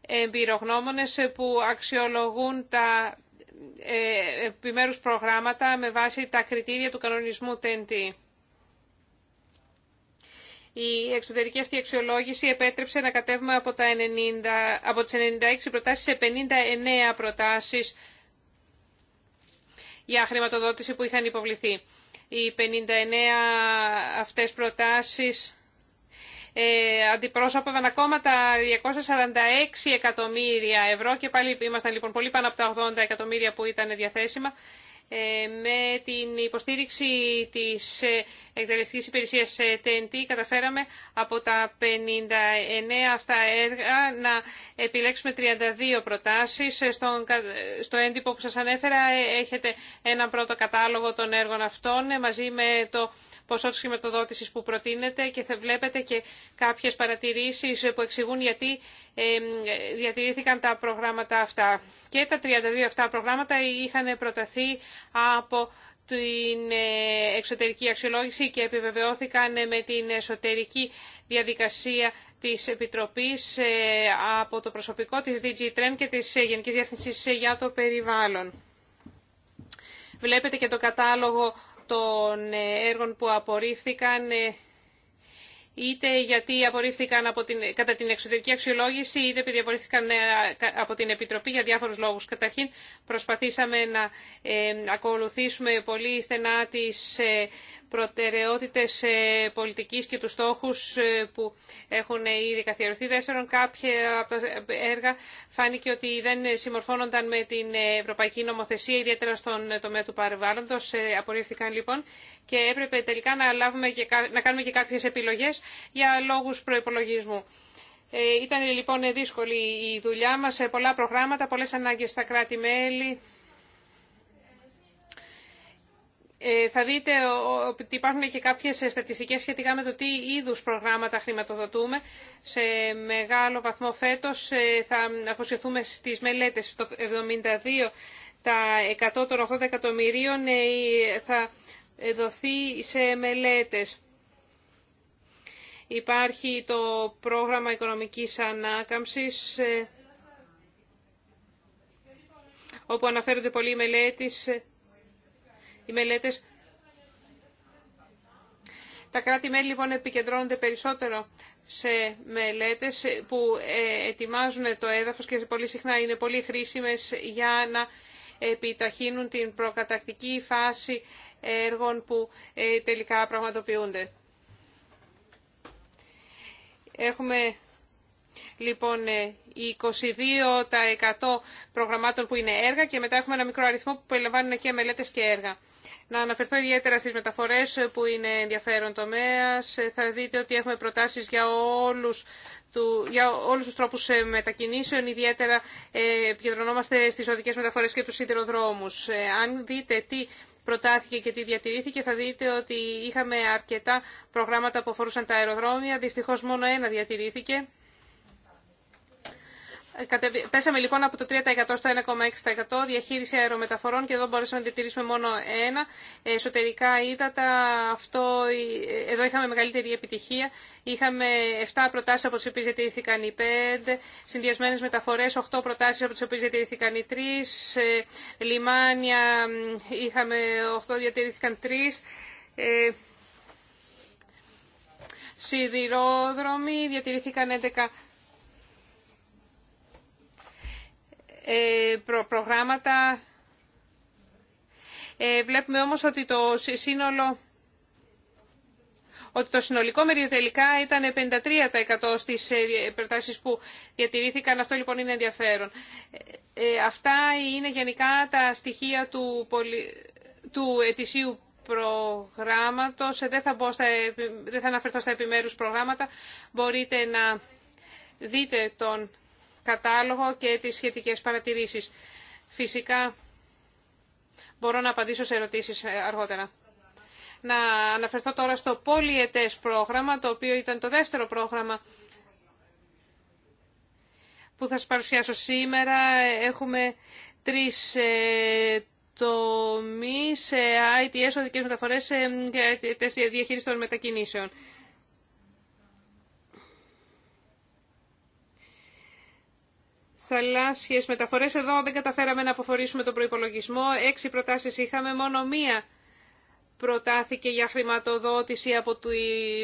εμπειρογνώμονες που αξιολογούν τα επιμέρους προγράμματα με βάση τα κριτήρια του κανονισμού TNT. Η εξωτερική αυτή αξιολόγηση επέτρεψε να κατέβουμε από, τα 90, από τις 96 προτάσεις σε 59 προτάσεις για χρηματοδότηση που είχαν υποβληθεί. Οι 59 αυτές προτάσεις ε, αντιπρόσωπευαν ακόμα τα 246 εκατομμύρια ευρώ και πάλι ήμασταν λοιπόν πολύ πάνω από τα 80 εκατομμύρια που ήταν διαθέσιμα ε, με την υποστήριξη της ε, εκτελεστικής υπηρεσίας TNT ε, καταφέραμε από τα 59 αυτά έργα να επιλέξουμε 32 προτάσεις. Στο έντυπο που σας ανέφερα έχετε ένα πρώτο κατάλογο των έργων αυτών μαζί με το ποσό της χρηματοδότησης που προτείνεται και θα βλέπετε και κάποιες παρατηρήσεις που εξηγούν γιατί διατηρήθηκαν τα προγράμματα αυτά. Και τα 32 αυτά προγράμματα είχαν προταθεί από την ε, εξωτερική αξιολόγηση και επιβεβαιώθηκαν με την εσωτερική διαδικασία της Επιτροπής ε, από το προσωπικό της DG Trend και της Γενικής Διεύθυνσης για το Περιβάλλον. Βλέπετε και το κατάλογο των ε, έργων που απορρίφθηκαν είτε γιατί απορρίφθηκαν από την, κατά την εξωτερική αξιολόγηση, είτε επειδή απορρίφθηκαν ε, από την Επιτροπή για διάφορους λόγους. Καταρχήν, προσπαθήσαμε να ε, ακολουθήσουμε πολύ στενά τις ε, προτεραιότητες ε, πολιτικής και τους στόχους ε, που έχουν ήδη καθιερωθεί. Δεύτερον, κάποια από τα έργα φάνηκε ότι δεν συμμορφώνονταν με την ευρωπαϊκή νομοθεσία, ιδιαίτερα στον τομέα του παρεμβάλλοντος. Ε, απορρίφθηκαν λοιπόν και έπρεπε τελικά να, και, να κάνουμε και κάποιες επιλογές για λόγους προϋπολογισμού. Ήταν λοιπόν δύσκολη η δουλειά μας, πολλά προγράμματα, πολλές ανάγκες στα κράτη-μέλη. Ε, θα δείτε ότι υπάρχουν και κάποιες στατιστικές σχετικά με το τι είδους προγράμματα χρηματοδοτούμε. Σε μεγάλο βαθμό φέτος ε, θα αφοσιωθούμε στις μελέτες. Το 72 τα 100 των 80 εκατομμυρίων ε, θα δοθεί σε μελέτες. Υπάρχει το πρόγραμμα οικονομικής ανάκαμψης όπου αναφέρονται πολλοί μελέτης οι μελέτες. Τα κράτη-μέλη λοιπόν επικεντρώνονται περισσότερο σε μελέτες που ε, ετοιμάζουν το έδαφος και πολύ συχνά είναι πολύ χρήσιμες για να επιταχύνουν την προκατακτική φάση έργων που ε, τελικά πραγματοποιούνται. Έχουμε λοιπόν 22% ε, προγραμμάτων που είναι έργα και μετά έχουμε ένα μικρό αριθμό που περιλαμβάνουν και μελέτες και έργα να αναφερθώ ιδιαίτερα στις μεταφορές που είναι ενδιαφέρον τομέας. Θα δείτε ότι έχουμε προτάσεις για όλους του, για όλους τους τρόπους ε, μετακινήσεων, ιδιαίτερα ε, επικεντρωνόμαστε στις οδικές μεταφορές και τους σιδηροδρόμους. Ε, αν δείτε τι προτάθηκε και τι διατηρήθηκε, θα δείτε ότι είχαμε αρκετά προγράμματα που αφορούσαν τα αεροδρόμια. Δυστυχώς μόνο ένα διατηρήθηκε ε, πέσαμε λοιπόν από το 3% στο 1,6% διαχείριση αερομεταφορών και εδώ μπορέσαμε να διατηρήσουμε μόνο ένα. Εσωτερικά ύδατα, αυτό, ε, εδώ είχαμε μεγαλύτερη επιτυχία. Είχαμε 7 προτάσει από τι οποίε διατηρήθηκαν οι 5, συνδυασμένες μεταφορές 8 προτάσει από τι οποίε διατηρήθηκαν οι 3, ε, λιμάνια είχαμε 8, διατηρήθηκαν 3, Σιδηρόδρομοι διατηρήθηκαν 11 Ε, προγράμματα. Ε, βλέπουμε όμως ότι το σύνολο ότι το συνολικό μερίδιο τελικά ήταν 53% στις ε, προτάσεις που διατηρήθηκαν. Αυτό λοιπόν είναι ενδιαφέρον. Αυτά είναι γενικά τα στοιχεία του, του ετησίου προγράμματος. Δεν θα, Δεν θα αναφερθώ στα επιμέρους προγράμματα. Μπορείτε να δείτε τον κατάλογο και τις σχετικές παρατηρήσεις. Φυσικά μπορώ να απαντήσω σε ερωτήσεις ε, αργότερα. Να αναφερθώ τώρα στο πολυετές πρόγραμμα, το οποίο ήταν το δεύτερο πρόγραμμα που θα σας παρουσιάσω σήμερα. Έχουμε τρεις ε, τομείς, ε, ITS, οδικές μεταφορές ε, και ε, διαχείριση των μετακινήσεων. θαλάσσιες μεταφορές. Εδώ δεν καταφέραμε να αποφορήσουμε τον προϋπολογισμό. Έξι προτάσεις είχαμε, μόνο μία προτάθηκε για χρηματοδότηση από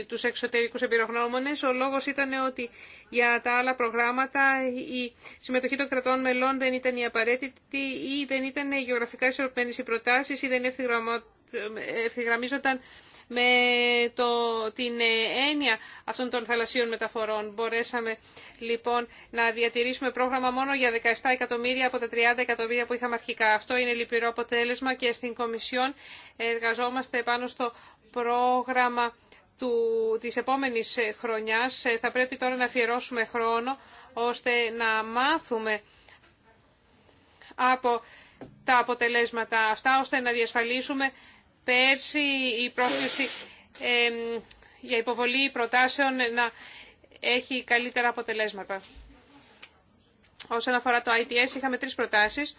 τους εξωτερικούς εμπειρογνώμονες. Ο λόγος ήταν ότι για τα άλλα προγράμματα η συμμετοχή των κρατών μελών δεν ήταν η απαραίτητη ή δεν ήταν γεωγραφικά ισορροπημένες οι προτάσεις ή δεν ευθυγραμμίζονταν με το, την ε, έννοια αυτών των θαλασσίων μεταφορών. Μπορέσαμε λοιπόν να διατηρήσουμε πρόγραμμα μόνο για 17 εκατομμύρια από τα 30 εκατομμύρια που είχαμε αρχικά. Αυτό είναι λυπηρό αποτέλεσμα και στην Κομισιόν εργαζόμαστε πάνω στο πρόγραμμα του, της επόμενης ε, χρονιάς. Ε, θα πρέπει τώρα να αφιερώσουμε χρόνο ώστε να μάθουμε από τα αποτελέσματα αυτά, ώστε να διασφαλίσουμε πέρσι η πρόσκληση για υποβολή προτάσεων να έχει καλύτερα αποτελέσματα. Όσον αφορά το ITS είχαμε τρεις προτάσεις.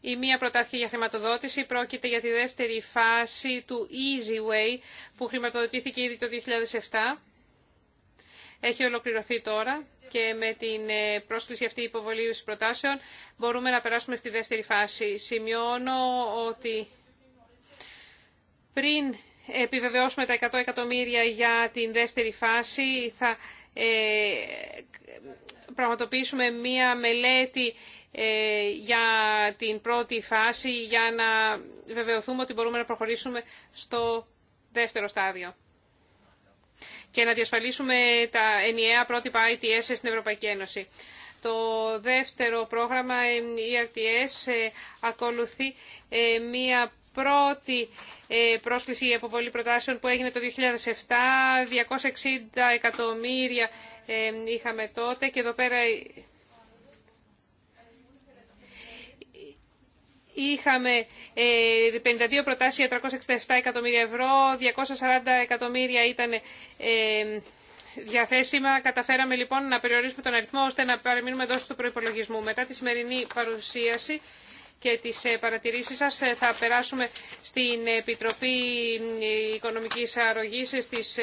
Η μία προτάθηκε για χρηματοδότηση, πρόκειται για τη δεύτερη φάση του Easy Way που χρηματοδοτήθηκε ήδη το 2007. Έχει ολοκληρωθεί τώρα και με την ε, πρόσκληση αυτή υποβολή προτάσεων μπορούμε να περάσουμε στη δεύτερη φάση. Σημειώνω ότι πριν επιβεβαιώσουμε τα 100 εκατομμύρια για την δεύτερη φάση θα ε, πραγματοποιήσουμε μία μελέτη ε, για την πρώτη φάση για να βεβαιωθούμε ότι μπορούμε να προχωρήσουμε στο δεύτερο στάδιο και να διασφαλίσουμε τα ενιαία πρότυπα ITS στην Ευρωπαϊκή Ένωση. Το δεύτερο πρόγραμμα, ε, ERTS ε, ακολουθεί ε, μία πρώτη πρόσκληση η αποβολή προτάσεων που έγινε το 2007. 260 εκατομμύρια είχαμε τότε και εδώ πέρα Είχαμε 52 ε, προτάσεις για 367 εκατομμύρια ευρώ, 240 εκατομμύρια ήταν ε, διαθέσιμα. Καταφέραμε λοιπόν να περιορίσουμε τον αριθμό ώστε να παραμείνουμε εδώ του προπολογισμού. Μετά τη σημερινή παρουσίαση και τις ε, παρατηρήσεις σας θα περάσουμε στην Επιτροπή Οικονομικής Αρρωγής στις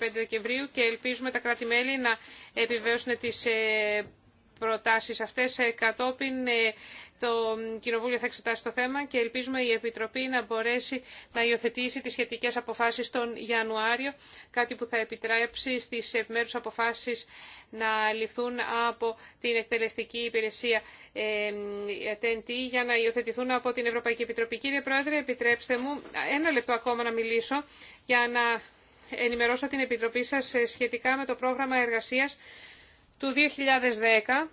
5 Δεκεμβρίου και ελπίζουμε τα κράτη-μέλη να επιβεβαιώσουν τις προτάσεις αυτές κατόπιν το Κοινοβούλιο θα εξετάσει το θέμα και ελπίζουμε η Επιτροπή να μπορέσει να υιοθετήσει τις σχετικές αποφάσεις τον Ιανουάριο, κάτι που θα επιτρέψει στις επιμέρους αποφάσεις να ληφθούν από την εκτελεστική υπηρεσία ε, TNT για να υιοθετηθούν από την Ευρωπαϊκή Επιτροπή. Κύριε Πρόεδρε, επιτρέψτε μου ένα λεπτό ακόμα να μιλήσω για να ενημερώσω την Επιτροπή σας σχετικά με το πρόγραμμα εργασίας του 2010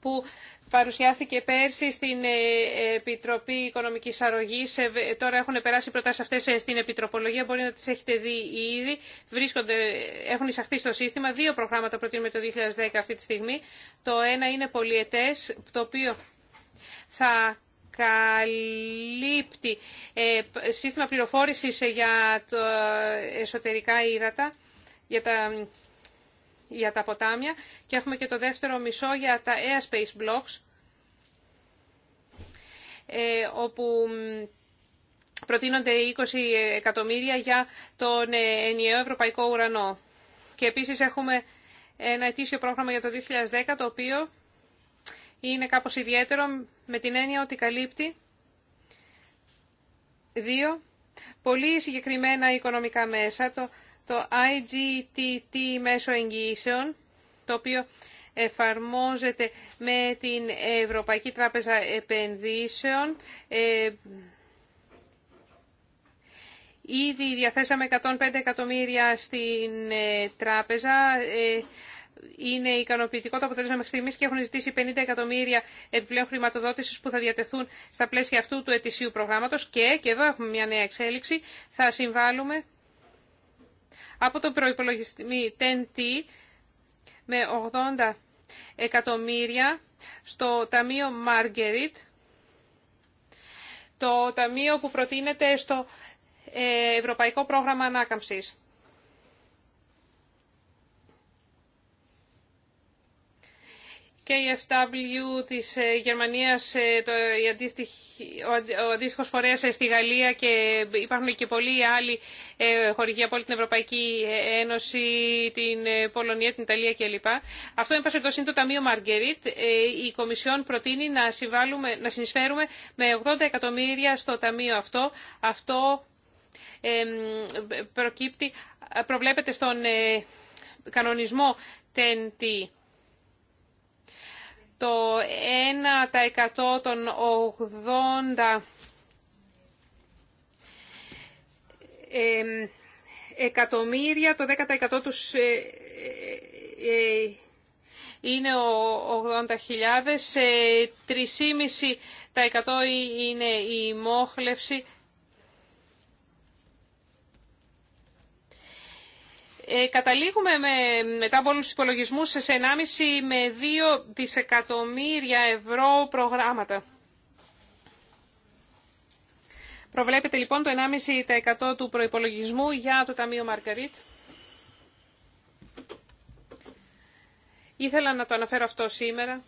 που παρουσιάστηκε πέρσι στην ε, Επιτροπή Οικονομικής Αρρωγής. Ε, τώρα έχουν περάσει προτάσεις αυτές ε, στην Επιτροπολογία, μπορεί να τις έχετε δει ήδη. Βρίσκονται, έχουν εισαχθεί στο σύστημα. Δύο προγράμματα προτείνουμε το 2010 αυτή τη στιγμή. Το ένα είναι πολιετές, το οποίο θα καλύπτει σύστημα πληροφόρησης για τα εσωτερικά ύδατα, για τα για τα ποτάμια και έχουμε και το δεύτερο μισό για τα airspace blocks, ε, όπου προτείνονται 20 εκατομμύρια για τον ε, ενιαίο ευρωπαϊκό ουρανό. Και επίσης έχουμε ένα ετήσιο πρόγραμμα για το 2010, το οποίο είναι κάπως ιδιαίτερο με την έννοια ότι καλύπτει δύο πολύ συγκεκριμένα οικονομικά μέσα. Το το IGTT μέσω εγγυήσεων, το οποίο εφαρμόζεται με την Ευρωπαϊκή Τράπεζα Επενδύσεων. Ε, ήδη διαθέσαμε 105 εκατομμύρια στην ε, τράπεζα. Ε, είναι ικανοποιητικό το αποτέλεσμα μέχρι στιγμή και έχουν ζητήσει 50 εκατομμύρια επιπλέον χρηματοδότησης που θα διατεθούν στα πλαίσια αυτού του ετησίου προγράμματος. και, και εδώ έχουμε μια νέα εξέλιξη, θα συμβάλλουμε από τον προϋπολογισμό TEN-T με 80 εκατομμύρια στο Ταμείο Μάργκεριτ, το ταμείο που προτείνεται στο ε, Ευρωπαϊκό Πρόγραμμα Ανάκαμψης. και η FW της ε, Γερμανίας, ε, το, ο αντίστοιχος φορέας ε, στη Γαλλία και υπάρχουν και πολλοί άλλοι χορηγοί από όλη την Ευρωπαϊκή Ένωση, την Πολωνία, την Ιταλία κλπ. Αυτό είναι πάση είναι το Ταμείο Μαργκερίτ. Η Κομισιόν προτείνει να, να συνεισφέρουμε με 80 εκατομμύρια στο Ταμείο αυτό. Αυτό προκύπτει, προβλέπεται στον κανονισμό TNT το 1% των 80 εκατομμύρια, το 10% τους ε, ε, ε, είναι 80.000, 3,5% είναι η μόχλευση Ε, καταλήγουμε με, μετά από όλου του υπολογισμούς σε 1,5 με 2 δισεκατομμύρια ευρώ προγράμματα. Προβλέπετε λοιπόν το 1,5% του προϋπολογισμού για το Ταμείο Μαργκαρίτ. Ήθελα να το αναφέρω αυτό σήμερα,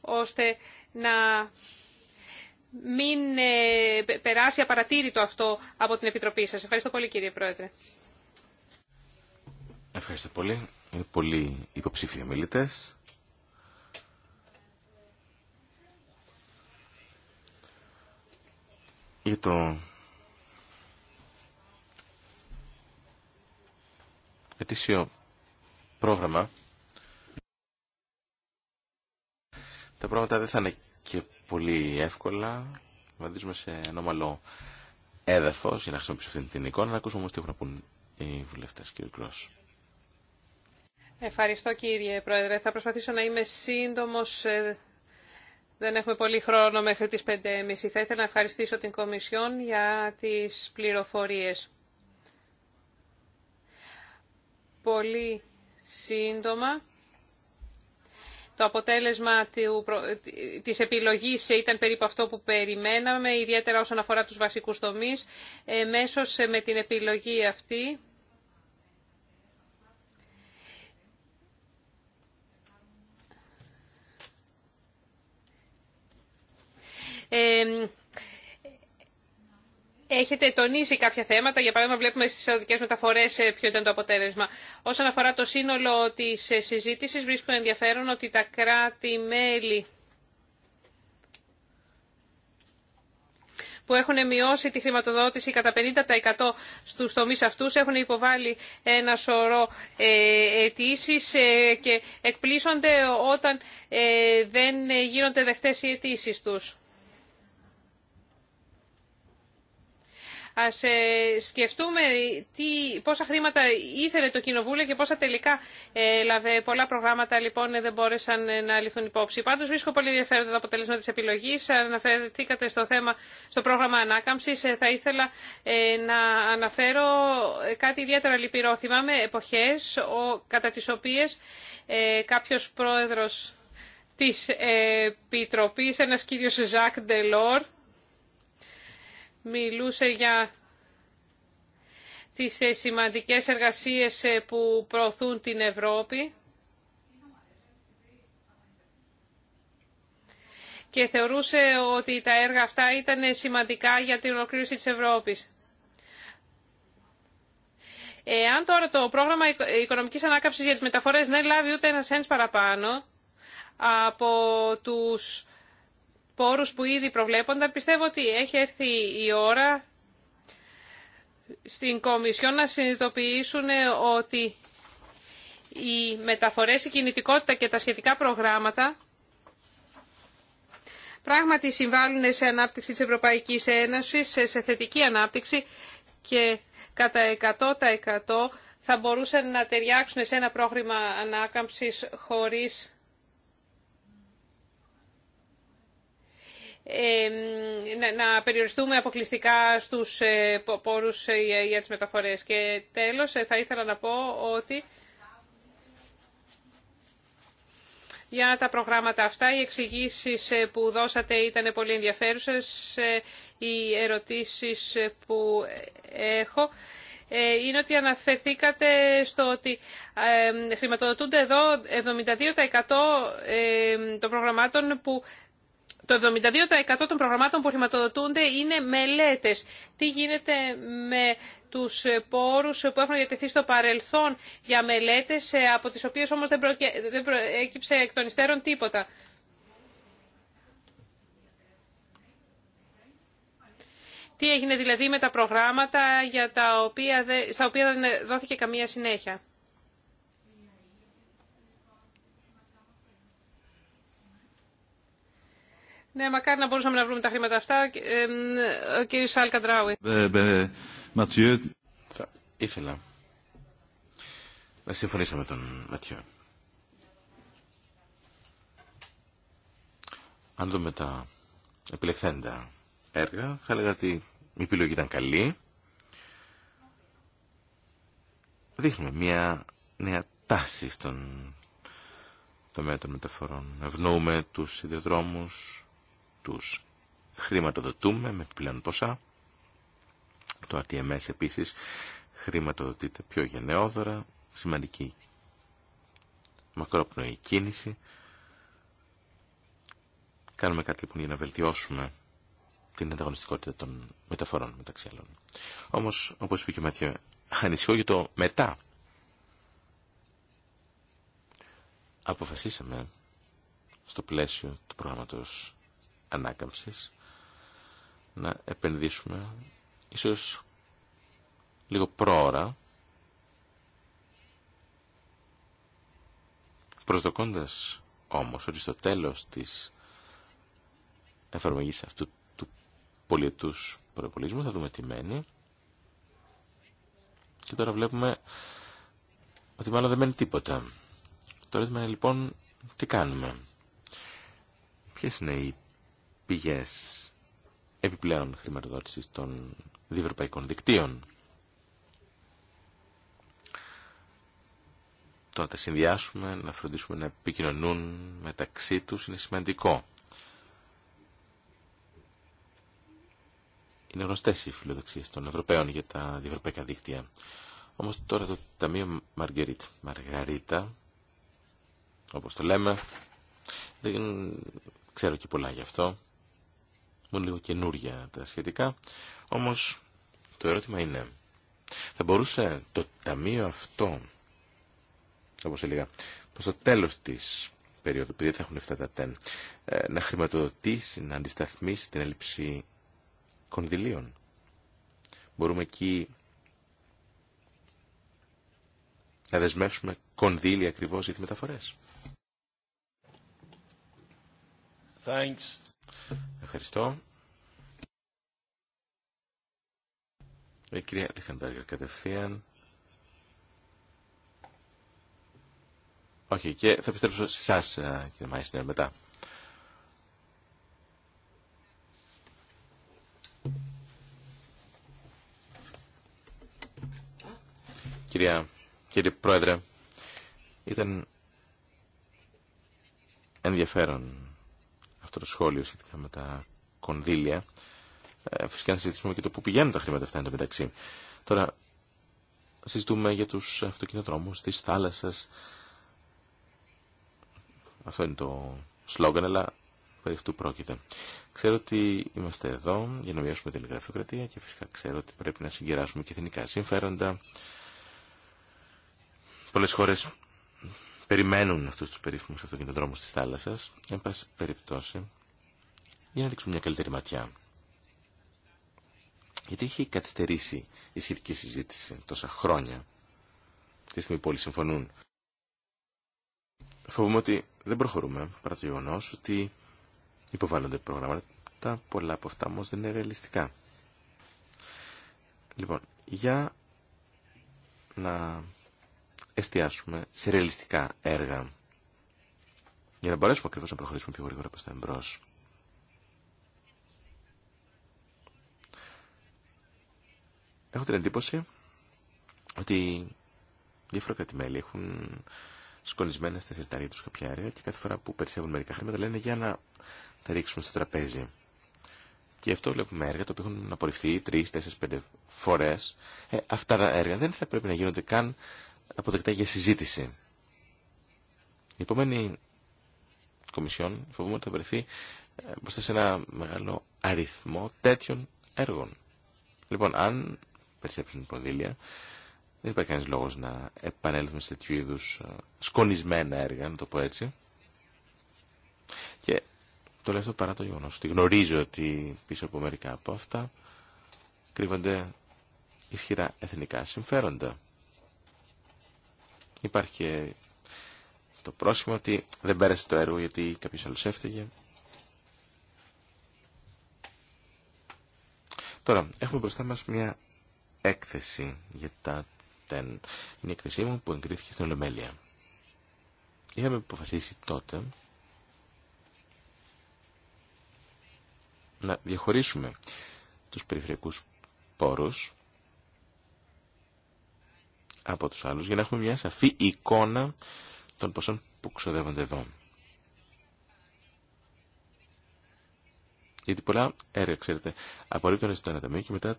ώστε να μην ε, περάσει απαρατήρητο αυτό από την Επιτροπή σας. Ευχαριστώ πολύ κύριε Πρόεδρε. Ευχαριστώ πολύ. Είναι πολύ υποψήφιοι ομιλητέ. Για το ετήσιο πρόγραμμα τα πράγματα δεν θα είναι και πολύ εύκολα. Βαδίζουμε σε ανώμαλο έδαφος για να χρησιμοποιήσουμε αυτή την εικόνα. Να ακούσουμε όμως τι έχουν να πούν οι βουλευτές, κύριε Κρός. Ευχαριστώ κύριε Πρόεδρε. Θα προσπαθήσω να είμαι σύντομος. Ε, δεν έχουμε πολύ χρόνο μέχρι τις 5.30. Θα ήθελα να ευχαριστήσω την Κομισιόν για τις πληροφορίες. Πολύ σύντομα. Το αποτέλεσμα της επιλογής ήταν περίπου αυτό που περιμέναμε, ιδιαίτερα όσον αφορά τους βασικούς τομείς. Μέσω ε, με την επιλογή αυτή έχετε τονίσει κάποια θέματα. Για παράδειγμα, βλέπουμε στις αεροδικέ μεταφορές ε, ποιο ήταν το αποτέλεσμα. Όσον αφορά το σύνολο της ε, συζήτησης βρίσκουν ενδιαφέρον ότι τα κράτη-μέλη που έχουν μειώσει τη χρηματοδότηση κατά 50% στους τομείς αυτούς, έχουν υποβάλει ένα σωρό ε, αιτήσει και εκπλήσονται όταν δεν γίνονται δεχτές οι αιτήσει τους. Ας ε, σκεφτούμε τι, πόσα χρήματα ήθελε το Κοινοβούλιο και πόσα τελικά ε, έλαβε. Πολλά προγράμματα λοιπόν δεν μπόρεσαν ε, να ληφθούν υπόψη. Πάντω βρίσκω πολύ ενδιαφέροντα το αποτέλεσμα τη επιλογή. Αναφερθήκατε στο θέμα, στο πρόγραμμα ανάκαμψη. Θα ήθελα να αναφέρω κάτι ιδιαίτερα λυπηρό. Θυμάμαι εποχέ κατά τι οποίε κάποιο πρόεδρο τη Επιτροπή, ένα κύριο Ζακ Ντελόρ, μιλούσε για τις ε, σημαντικές εργασίες ε, που προωθούν την Ευρώπη και θεωρούσε ότι τα έργα αυτά ήταν σημαντικά για την ολοκλήρωση της Ευρώπης. Εάν τώρα το πρόγραμμα οικονομικής ανάκαψης για τις μεταφορές δεν λάβει ούτε ένα σέντς παραπάνω από τους πόρους που ήδη προβλέπονταν. Πιστεύω ότι έχει έρθει η ώρα στην Κομισιόν να συνειδητοποιήσουν ότι οι μεταφορές, η κινητικότητα και τα σχετικά προγράμματα πράγματι συμβάλλουν σε ανάπτυξη της Ευρωπαϊκής Ένωσης, σε θετική ανάπτυξη και κατά 100% θα μπορούσαν να ταιριάξουν σε ένα πρόγραμμα ανάκαμψης χωρίς να περιοριστούμε αποκλειστικά στους ε, πόρους ε, για τις μεταφορές. Και τέλος, ε, θα ήθελα να πω ότι για τα προγράμματα αυτά οι εξηγήσει που δώσατε ήταν πολύ ενδιαφέρουσες. Οι ερωτήσεις που έχω είναι ότι αναφερθήκατε στο ότι χρηματοδοτούνται εδώ 72% των προγραμμάτων που το 72% των προγραμμάτων που χρηματοδοτούνται είναι μελέτες. Τι γίνεται με τους πόρους που έχουν διατεθεί στο παρελθόν για μελέτες, από τις οποίες όμως δεν, προκέ... δεν προέκυψε εκ των υστέρων τίποτα. Τι έγινε δηλαδή με τα προγράμματα για τα οποία, στα οποία δεν δόθηκε καμία συνέχεια. Ναι, μακάρι να μπορούσαμε να βρούμε τα χρήματα αυτά. Ε, ο κύριος Αλκαντράουι. Ε, ε, ήθελα να συμφωνήσω με τον Ματιό. Αν δούμε τα επιλεχθέντα έργα, θα έλεγα ότι η επιλογή ήταν καλή. Δείχνουμε μια νέα τάση στον τομέα των μεταφορών. Ευνοούμε τους ιδιοδρόμους χρηματοδοτούμε με επιπλέον ποσά. Το RTMS επίσης χρηματοδοτείται πιο γενναιόδωρα, σημαντική μακρόπνοη κίνηση. Κάνουμε κάτι λοιπόν για να βελτιώσουμε την ανταγωνιστικότητα των μεταφορών μεταξύ άλλων. Όμως, όπως είπε και ο ανησυχώ για το μετά. Αποφασίσαμε στο πλαίσιο του προγράμματος ανάκαμψης να επενδύσουμε ίσως λίγο πρόωρα προσδοκώντας όμως ότι στο τέλος της εφαρμογής αυτού του πολιετούς προεπολίσμου θα δούμε τι μένει και τώρα βλέπουμε ότι μάλλον δεν μένει τίποτα. τώρα ερώτημα λοιπόν τι κάνουμε. Ποιες είναι οι πηγές επιπλέον χρηματοδότησης των διευρωπαϊκών δικτύων. Το να τα συνδυάσουμε, να φροντίσουμε να επικοινωνούν μεταξύ τους είναι σημαντικό. Είναι γνωστέ οι φιλοδοξίε των Ευρωπαίων για τα διευρωπαϊκά δίκτυα. Όμως τώρα το Ταμείο Μαργαρίτ, Μαργαρίτα, όπως το λέμε, δεν ξέρω και πολλά γι' αυτό μου λίγο καινούρια τα σχετικά. Όμως το ερώτημα είναι, θα μπορούσε το ταμείο αυτό, όπως έλεγα, προς το τέλος της περίοδου, επειδή θα έχουν αυτά τα ε, να χρηματοδοτήσει, να αντισταθμίσει την έλλειψη κονδυλίων. Μπορούμε εκεί να δεσμεύσουμε κονδύλια ακριβώς για τις μεταφορές. Thanks. Ευχαριστώ. Η κυρία Λιχανπέργερ κατευθείαν. Όχι, και θα επιστρέψω σε εσά, ε, κύριε Μάισνερ, μετά. Κυρία, κύριε Πρόεδρε, ήταν ενδιαφέρον το σχόλιο σχετικά με τα κονδύλια. Ε, φυσικά να συζητήσουμε και το που πηγαίνουν τα χρήματα αυτά εν μεταξύ. Τώρα, συζητούμε για τους αυτοκινητόδρομους, τις θάλασσες, Αυτό είναι το σλόγγαν, αλλά περί αυτού πρόκειται. Ξέρω ότι είμαστε εδώ για να μειώσουμε την γραφειοκρατία και φυσικά ξέρω ότι πρέπει να συγκεράσουμε και εθνικά συμφέροντα. Πολλέ χώρε περιμένουν αυτούς τους περίφημου αυτοκινητοδρόμου τη θάλασσα. εν πάση περιπτώσει, για να ρίξουμε μια καλύτερη ματιά. Γιατί έχει καθυστερήσει η σχετική συζήτηση τόσα χρόνια, τη στιγμή που όλοι συμφωνούν. Φοβούμαι ότι δεν προχωρούμε παρά το γεγονό ότι υποβάλλονται προγράμματα, πολλά από αυτά όμω δεν είναι ρεαλιστικά. Λοιπόν, για να εστιάσουμε σε ρεαλιστικά έργα. Για να μπορέσουμε ακριβώ να προχωρήσουμε πιο γρήγορα προ τα εμπρό. Έχω την εντύπωση ότι διάφορα κρατημέλη έχουν σκονισμένα στα συρτάρια του κάποια και κάθε φορά που περισσεύουν μερικά χρήματα λένε για να τα ρίξουμε στο τραπέζι. Και αυτό βλέπουμε έργα τα οποία έχουν απορριφθεί 3, 4, 5 φορέ. Ε, αυτά τα έργα δεν θα πρέπει να γίνονται καν αποδεκτά για συζήτηση. Η επόμενη Κομισιόν φοβούμαι ότι θα βρεθεί ε, μπροστά σε ένα μεγάλο αριθμό τέτοιων έργων. Λοιπόν, αν περισσέψουν υποδίλια, δεν υπάρχει κανένας λόγο να επανέλθουμε σε τέτοιου είδου ε, σκονισμένα έργα, να το πω έτσι. Και το λέω αυτό παρά το γεγονό ότι γνωρίζω ότι πίσω από μερικά από αυτά κρύβονται ισχυρά εθνικά συμφέροντα. Υπάρχει και το πρόσχημα ότι δεν πέρασε το έργο γιατί κάποιος άλλος έφταιγε. Τώρα, έχουμε μπροστά μας μια έκθεση για τα τέν. Είναι η έκθεσή μου που εγκρίθηκε στην Ολομέλεια. Είχαμε αποφασίσει τότε να διαχωρίσουμε τους περιφερειακούς πόρους από τους άλλους για να έχουμε μια σαφή εικόνα των ποσών που ξοδεύονται εδώ. Γιατί πολλά έργα, ξέρετε, απορρίπτουν στο ένα ταμείο και μετά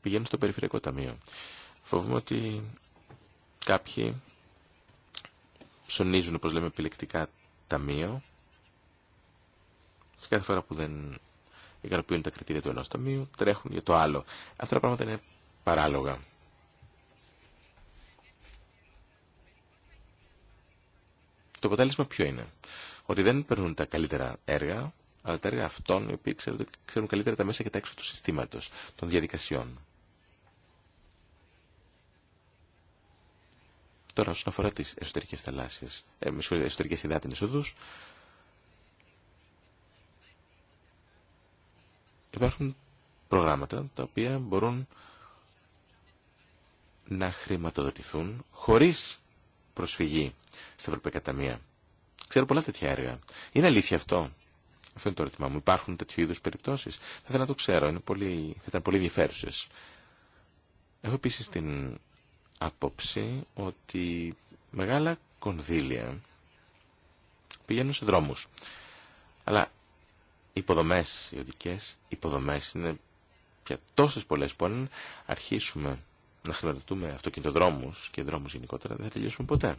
πηγαίνουν στο περιφερειακό ταμείο. Φοβούμαι ότι κάποιοι ψωνίζουν, όπως λέμε, επιλεκτικά ταμείο και κάθε φορά που δεν ικανοποιούν τα κριτήρια του ενός ταμείου τρέχουν για το άλλο. Αυτά τα πράγματα είναι παράλογα. Το αποτέλεσμα ποιο είναι. Ότι δεν παίρνουν τα καλύτερα έργα, αλλά τα έργα αυτών οι οποίοι ξέρουν, καλύτερα τα μέσα και τα έξω του συστήματος, των διαδικασιών. Τώρα, όσον αφορά τι εσωτερικέ θαλάσσιε, ε, εσωτερικέ υδάτινε οδού, υπάρχουν προγράμματα τα οποία μπορούν να χρηματοδοτηθούν χωρίς προσφυγή στα Ευρωπαϊκά Ταμεία. Ξέρω πολλά τέτοια έργα. Είναι αλήθεια αυτό. Αυτό είναι το ερώτημά μου. Υπάρχουν τέτοιου είδου περιπτώσει. Θα ήθελα να το ξέρω. Είναι πολύ... Θα ήταν πολύ ενδιαφέρουσε. Έχω επίση την άποψη ότι μεγάλα κονδύλια πηγαίνουν σε δρόμου. Αλλά οι υποδομέ, οι οδικέ υποδομέ είναι πια τόσε πολλέ που αν αρχίσουμε να χρηματοδοτούμε αυτοκινητοδρόμους και δρόμους γενικότερα δεν θα τελειώσουν ποτέ.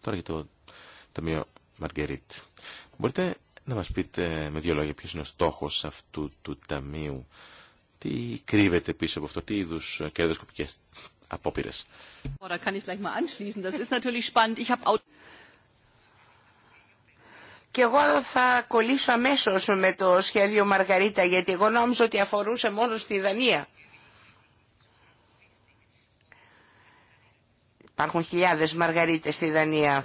Τώρα για το Ταμείο Μαργκερίτ. Μπορείτε να μας πείτε με δύο λόγια ποιος είναι ο στόχος αυτού του Ταμείου. Τι κρύβεται πίσω από αυτό, τι είδους κερδοσκοπικές απόπειρες. Και εγώ θα κολλήσω αμέσω με το σχέδιο Μαργαρίτα, γιατί εγώ νόμιζα ότι αφορούσε μόνο στη Δανία. Υπάρχουν χιλιάδες μαργαρίτες στη Δανία.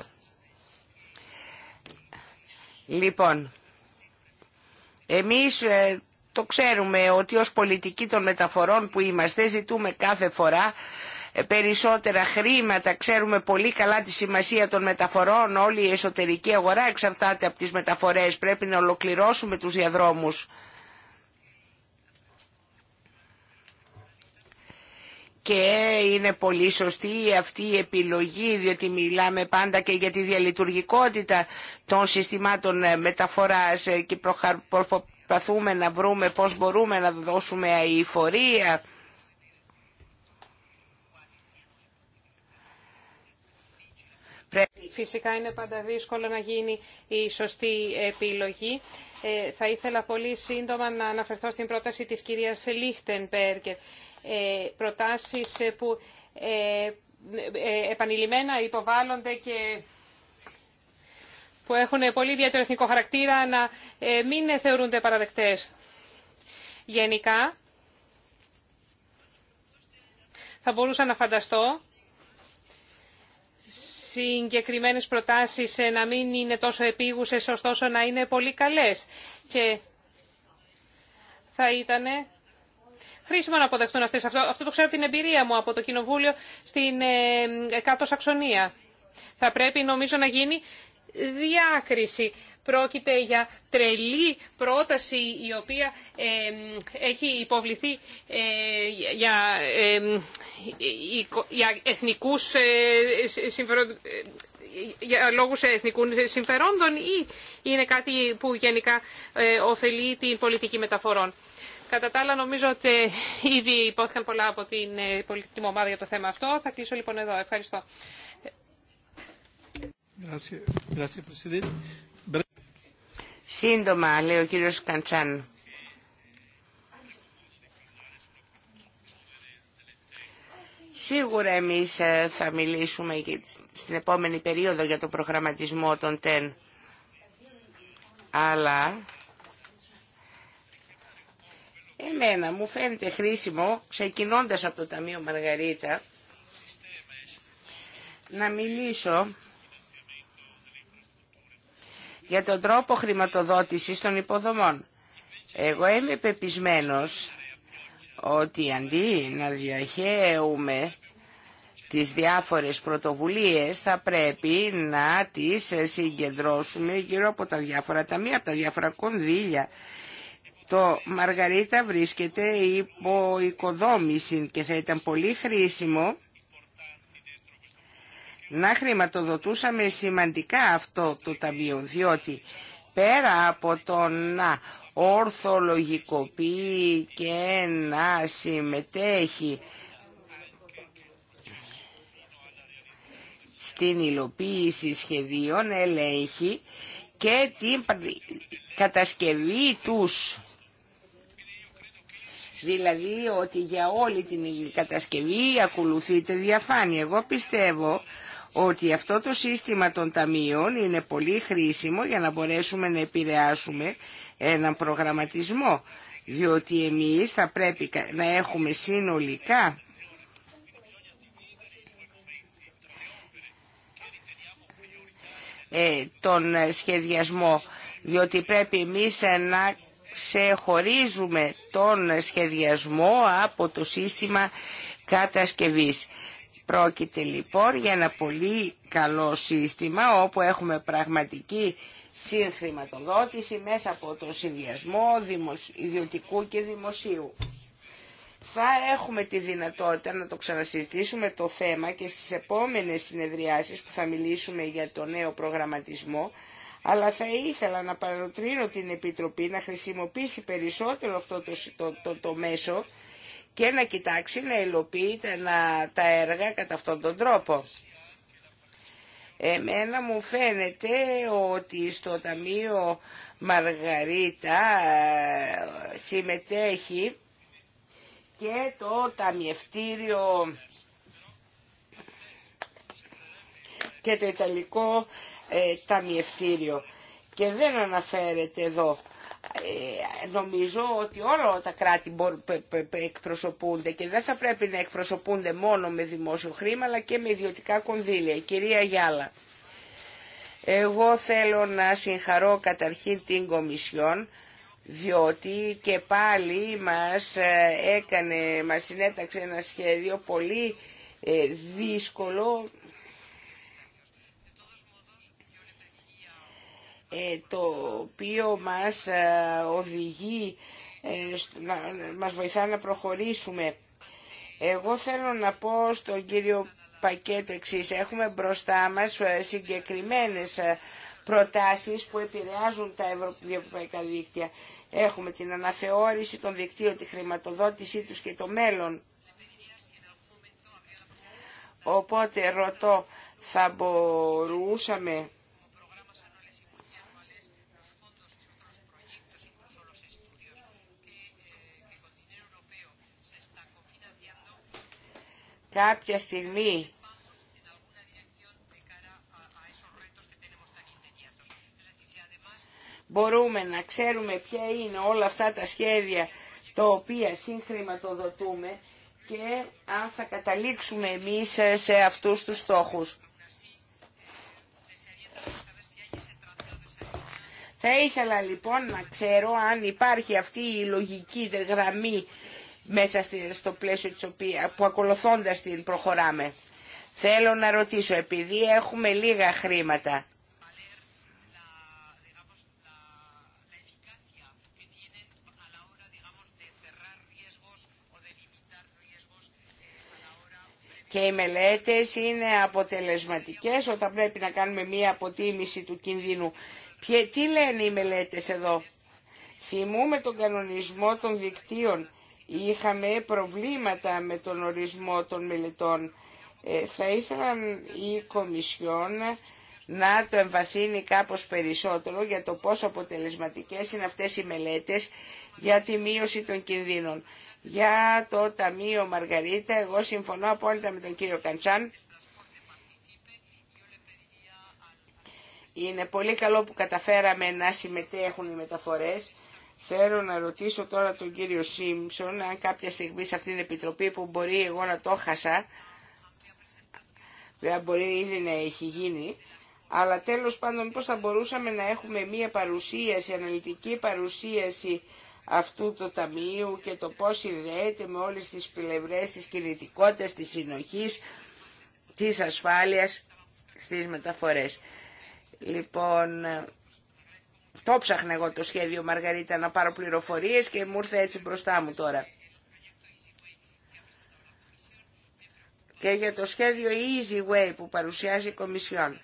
Λοιπόν, εμείς ε, το ξέρουμε ότι ως πολιτικοί των μεταφορών που είμαστε ζητούμε κάθε φορά ε, περισσότερα χρήματα. Ξέρουμε πολύ καλά τη σημασία των μεταφορών. Όλη η εσωτερική αγορά εξαρτάται από τις μεταφορές. Πρέπει να ολοκληρώσουμε τους διαδρόμους. και είναι πολύ σωστή αυτή η επιλογή διότι μιλάμε πάντα και για τη διαλειτουργικότητα των συστημάτων ε, μεταφοράς ε, και προσπαθούμε να βρούμε πώς μπορούμε να δώσουμε αηφορία. Φυσικά είναι πάντα δύσκολο να γίνει η σωστή επιλογή. Ε, θα ήθελα πολύ σύντομα να αναφερθώ στην πρόταση της κυρίας Πέρκερ. Ε, προτάσεις ε, που ε, επανειλημμένα υποβάλλονται και που έχουν πολύ ιδιαίτερο εθνικό χαρακτήρα να μην θεωρούνται παραδεκτές. Γενικά, θα μπορούσα να φανταστώ συγκεκριμένες προτάσεις να μην είναι τόσο επίγουσες, ωστόσο να είναι πολύ καλές. Και θα ήταν χρήσιμο να αποδεχτούν αυτές. Αυτό, αυτό το ξέρω την εμπειρία μου από το Κοινοβούλιο στην ε, Κάτω Σαξονία. Θα πρέπει νομίζω να γίνει διάκριση. Πρόκειται για τρελή πρόταση η οποία ε, έχει υποβληθεί ε, για, ε, για εθνικούς ε, για λόγους συμφερόντων ή είναι κάτι που γενικά ωφελεί την πολιτική μεταφορών. Κατά τα άλλα, νομίζω ότι ήδη υπόθηκαν πολλά από την ε, πολιτική μου ομάδα για το θέμα αυτό. Θα κλείσω λοιπόν εδώ. Ευχαριστώ. Σύντομα, λέει ο κύριος Καντσάν. Σίγουρα εμείς ε, θα μιλήσουμε στην επόμενη περίοδο για το προγραμματισμό των ΤΕΝ. Αλλά Εμένα μου φαίνεται χρήσιμο, ξεκινώντας από το Ταμείο Μαργαρίτα, να μιλήσω για τον τρόπο χρηματοδότησης των υποδομών. Εγώ είμαι πεπισμένος ότι αντί να διαχέουμε τις διάφορες πρωτοβουλίες θα πρέπει να τις συγκεντρώσουμε γύρω από τα διάφορα ταμεία, από τα διάφορα κονδύλια το Μαργαρίτα βρίσκεται υπό οικοδόμηση και θα ήταν πολύ χρήσιμο να χρηματοδοτούσαμε σημαντικά αυτό το ταμείο, διότι πέρα από το να ορθολογικοποιεί και να συμμετέχει στην υλοποίηση σχεδίων, ελέγχει και την κατασκευή τους Δηλαδή ότι για όλη την κατασκευή ακολουθείται διαφάνεια. Εγώ πιστεύω ότι αυτό το σύστημα των ταμείων είναι πολύ χρήσιμο για να μπορέσουμε να επηρεάσουμε έναν προγραμματισμό. Διότι εμείς θα πρέπει να έχουμε συνολικά ε, τον σχεδιασμό διότι πρέπει εμείς να ξεχωρίζουμε τον σχεδιασμό από το σύστημα κατασκευής. Πρόκειται λοιπόν για ένα πολύ καλό σύστημα όπου έχουμε πραγματική συγχρηματοδότηση μέσα από το συνδυασμό ιδιωτικού και δημοσίου. Θα έχουμε τη δυνατότητα να το ξανασυζητήσουμε το θέμα και στις επόμενες συνεδριάσεις που θα μιλήσουμε για το νέο προγραμματισμό αλλά θα ήθελα να παροτρύνω την Επιτροπή να χρησιμοποιήσει περισσότερο αυτό το, το, το, το μέσο και να κοιτάξει να υλοποιεί να, τα έργα κατά αυτόν τον τρόπο. Εμένα μου φαίνεται ότι στο Ταμείο Μαργαρίτα ε, συμμετέχει και το Ταμιευτήριο και το Ιταλικό ε, ταμιευτήριο και δεν αναφέρεται εδώ. Ε, νομίζω ότι όλα τα κράτη μπορούν, π, εκπροσωπούνται και δεν θα πρέπει να εκπροσωπούνται μόνο με δημόσιο χρήμα αλλά και με ιδιωτικά κονδύλια. Κυρία Γιάλα, εγώ θέλω να συγχαρώ καταρχήν την Κομισιόν διότι και πάλι μας, ε, έκανε, μας συνέταξε ένα σχέδιο πολύ δύσκολο Ε, το οποίο μας ε, οδηγεί, ε, μας βοηθά να προχωρήσουμε. Εγώ θέλω να πω στον κύριο Πακέτο εξής, έχουμε μπροστά μας συγκεκριμένες προτάσεις που επηρεάζουν τα ευρωπαϊκά δίκτυα. Έχουμε την αναθεώρηση των δικτύων, τη χρηματοδότησή τους και το μέλλον. Οπότε ρωτώ, θα μπορούσαμε κάποια στιγμή μπορούμε να ξέρουμε ποια είναι όλα αυτά τα σχέδια τα οποία συγχρηματοδοτούμε και αν θα καταλήξουμε εμείς σε αυτούς τους στόχους. Θα ήθελα λοιπόν να ξέρω αν υπάρχει αυτή η λογική γραμμή μέσα στο πλαίσιο της οποία, που ακολουθώντας την προχωράμε. Θέλω να ρωτήσω, επειδή έχουμε λίγα χρήματα, και οι μελέτες είναι αποτελεσματικές όταν πρέπει να κάνουμε μία αποτίμηση του κινδύνου. Ποιε, τι λένε οι μελέτες εδώ. Θυμούμε τον κανονισμό των δικτύων είχαμε προβλήματα με τον ορισμό των μελετών. Ε, θα ήθελαν η Κομισιόν να το εμβαθύνει κάπως περισσότερο για το πόσο αποτελεσματικές είναι αυτές οι μελέτες για τη μείωση των κινδύνων. Για το Ταμείο Μαργαρίτα, εγώ συμφωνώ απόλυτα με τον κύριο Καντσάν. Είναι πολύ καλό που καταφέραμε να συμμετέχουν οι μεταφορές Θέλω να ρωτήσω τώρα τον κύριο Σίμψον αν κάποια στιγμή σε αυτήν την επιτροπή που μπορεί εγώ να το χάσα βέβαια μπορεί ήδη να έχει γίνει αλλά τέλος πάντων πώς θα μπορούσαμε να έχουμε μία παρουσίαση, αναλυτική παρουσίαση αυτού του ταμείου και το πώς συνδέεται με όλες τις πλευρές της κινητικότητας, της συνοχής, της ασφάλειας στις μεταφορές. Λοιπόν, το ψάχνα εγώ το σχέδιο Μαργαρίτα να πάρω πληροφορίες και μου ήρθε έτσι μπροστά μου τώρα. Και για το σχέδιο Easy Way που παρουσιάζει η Κομισιόν.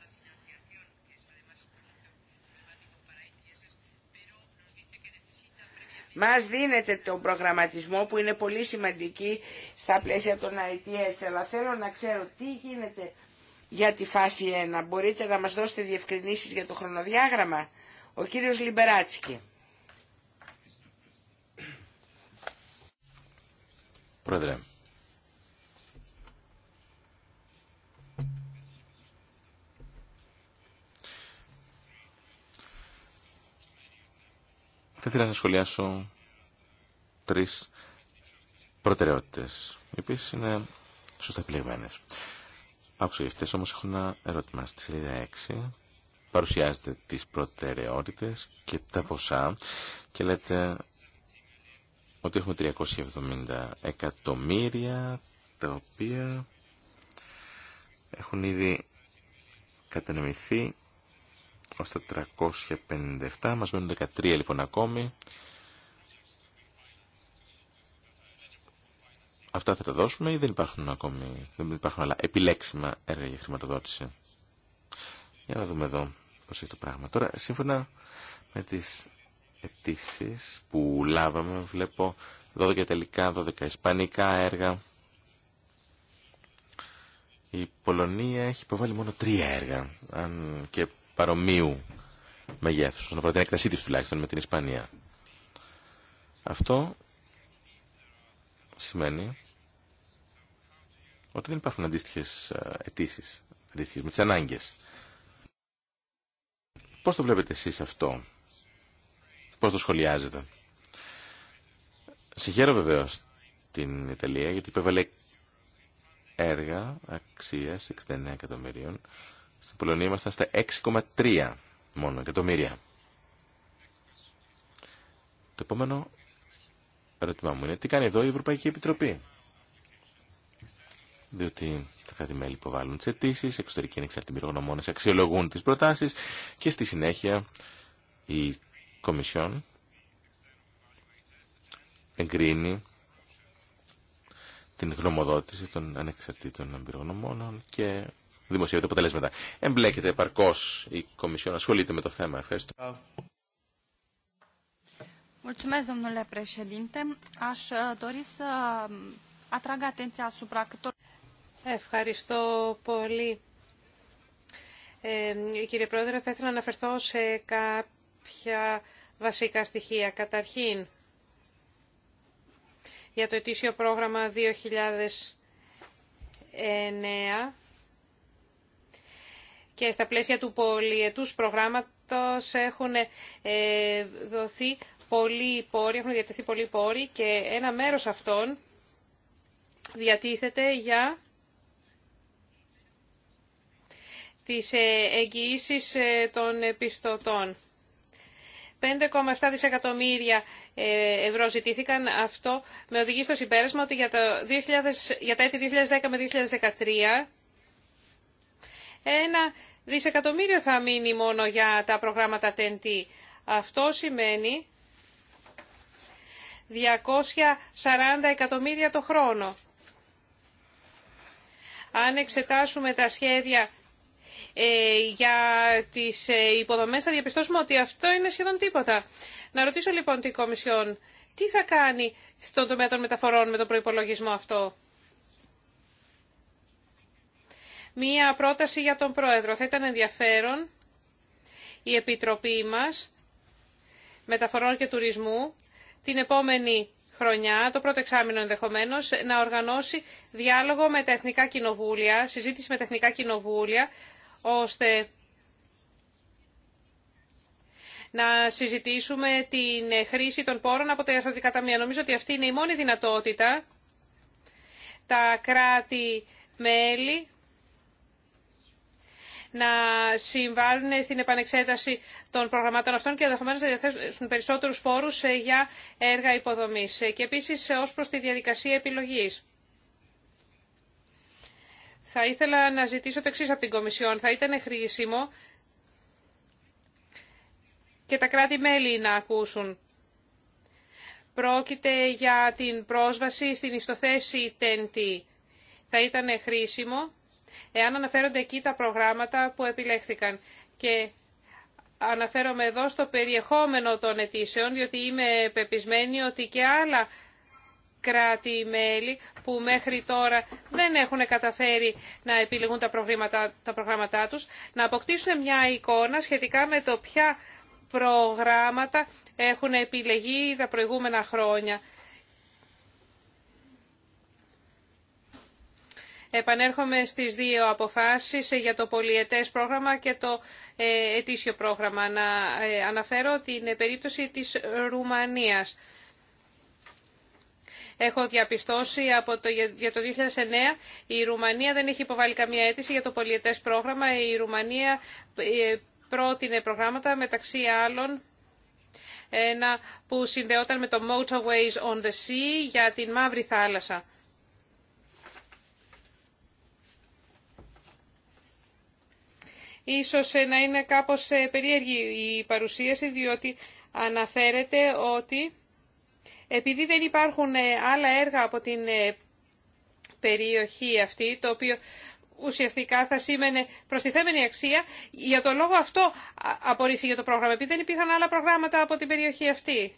Μας δίνετε τον προγραμματισμό που είναι πολύ σημαντική στα πλαίσια των ITS, αλλά θέλω να ξέρω τι γίνεται για τη φάση 1. Μπορείτε να μας δώσετε διευκρινήσεις για το χρονοδιάγραμμα ο κύριος Λιμπεράτσικη. Πρόεδρε. Θα ήθελα να σχολιάσω τρεις προτεραιότητες, οι οποίες είναι σωστά επιλεγμένες. Άκουσα αυτές, όμως έχω ένα ερώτημα στη σελίδα 6 παρουσιάζετε τις προτεραιότητες και τα ποσά και λέτε ότι έχουμε 370 εκατομμύρια τα οποία έχουν ήδη κατανεμηθεί ως τα 357 μας μένουν 13 λοιπόν ακόμη Αυτά θα τα δώσουμε ή δεν υπάρχουν ακόμη, δεν υπάρχουν άλλα επιλέξιμα έργα για χρηματοδότηση. Για να δούμε εδώ πώς έχει το πράγμα. Τώρα, σύμφωνα με τις αιτήσει που λάβαμε, βλέπω 12 τελικά 12 ισπανικά έργα. Η Πολωνία έχει υποβάλει μόνο τρία έργα, αν και παρομοίου μεγέθους, όσον αφορά την έκτασή της τουλάχιστον με την Ισπανία. Αυτό σημαίνει ότι δεν υπάρχουν αντίστοιχε ε, αιτήσει, αντίστοιχε με τι ανάγκε. Πώς το βλέπετε εσείς αυτό, πώς το σχολιάζετε. Συγχαίρω βεβαίω την Ιταλία γιατί υπέβαλε έργα αξίας 69 εκατομμυρίων. Στην Πολωνία ήμασταν στα 6,3 μόνο εκατομμύρια. Το επόμενο ερώτημά μου είναι τι κάνει εδώ η Ευρωπαϊκή Επιτροπή διότι τα κράτη-μέλη υποβάλλουν τι αιτήσει, εξωτερικοί ανεξάρτητοι πυρογνωμόνε αξιολογούν τι προτάσει και στη συνέχεια η Κομισιόν εγκρίνει την γνωμοδότηση των ανεξαρτήτων εμπειρογνωμόνων και δημοσιεύεται αποτελέσματα. Εμπλέκεται επαρκώ η Κομισιόν, ασχολείται με το θέμα. Ευχαριστώ. Mulțumesc, domnule președinte. Aș uh, dori să um, atrag atenția asupra câtor... Ευχαριστώ πολύ. Ε, κύριε Πρόεδρε, θα ήθελα να αναφερθώ σε κάποια βασικά στοιχεία. Καταρχήν, για το ετήσιο πρόγραμμα 2009 και στα πλαίσια του πολιετούς προγράμματος έχουν ε, δοθεί πολλοί πόροι, έχουν διατεθεί πολλοί πόροι και ένα μέρος αυτών διατίθεται για τις ε, εγγυήσεις ε, των πιστωτών. 5,7 δισεκατομμύρια ε, ευρώ ζητήθηκαν. Αυτό με οδηγεί στο συμπέρασμα ότι για τα, 2000, για τα έτη 2010 με 2013 ένα δισεκατομμύριο θα μείνει μόνο για τα προγράμματα TNT. Αυτό σημαίνει 240 εκατομμύρια το χρόνο. Αν εξετάσουμε τα σχέδια ε, για τις ε, υποδομές θα διαπιστώσουμε ότι αυτό είναι σχεδόν τίποτα. Να ρωτήσω λοιπόν την Κομισιόν, τι θα κάνει στον τομέα των μεταφορών με τον προϋπολογισμό αυτό. Μία πρόταση για τον Πρόεδρο. Θα ήταν ενδιαφέρον η Επιτροπή μας Μεταφορών και Τουρισμού την επόμενη χρονιά, το πρώτο εξάμεινο ενδεχομένω, να οργανώσει διάλογο με τα εθνικά κοινοβούλια, συζήτηση με τα εθνικά κοινοβούλια, ώστε να συζητήσουμε την χρήση των πόρων από τα διαρθρωτικά ταμεία. Νομίζω ότι αυτή είναι η μόνη δυνατότητα τα κράτη-μέλη να συμβάλλουν στην επανεξέταση των προγραμμάτων αυτών και ενδεχομένω να διαθέσουν περισσότερου πόρου ε, για έργα υποδομή. Ε, και επίση ε, ω προ τη διαδικασία επιλογή. Θα ήθελα να ζητήσω το εξή από την Κομισιόν. Θα ήταν χρήσιμο και τα κράτη-μέλη να ακούσουν. Πρόκειται για την πρόσβαση στην ιστοθέση TNT. Θα ήταν χρήσιμο εάν αναφέρονται εκεί τα προγράμματα που επιλέχθηκαν. Και αναφέρομαι εδώ στο περιεχόμενο των αιτήσεων, διότι είμαι πεπισμένη ότι και άλλα κράτη-μέλη που μέχρι τώρα δεν έχουν καταφέρει να επιλεγούν τα, προγράμματα, τα προγράμματά τους, να αποκτήσουν μια εικόνα σχετικά με το ποια προγράμματα έχουν επιλεγεί τα προηγούμενα χρόνια. Επανέρχομαι στις δύο αποφάσεις για το πολιετές πρόγραμμα και το ε, ετήσιο πρόγραμμα. Να ε, αναφέρω την περίπτωση της Ρουμανίας έχω διαπιστώσει από το, για το 2009 η Ρουμανία δεν έχει υποβάλει καμία αίτηση για το πολιετές πρόγραμμα. Η Ρουμανία ε, πρότεινε προγράμματα μεταξύ άλλων ένα που συνδεόταν με το Motorways on the Sea για την Μαύρη Θάλασσα. Ίσως ε, να είναι κάπως ε, περίεργη η παρουσίαση, διότι αναφέρεται ότι επειδή δεν υπάρχουν ε, άλλα έργα από την ε, περιοχή αυτή, το οποίο ουσιαστικά θα σήμαινε προστιθέμενη αξία, για το λόγο αυτό απορρίφθηκε το πρόγραμμα, επειδή δεν υπήρχαν άλλα προγράμματα από την περιοχή αυτή.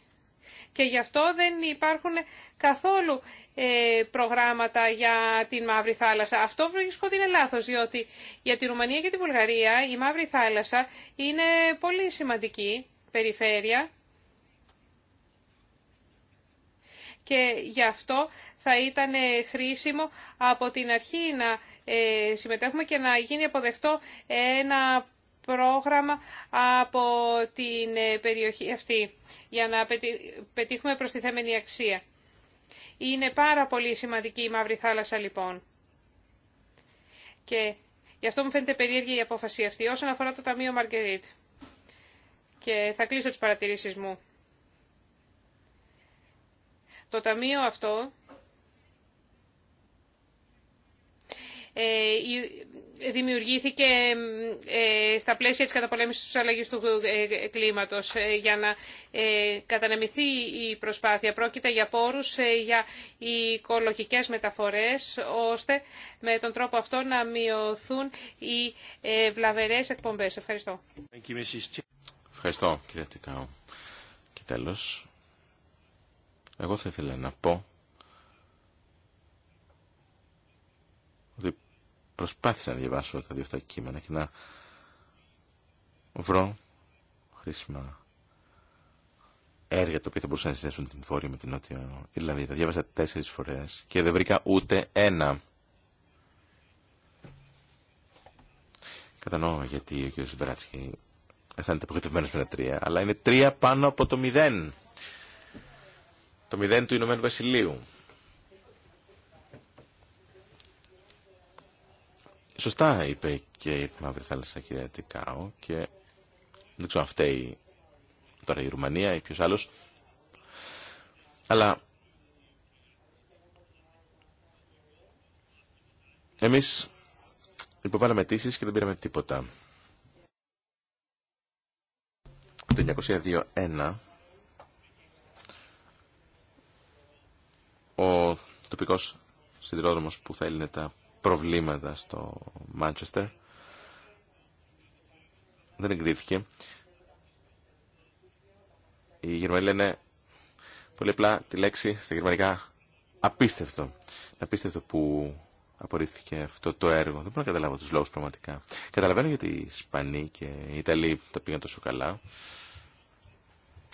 Και γι' αυτό δεν υπάρχουν καθόλου ε, προγράμματα για την Μαύρη Θάλασσα. Αυτό βρίσκω ότι είναι λάθος, διότι για τη Ρουμανία και τη Βουλγαρία η Μαύρη Θάλασσα είναι πολύ σημαντική περιφέρεια και γι' αυτό θα ήταν χρήσιμο από την αρχή να ε, συμμετέχουμε και να γίνει αποδεκτό ένα πρόγραμμα από την ε, περιοχή αυτή για να πετύχουμε προστιθέμενη αξία. Είναι πάρα πολύ σημαντική η Μαύρη Θάλασσα λοιπόν. Και γι' αυτό μου φαίνεται περίεργη η απόφαση αυτή όσον αφορά το Ταμείο Μαργκερίτ. Και θα κλείσω τις παρατηρήσεις μου. Το ταμείο αυτό ε, δημιουργήθηκε ε, στα πλαίσια της καταπολέμησης της αλλαγής του ε, κλίματος για να κατανεμηθεί η προσπάθεια. Πρόκειται για πόρους, για οικολογικές μεταφορές, ώστε με τον τρόπο αυτό να μειωθούν οι βλαβερές εκπομπές. Ευχαριστώ. Ευχαριστώ, κύριε Τικάου. Και τέλος, εγώ θα ήθελα να πω ότι προσπάθησα να διαβάσω τα δύο αυτά κείμενα και να βρω χρήσιμα έργα τα οποία θα μπορούσαν να συνδέσουν την Βόρεια με την Νότια Ιρλανδία. Τα διάβασα τέσσερις φορές και δεν βρήκα ούτε ένα. Κατανοώ γιατί ο κ. Σιμπεράτσκι αισθάνεται απογοητευμένος με τα τρία, αλλά είναι τρία πάνω από το μηδέν το 0 του Ηνωμένου Βασιλείου. Σωστά είπε και η Μαύρη Θάλασσα κυρία Τικάο και δεν ξέρω αν φταίει τώρα η Ρουμανία ή ποιος άλλος αλλά εμείς υποβάλαμε αιτήσεις και δεν πήραμε τίποτα. Το 902.1 ο τοπικός σιδηρόδρομος που θα έλυνε τα προβλήματα στο Μάντσεστερ δεν εγκρίθηκε. Οι Γερμανοί λένε πολύ απλά τη λέξη στα γερμανικά απίστευτο. Απίστευτο που απορρίφθηκε αυτό το έργο. Δεν μπορώ να καταλάβω τους λόγους πραγματικά. Καταλαβαίνω γιατί οι Ισπανοί και οι Ιταλοί τα πήγαν τόσο καλά.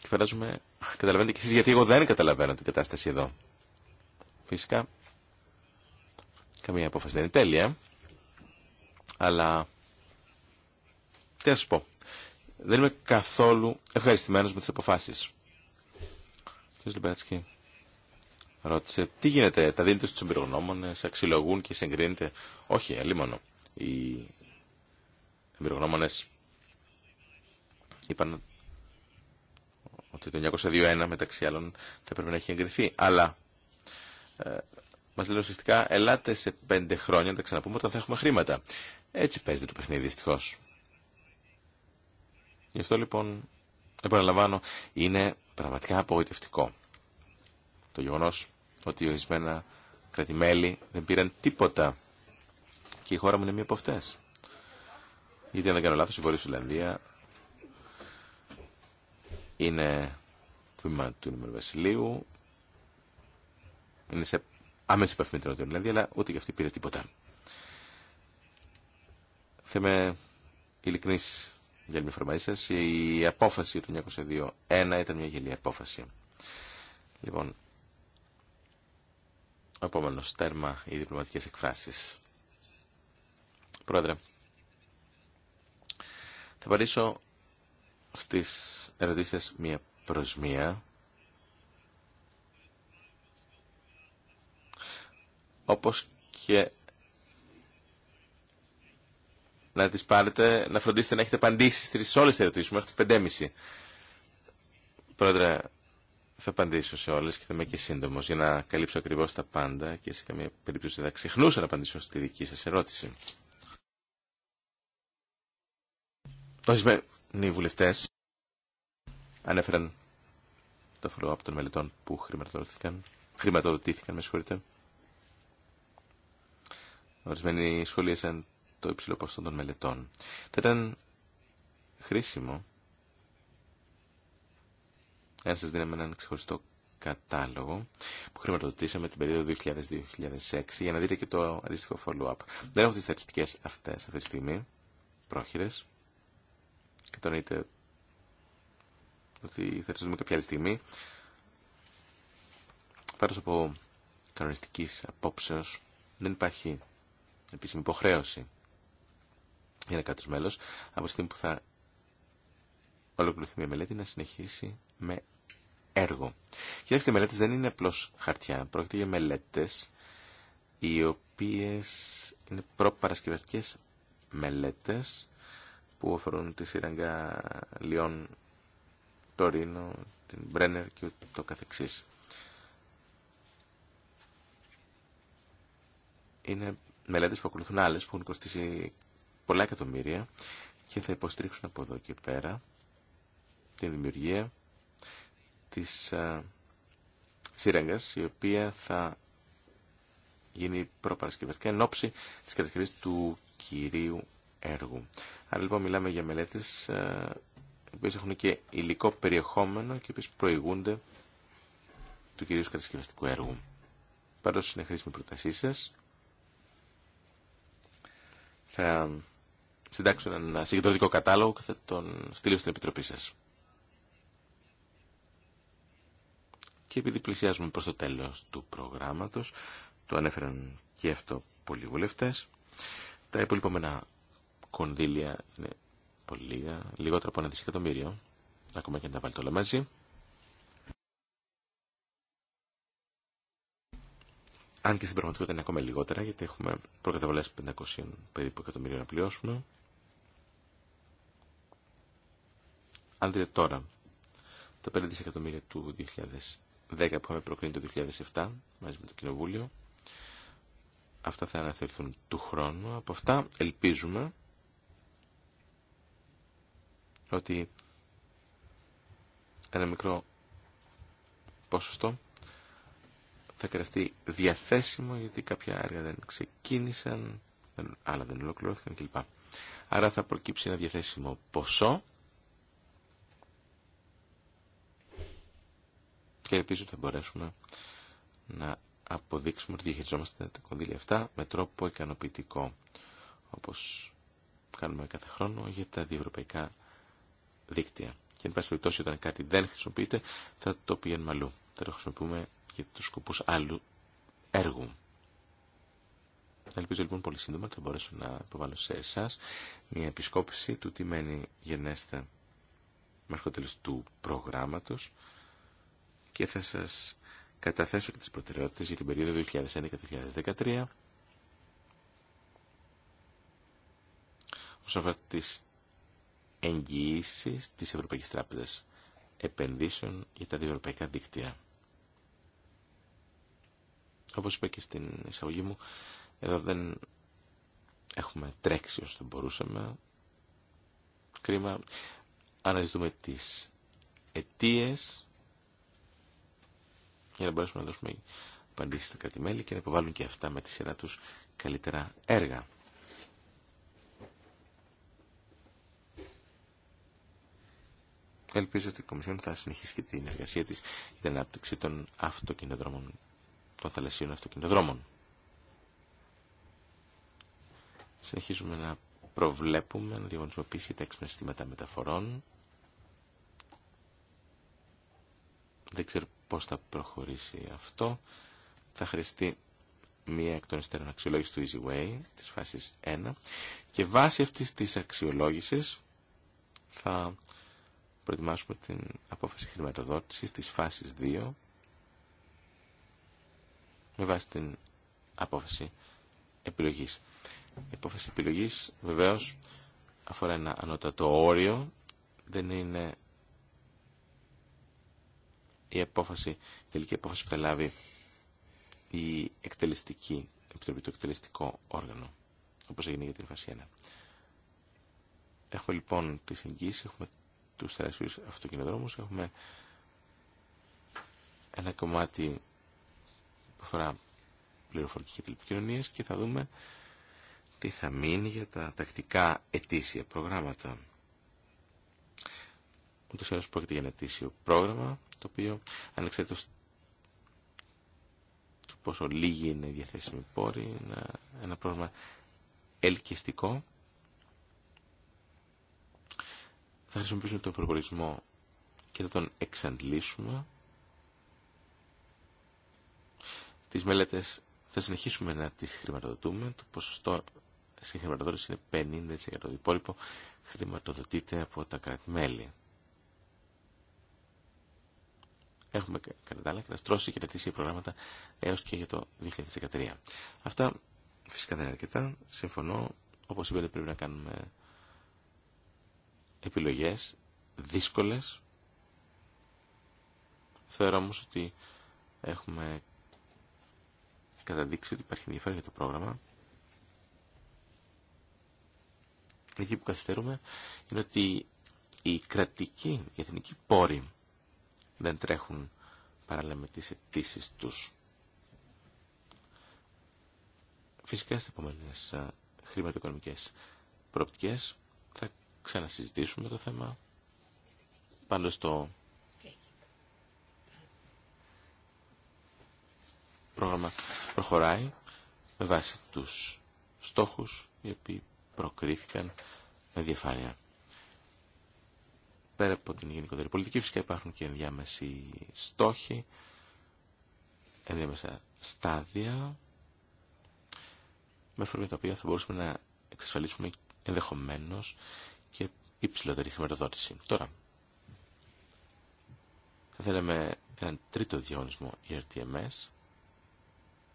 Και φαντάζομαι, καταλαβαίνετε και εσείς γιατί εγώ δεν καταλαβαίνω την κατάσταση εδώ. Φυσικά, καμία απόφαση δεν είναι τέλεια, αλλά τι να σας πω, δεν είμαι καθόλου ευχαριστημένος με τις αποφάσεις. κ. Λιμπεράτσκι ρώτησε, τι γίνεται, τα δίνετε στους εμπειρογνώμονες, αξιολογούν και συγκρίνετε. Όχι, αλίμονο. Ε, Οι εμπειρογνώμονες είπαν ότι το 1921, μεταξύ άλλων θα πρέπει να έχει εγκριθεί, αλλά ε, μας λένε ουσιαστικά ελάτε σε πέντε χρόνια, να τα ξαναπούμε, όταν θα έχουμε χρήματα. Έτσι παίζεται το παιχνίδι, δυστυχώ. Γι' αυτό λοιπόν, επαναλαμβάνω, είναι πραγματικά απογοητευτικό το γεγονός ότι οι ορισμένα κρατημέλη δεν πήραν τίποτα και η χώρα μου είναι μία από αυτέ. Γιατί αν δεν κάνω λάθος η Βόρεια είναι τμήμα του Ινωμένου Βασιλείου, είναι σε άμεση επαφή με την Νότια αλλά ούτε και αυτή πήρε τίποτα. Θα είμαι ειλικρινή για μια σα. Η απόφαση του 1902-1 ήταν μια γελία απόφαση. Λοιπόν, επόμενο τέρμα οι διπλωματικέ εκφράσει. Πρόεδρε, θα παρήσω στις ερωτήσεις μία προσμία. όπως και να τις πάρετε, να φροντίσετε να έχετε απαντήσει σε όλες τις ερωτήσεις μου, μέχρι τις 5.30. Πρόεδρε, θα απαντήσω σε όλες και θα είμαι και σύντομος για να καλύψω ακριβώς τα πάντα και σε καμία περίπτωση δεν θα ξεχνούσα να απαντήσω στη δική σας ερώτηση. Οι βουλευτές ανέφεραν το follow-up των μελετών που χρηματοδοτήθηκαν, χρηματοδοτήθηκαν με συγχωρείτε. Ορισμένοι σχολίασαν το υψηλό ποσο των μελετών. Θα ήταν χρήσιμο αν σα δίναμε έναν ξεχωριστό κατάλογο που χρηματοδοτήσαμε την περιοδο 2002 2000-2006 για να δείτε και το αντίστοιχο follow-up. Δεν έχω τι στατιστικέ αυτές αυτή τη στιγμή, πρόχειρες. είτε ότι θα τις δούμε κάποια άλλη στιγμή. Πάντως από κανονιστική απόψεω δεν υπάρχει επίσημη υποχρέωση για ένα μέλο, μέλος από τη στιγμή που θα ολοκληρωθεί μια μελέτη να συνεχίσει με έργο. Κοιτάξτε, οι μελέτε δεν είναι απλώ χαρτιά. Πρόκειται για μελέτες οι οποίε είναι προπαρασκευαστικέ μελέτες που αφορούν τη σύραγγα λιόν το Ρήνο, την Μπρένερ και το καθεξής. Είναι μελέτες που ακολουθούν άλλες που έχουν κοστίσει πολλά εκατομμύρια και θα υποστήριξουν από εδώ και πέρα τη δημιουργία της α, η οποία θα γίνει προπαρασκευαστικά εν ώψη της κατασκευής του κυρίου έργου. Άρα λοιπόν μιλάμε για μελέτες οι έχουν και υλικό περιεχόμενο και οι οποίες προηγούνται του κυρίου κατασκευαστικού έργου. Πάντως είναι χρήσιμη προτασή σας θα συντάξω ένα συγκεντρωτικό κατάλογο και θα τον στείλω στην Επιτροπή σας. Και επειδή πλησιάζουμε προς το τέλος του προγράμματος, το ανέφεραν και αυτό πολλοί βουλευτές, τα υπολοιπόμενα κονδύλια είναι πολύ λίγα, λιγότερο από ένα δισεκατομμύριο, ακόμα και αν τα βάλει όλα μαζί. αν και στην πραγματικότητα είναι ακόμα λιγότερα, γιατί έχουμε προκαταβολές 500 περίπου εκατομμύρια να πληρώσουμε. Αν δείτε τώρα τα 5 δισεκατομμύρια του 2010 που είχαμε προκρίνει το 2007 μαζί με το Κοινοβούλιο, αυτά θα αναθερθούν του χρόνου. Από αυτά ελπίζουμε ότι ένα μικρό ποσοστό θα κρατεί διαθέσιμο γιατί κάποια έργα δεν ξεκίνησαν, άλλα δεν ολοκληρώθηκαν κλπ. Άρα θα προκύψει ένα διαθέσιμο ποσό και ελπίζω ότι θα μπορέσουμε να αποδείξουμε ότι διαχειριζόμαστε τα κονδύλια αυτά με τρόπο ικανοποιητικό όπως κάνουμε κάθε χρόνο για τα διευρωπαϊκά δίκτυα. Και εν πάση περιπτώσει όταν κάτι δεν χρησιμοποιείται θα το πηγαίνουμε αλλού το χρησιμοποιούμε για τους σκοπούς άλλου έργου. Ελπίζω λοιπόν πολύ σύντομα ότι θα μπορέσω να υποβάλω σε εσά μια επισκόπηση του τι μένει γενέστε μέχρι το του προγράμματος και θα σας καταθέσω και τις προτεραιότητες για την περίοδο 2011-2013 όσον αφορά τις εγγυήσεις της Ευρωπαϊκής Τράπεζας επενδύσεων για τα διευρωπαϊκά δίκτυα. Όπως είπα και στην εισαγωγή μου, εδώ δεν έχουμε τρέξει όσο μπορούσαμε. Κρίμα, αναζητούμε τις αιτίες για να μπορέσουμε να δώσουμε απαντήσεις στα κρατημέλη και να υποβάλουν και αυτά με τη σειρά τους καλύτερα έργα. Ελπίζω ότι η Κομισιόν θα συνεχίσει και την εργασία της για την ανάπτυξη των αυτοκινητοδρόμων, των θαλασσίων αυτοκινητοδρόμων. Συνεχίζουμε να προβλέπουμε, να διαγωνισμοποιήσει τα έξυπνα μεταφορών. Δεν ξέρω πώ θα προχωρήσει αυτό. Θα χρειαστεί μία εκ των υστέρων αξιολόγηση του Easy Way, της φάσης 1. Και βάσει αυτή τη αξιολόγηση θα προετοιμάσουμε την απόφαση χρηματοδότηση της φάσης 2 με βάση την απόφαση επιλογής. Η απόφαση επιλογής βεβαίως αφορά ένα ανώτατο όριο, δεν είναι η, απόφαση, η τελική απόφαση που θα λάβει η εκτελεστική επιτροπή, το εκτελεστικό όργανο, όπως έγινε για την φάση 1. Έχουμε λοιπόν τις εγγύσεις, έχουμε του θαλασσιούς αυτοκινοδρόμους. Έχουμε ένα κομμάτι που αφορά πληροφορική και τηλεπικοινωνίες και θα δούμε τι θα μείνει για τα τακτικά ετήσια προγράμματα. Ούτως ή που πρόκειται για ένα ετήσιο πρόγραμμα, το οποίο ανεξαρτήτως του πόσο λίγοι είναι διαθέσιμοι πόροι, είναι ένα πρόγραμμα ελκυστικό θα χρησιμοποιήσουμε τον προπολογισμό και θα τον εξαντλήσουμε. Τις μελέτες θα συνεχίσουμε να τις χρηματοδοτούμε. Το ποσοστό χρηματοδότηση είναι 50%. Το υπόλοιπο χρηματοδοτείται από τα κρατημέλη. Έχουμε κατά τα άλλα καταστρώσει και τα προγράμματα έως και για το 2013. Αυτά φυσικά δεν είναι αρκετά. Συμφωνώ. Όπως είπατε πρέπει να κάνουμε επιλογές δύσκολες. Θεωρώ όμως ότι έχουμε καταδείξει ότι υπάρχει ενδιαφέρον για το πρόγραμμα. Εκεί που καθυστερούμε είναι ότι οι κρατικοί, οι εθνικοί πόροι δεν τρέχουν παράλληλα με τις αιτήσει τους. Φυσικά στις επόμενες ε, χρηματοοικονομικές προοπτικές θα ξανασυζητήσουμε το θέμα. στο. το πρόγραμμα προχωράει με βάση τους στόχους οι οποίοι προκρίθηκαν με διαφάνεια. Πέρα από την γενικότερη πολιτική φυσικά υπάρχουν και ενδιάμεση στόχοι, ενδιάμεσα στάδια, με φορμή τα οποία θα μπορούσαμε να εξασφαλίσουμε ενδεχομένως και υψηλότερη χρηματοδότηση. Τώρα, θα θέλαμε έναν τρίτο διαγωνισμό ERTMS.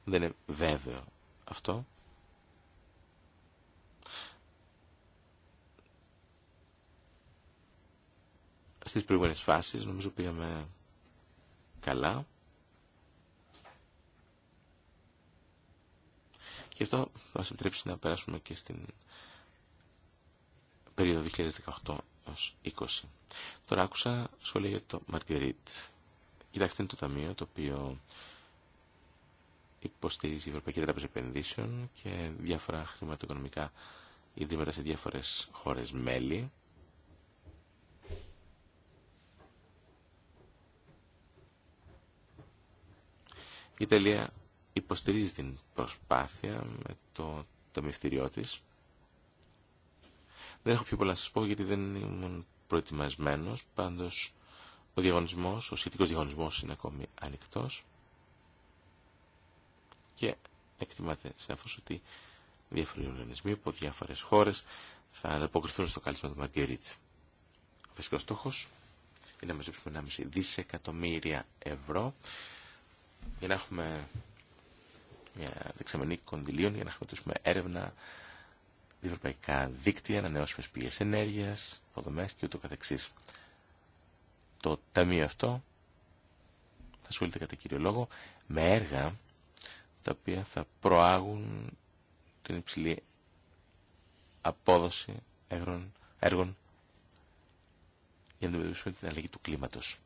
Δεν είναι βέβαιο αυτό. Στις προηγούμενες φάσεις νομίζω πήγαμε καλά. Και αυτό θα μας επιτρέψει να περάσουμε και στην περίοδο 2018 έως 20. Τώρα άκουσα σχόλια για το Μαργκερίτ. Κοιτάξτε, είναι το ταμείο το οποίο υποστηρίζει η Ευρωπαϊκή Τράπεζα Επενδύσεων και διάφορα χρηματοοικονομικά ιδρύματα σε διάφορες χώρες μέλη. Η Ιταλία υποστηρίζει την προσπάθεια με το ταμιευτηριό της δεν έχω πιο πολλά να σας πω γιατί δεν ήμουν προετοιμασμένος. Πάντως ο διαγωνισμός, ο σχετικός διαγωνισμός είναι ακόμη ανοιχτός. Και εκτιμάται σαφώς ότι διάφοροι οργανισμοί από διάφορες χώρες θα ανταποκριθούν στο κάλεσμα του Μαργκερίτ. Ο βασικός στόχος είναι να μαζέψουμε 1,5 δισεκατομμύρια ευρώ για να έχουμε μια δεξαμενή κονδυλίων για να χρησιμοποιήσουμε έρευνα, διευρωπαϊκά δίκτυα, ανανεώσιμε πηγέ ενέργεια, υποδομέ και ούτω καθεξής. Το ταμείο αυτό θα ασχολείται κατά κύριο λόγο με έργα τα οποία θα προάγουν την υψηλή απόδοση έργων, έργων για να αντιμετωπίσουμε την αλλαγή του κλίματος.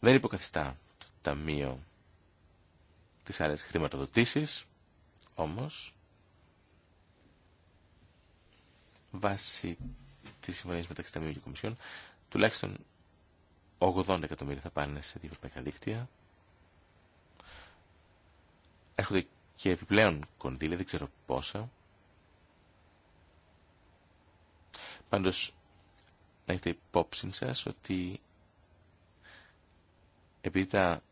Δεν υποκαθιστά το Ταμείο τις άλλες χρηματοδοτήσεις, όμως βάσει τη συμφωνία μεταξύ Ταμείου και Κομισιόν, τουλάχιστον 80 εκατομμύρια θα πάνε σε διευρωπαϊκά δίκτυα. Έρχονται και επιπλέον κονδύλια, δεν ξέρω πόσα. Πάντω να έχετε υπόψη σα ότι επειδή τα,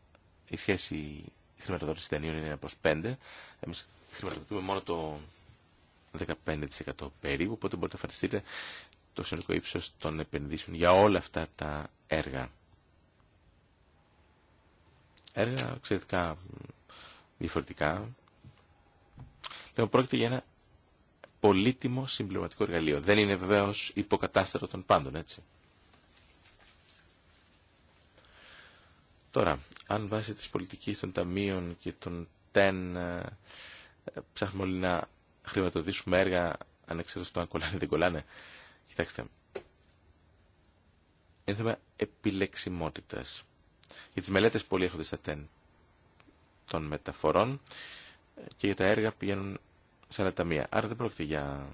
η σχέση χρηματοδότηση δανείων είναι προ 5, εμεί χρηματοδοτούμε μόνο το 15% περίπου, οπότε μπορείτε να φανταστείτε το συνολικό ύψος των επενδύσεων για όλα αυτά τα έργα. Έργα εξαιρετικά διαφορετικά. Λοιπόν, πρόκειται για ένα πολύτιμο συμπληρωματικό εργαλείο. Δεν είναι βεβαίως υποκατάστατο των πάντων, έτσι. Τώρα, αν βάσει της πολιτικής των ταμείων και των τεν ε, ψάχνουμε όλοι να χρηματοδοτήσουμε έργα ανεξάρτητα το αν κολλάνε ή δεν κολλάνε. Κοιτάξτε, είναι θέμα επιλεξιμότητας. Για τις μελέτες πολλοί έρχονται στα τέν των μεταφορών και για τα έργα πηγαίνουν σε άλλα ταμεία. Άρα δεν πρόκειται για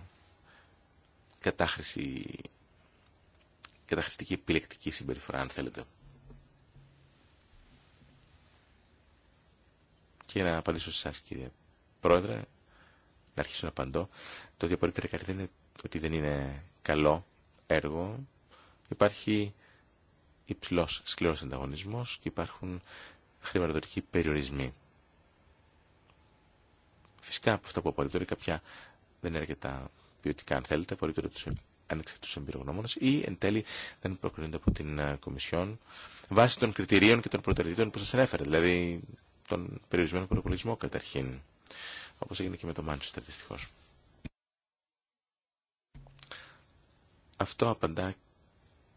κατάχρηση, καταχρηστική επιλεκτική συμπεριφορά, αν θέλετε. Και να απαντήσω σε εσάς, κύριε Πρόεδρε, να αρχίσω να απαντώ. Το ότι κάτι δεν είναι ότι δεν είναι καλό έργο. Υπάρχει υψηλός σκληρός ανταγωνισμός και υπάρχουν χρηματοδοτικοί περιορισμοί. Φυσικά από αυτά που είναι κάποια δεν είναι αρκετά ποιοτικά αν θέλετε, από τους ανεξαρτητούς εμπειρογνώμονες ή εν τέλει δεν προκρίνονται από την ε, Κομισιόν βάσει των κριτηρίων και των προτεραιοτήτων που σας ανέφερε. δηλαδή τον περιορισμένο προπολογισμό καταρχήν όπως έγινε και με το Manchester δυστυχώ. Αυτό απαντά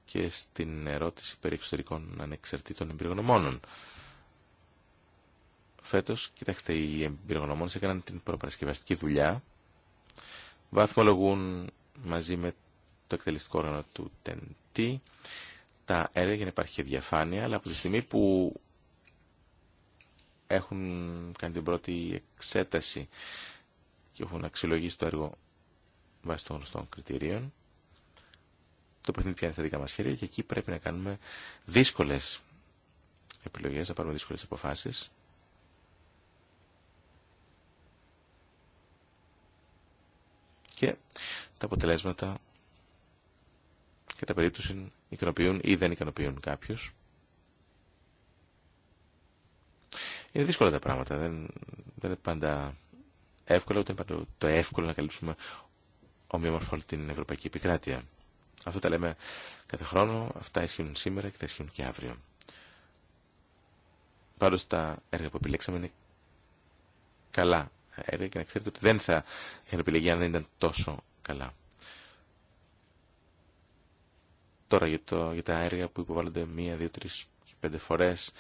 και στην ερώτηση περί εξωτερικών ανεξαρτήτων εμπειρογνωμόνων. Φέτος, κοιτάξτε, οι εμπειρογνωμόνες έκαναν την προπαρασκευαστική δουλειά, βαθμολογούν μαζί με το εκτελεστικό όργανο του ΤΕΝΤΗ τα έργα για να υπάρχει διαφάνεια, αλλά από τη στιγμή που έχουν κάνει την πρώτη εξέταση και έχουν αξιολογήσει το έργο βάσει των γνωστών κριτηρίων. Το παιχνίδι πιάνει στα δικά μα χέρια και εκεί πρέπει να κάνουμε δύσκολε επιλογές, να πάρουμε δύσκολε αποφάσεις. Και τα αποτελέσματα και τα περίπτωση ικανοποιούν ή δεν ικανοποιούν κάποιους. Είναι δύσκολα τα πράγματα. Δεν, δεν είναι πάντα εύκολο, ούτε είναι πάντα το εύκολο να καλύψουμε ομοιόμορφα όλη την ευρωπαϊκή επικράτεια. Αυτό τα λέμε κάθε χρόνο, αυτά ισχύουν σήμερα και θα ισχύουν και αύριο. Πάντως τα έργα που επιλέξαμε είναι καλά έργα και να ξέρετε ότι δεν θα είχαν επιλεγεί αν δεν ήταν τόσο καλά. Τώρα για, το, τα έργα που υποβάλλονται μία, δύο, τρεις, πέντε φορές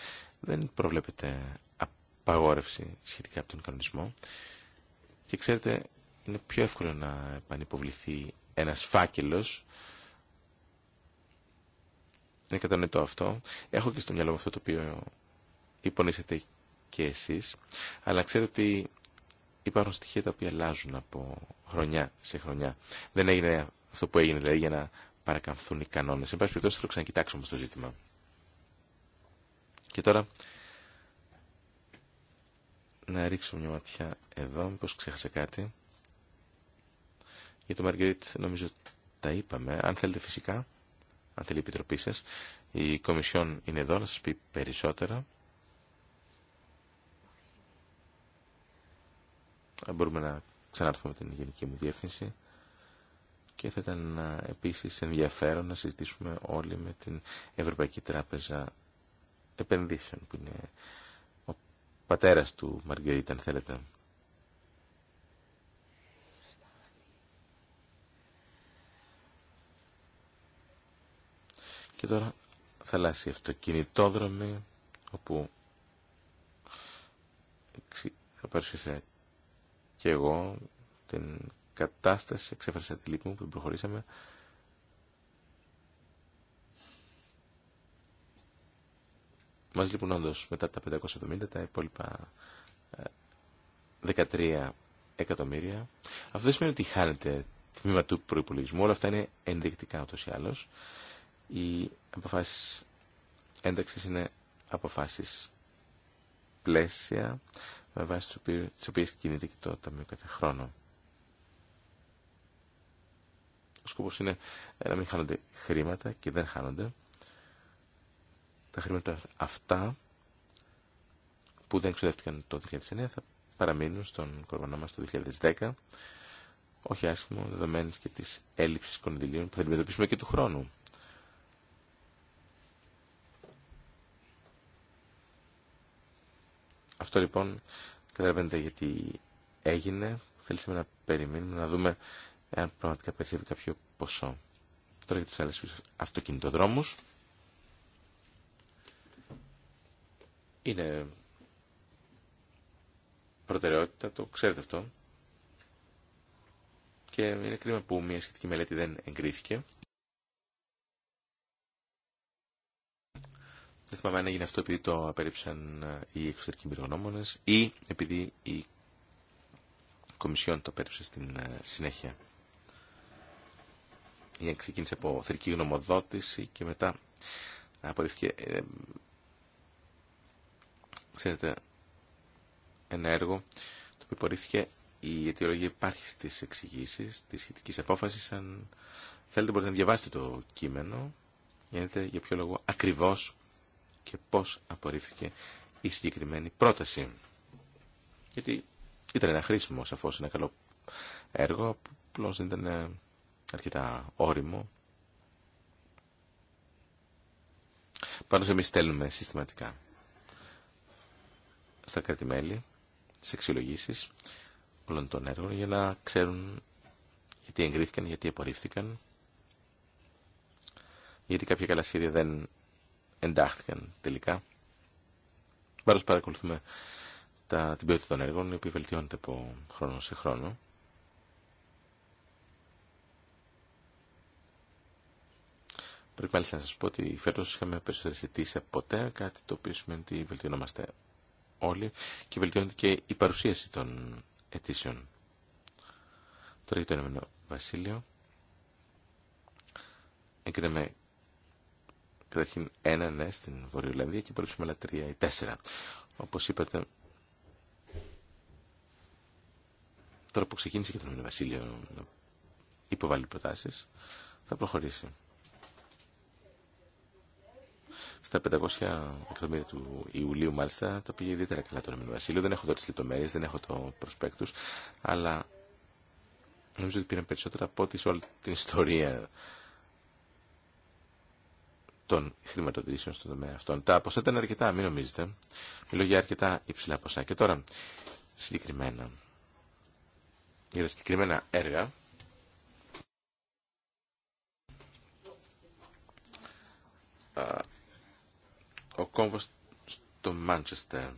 δεν προβλέπεται σχετικά από τον κανονισμό και ξέρετε είναι πιο εύκολο να επανυποβληθεί ένας φάκελος είναι κατανοητό αυτό έχω και στο μυαλό μου αυτό το οποίο υπονήσετε και εσείς αλλά ξέρετε ότι υπάρχουν στοιχεία τα οποία αλλάζουν από χρονιά σε χρονιά δεν έγινε αυτό που έγινε δηλαδή για να παρακαμφθούν οι κανόνες εν πάση περιπτώσει θέλω ξανακοιτάξω όμως το ζήτημα και τώρα να ρίξω μια ματιά εδώ, μήπως ξέχασα κάτι. Για το Μαργκρίτ νομίζω τα είπαμε. Αν θέλετε φυσικά, αν θέλει η Επιτροπή σας, η Κομισιόν είναι εδώ να σας πει περισσότερα. Μπορούμε να ξαναρθούμε την γενική μου διεύθυνση και θα ήταν επίσης ενδιαφέρον να συζητήσουμε όλοι με την Ευρωπαϊκή Τράπεζα Επενδύσεων που είναι πατέρας του Μαργκερίτα, αν θέλετε. Και τώρα θαλάσσιοι αυτοκινητόδρομοι, όπου θα παρουσιάσα και εγώ την κατάσταση, εξέφρασα τη λύπη που προχωρήσαμε. Μας λείπουν όντω μετά τα 570 τα υπόλοιπα 13 ε, εκατομμύρια. Αυτό δεν σημαίνει ότι χάνεται τμήμα του προπολογισμού. Όλα αυτά είναι ενδεικτικά ούτως ή άλλως. Οι αποφάσει ένταξης είναι αποφάσεις πλαίσια με βάση τις οποίες κινείται και το Ταμείο κάθε χρόνο. Ο σκοπός είναι να μην χάνονται χρήματα και δεν χάνονται. Τα χρήματα αυτά που δεν εξοδεύτηκαν το 2009 θα παραμείνουν στον κορβανά μας το 2010 όχι άσχημο δεδομένη και της έλλειψης κονδυλίων που θα αντιμετωπίσουμε και του χρόνου. Αυτό λοιπόν καταλαβαίνετε γιατί έγινε. Θέλησαμε να περιμένουμε να δούμε αν πραγματικά περισσεύει κάποιο ποσό. Τώρα για τους αυτοκινητοδρόμους. είναι προτεραιότητα, το ξέρετε αυτό. Και είναι κρίμα που μια σχετική μελέτη δεν εγκρίθηκε. Δεν θυμάμαι αν έγινε αυτό επειδή το απέρριψαν ε, οι εξωτερικοί εμπειρογνώμονε ή επειδή η Κομισιόν το απέρριψε στην ε, συνέχεια. Η ξεκίνησε από θερική γνωμοδότηση και μετά απορρίφθηκε. Ε, Ξέρετε, ένα έργο το οποίο υπορρίφθηκε η αιτιολογία υπάρχει στι εξηγήσει της σχετική απόφαση. Αν θέλετε μπορείτε να διαβάσετε το κείμενο δείτε για ποιο λόγο ακριβώς και πώς απορρίφθηκε η συγκεκριμένη πρόταση. Γιατί ήταν ένα χρήσιμο, σαφώ ένα καλό έργο, απλώ δεν ήταν αρκετά όριμο. Πάντω, εμεί στέλνουμε συστηματικά στα κράτη-μέλη, στις αξιολογήσεις όλων των έργων για να ξέρουν γιατί εγκρίθηκαν, γιατί απορρίφθηκαν, γιατί κάποια καλά σχέδια δεν εντάχθηκαν τελικά. Βάρος παρακολουθούμε τα, την ποιότητα των έργων, η οποία βελτιώνεται από χρόνο σε χρόνο. Πρέπει μάλιστα να σας πω ότι φέτος είχαμε περισσότερες αιτήσεις από ποτέ, κάτι το οποίο σημαίνει ότι βελτιωνόμαστε όλοι και βελτιώνεται και η παρουσίαση των αιτήσεων. Τώρα για το Ενωμένο Βασίλειο. έγκριναμε καταρχήν ένα ναι στην Ολλανδία και παρουσιάμε άλλα τρία ή τέσσερα. Όπως είπατε, τώρα που ξεκίνησε και το Ενωμένο Βασίλειο να υποβάλει προτάσεις, θα προχωρήσει. Στα 500 εκατομμύρια του Ιουλίου, μάλιστα, το πήγε ιδιαίτερα καλά το Ρωμανικό Βασίλειο. Δεν έχω εδώ τι λεπτομέρειε, δεν έχω το προσπέκτου, αλλά νομίζω ότι πήραν περισσότερα από ό,τι σε όλη την ιστορία των χρηματοδοτήσεων στον τομέα αυτών. Τα ποσά ήταν αρκετά, μην νομίζετε. Μιλώ για αρκετά υψηλά ποσά. Και τώρα, συγκεκριμένα, για τα συγκεκριμένα έργα, ο κόμβος στο Μάντσεστερ.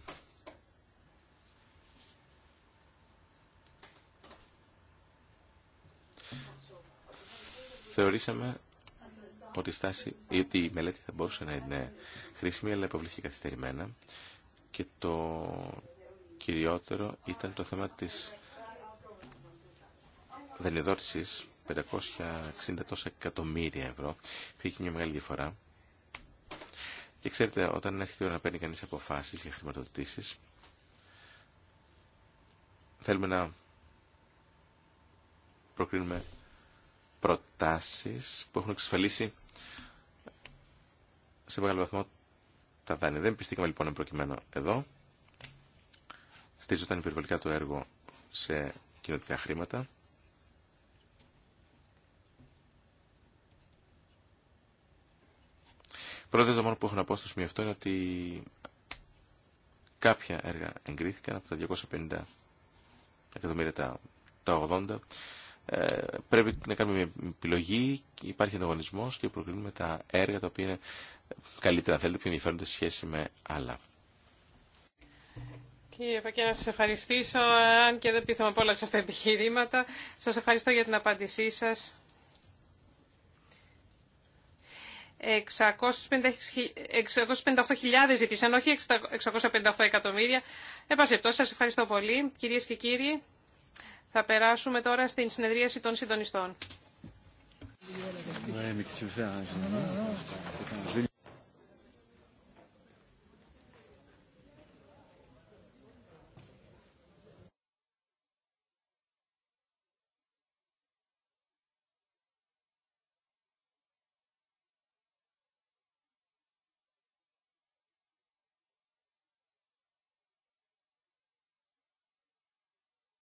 Θεωρήσαμε ότι η, στάση, η μελέτη θα μπορούσε να είναι χρήσιμη, αλλά υποβλήθηκε καθυστερημένα. Και το κυριότερο ήταν το θέμα της δανειοδότησης 560 τόσα εκατομμύρια ευρώ. Υπήρχε μια μεγάλη διαφορά και ξέρετε, όταν έρχεται η ώρα να παίρνει κανείς αποφάσεις για χρηματοδοτήσεις, θέλουμε να προκρίνουμε προτάσεις που έχουν εξασφαλίσει σε μεγάλο βαθμό τα δάνεια. Δεν πιστήκαμε λοιπόν προκειμένου εδώ. Στήριζονταν υπερβολικά το έργο σε κοινωτικά χρήματα. Πρώτα το μόνο που έχω να πω στο σημείο αυτό είναι ότι κάποια έργα εγκρίθηκαν από τα 250 εκατομμύρια τα, 80. Ε, πρέπει να κάνουμε μια επιλογή, υπάρχει ανταγωνισμό και προκρίνουμε τα έργα τα οποία είναι καλύτερα, θέλετε, πιο ενδιαφέρονται σε σχέση με άλλα. Κύριε να σα ευχαριστήσω, αν και δεν πείθαμε από όλα σα τα επιχειρήματα. Σα ευχαριστώ για την απάντησή σα. 658.000 ζήτησαν, όχι 658 εκατομμύρια. Επασεπτό, σας ευχαριστώ πολύ. Κυρίες και κύριοι, θα περάσουμε τώρα στην συνεδρίαση των συντονιστών. Ναι,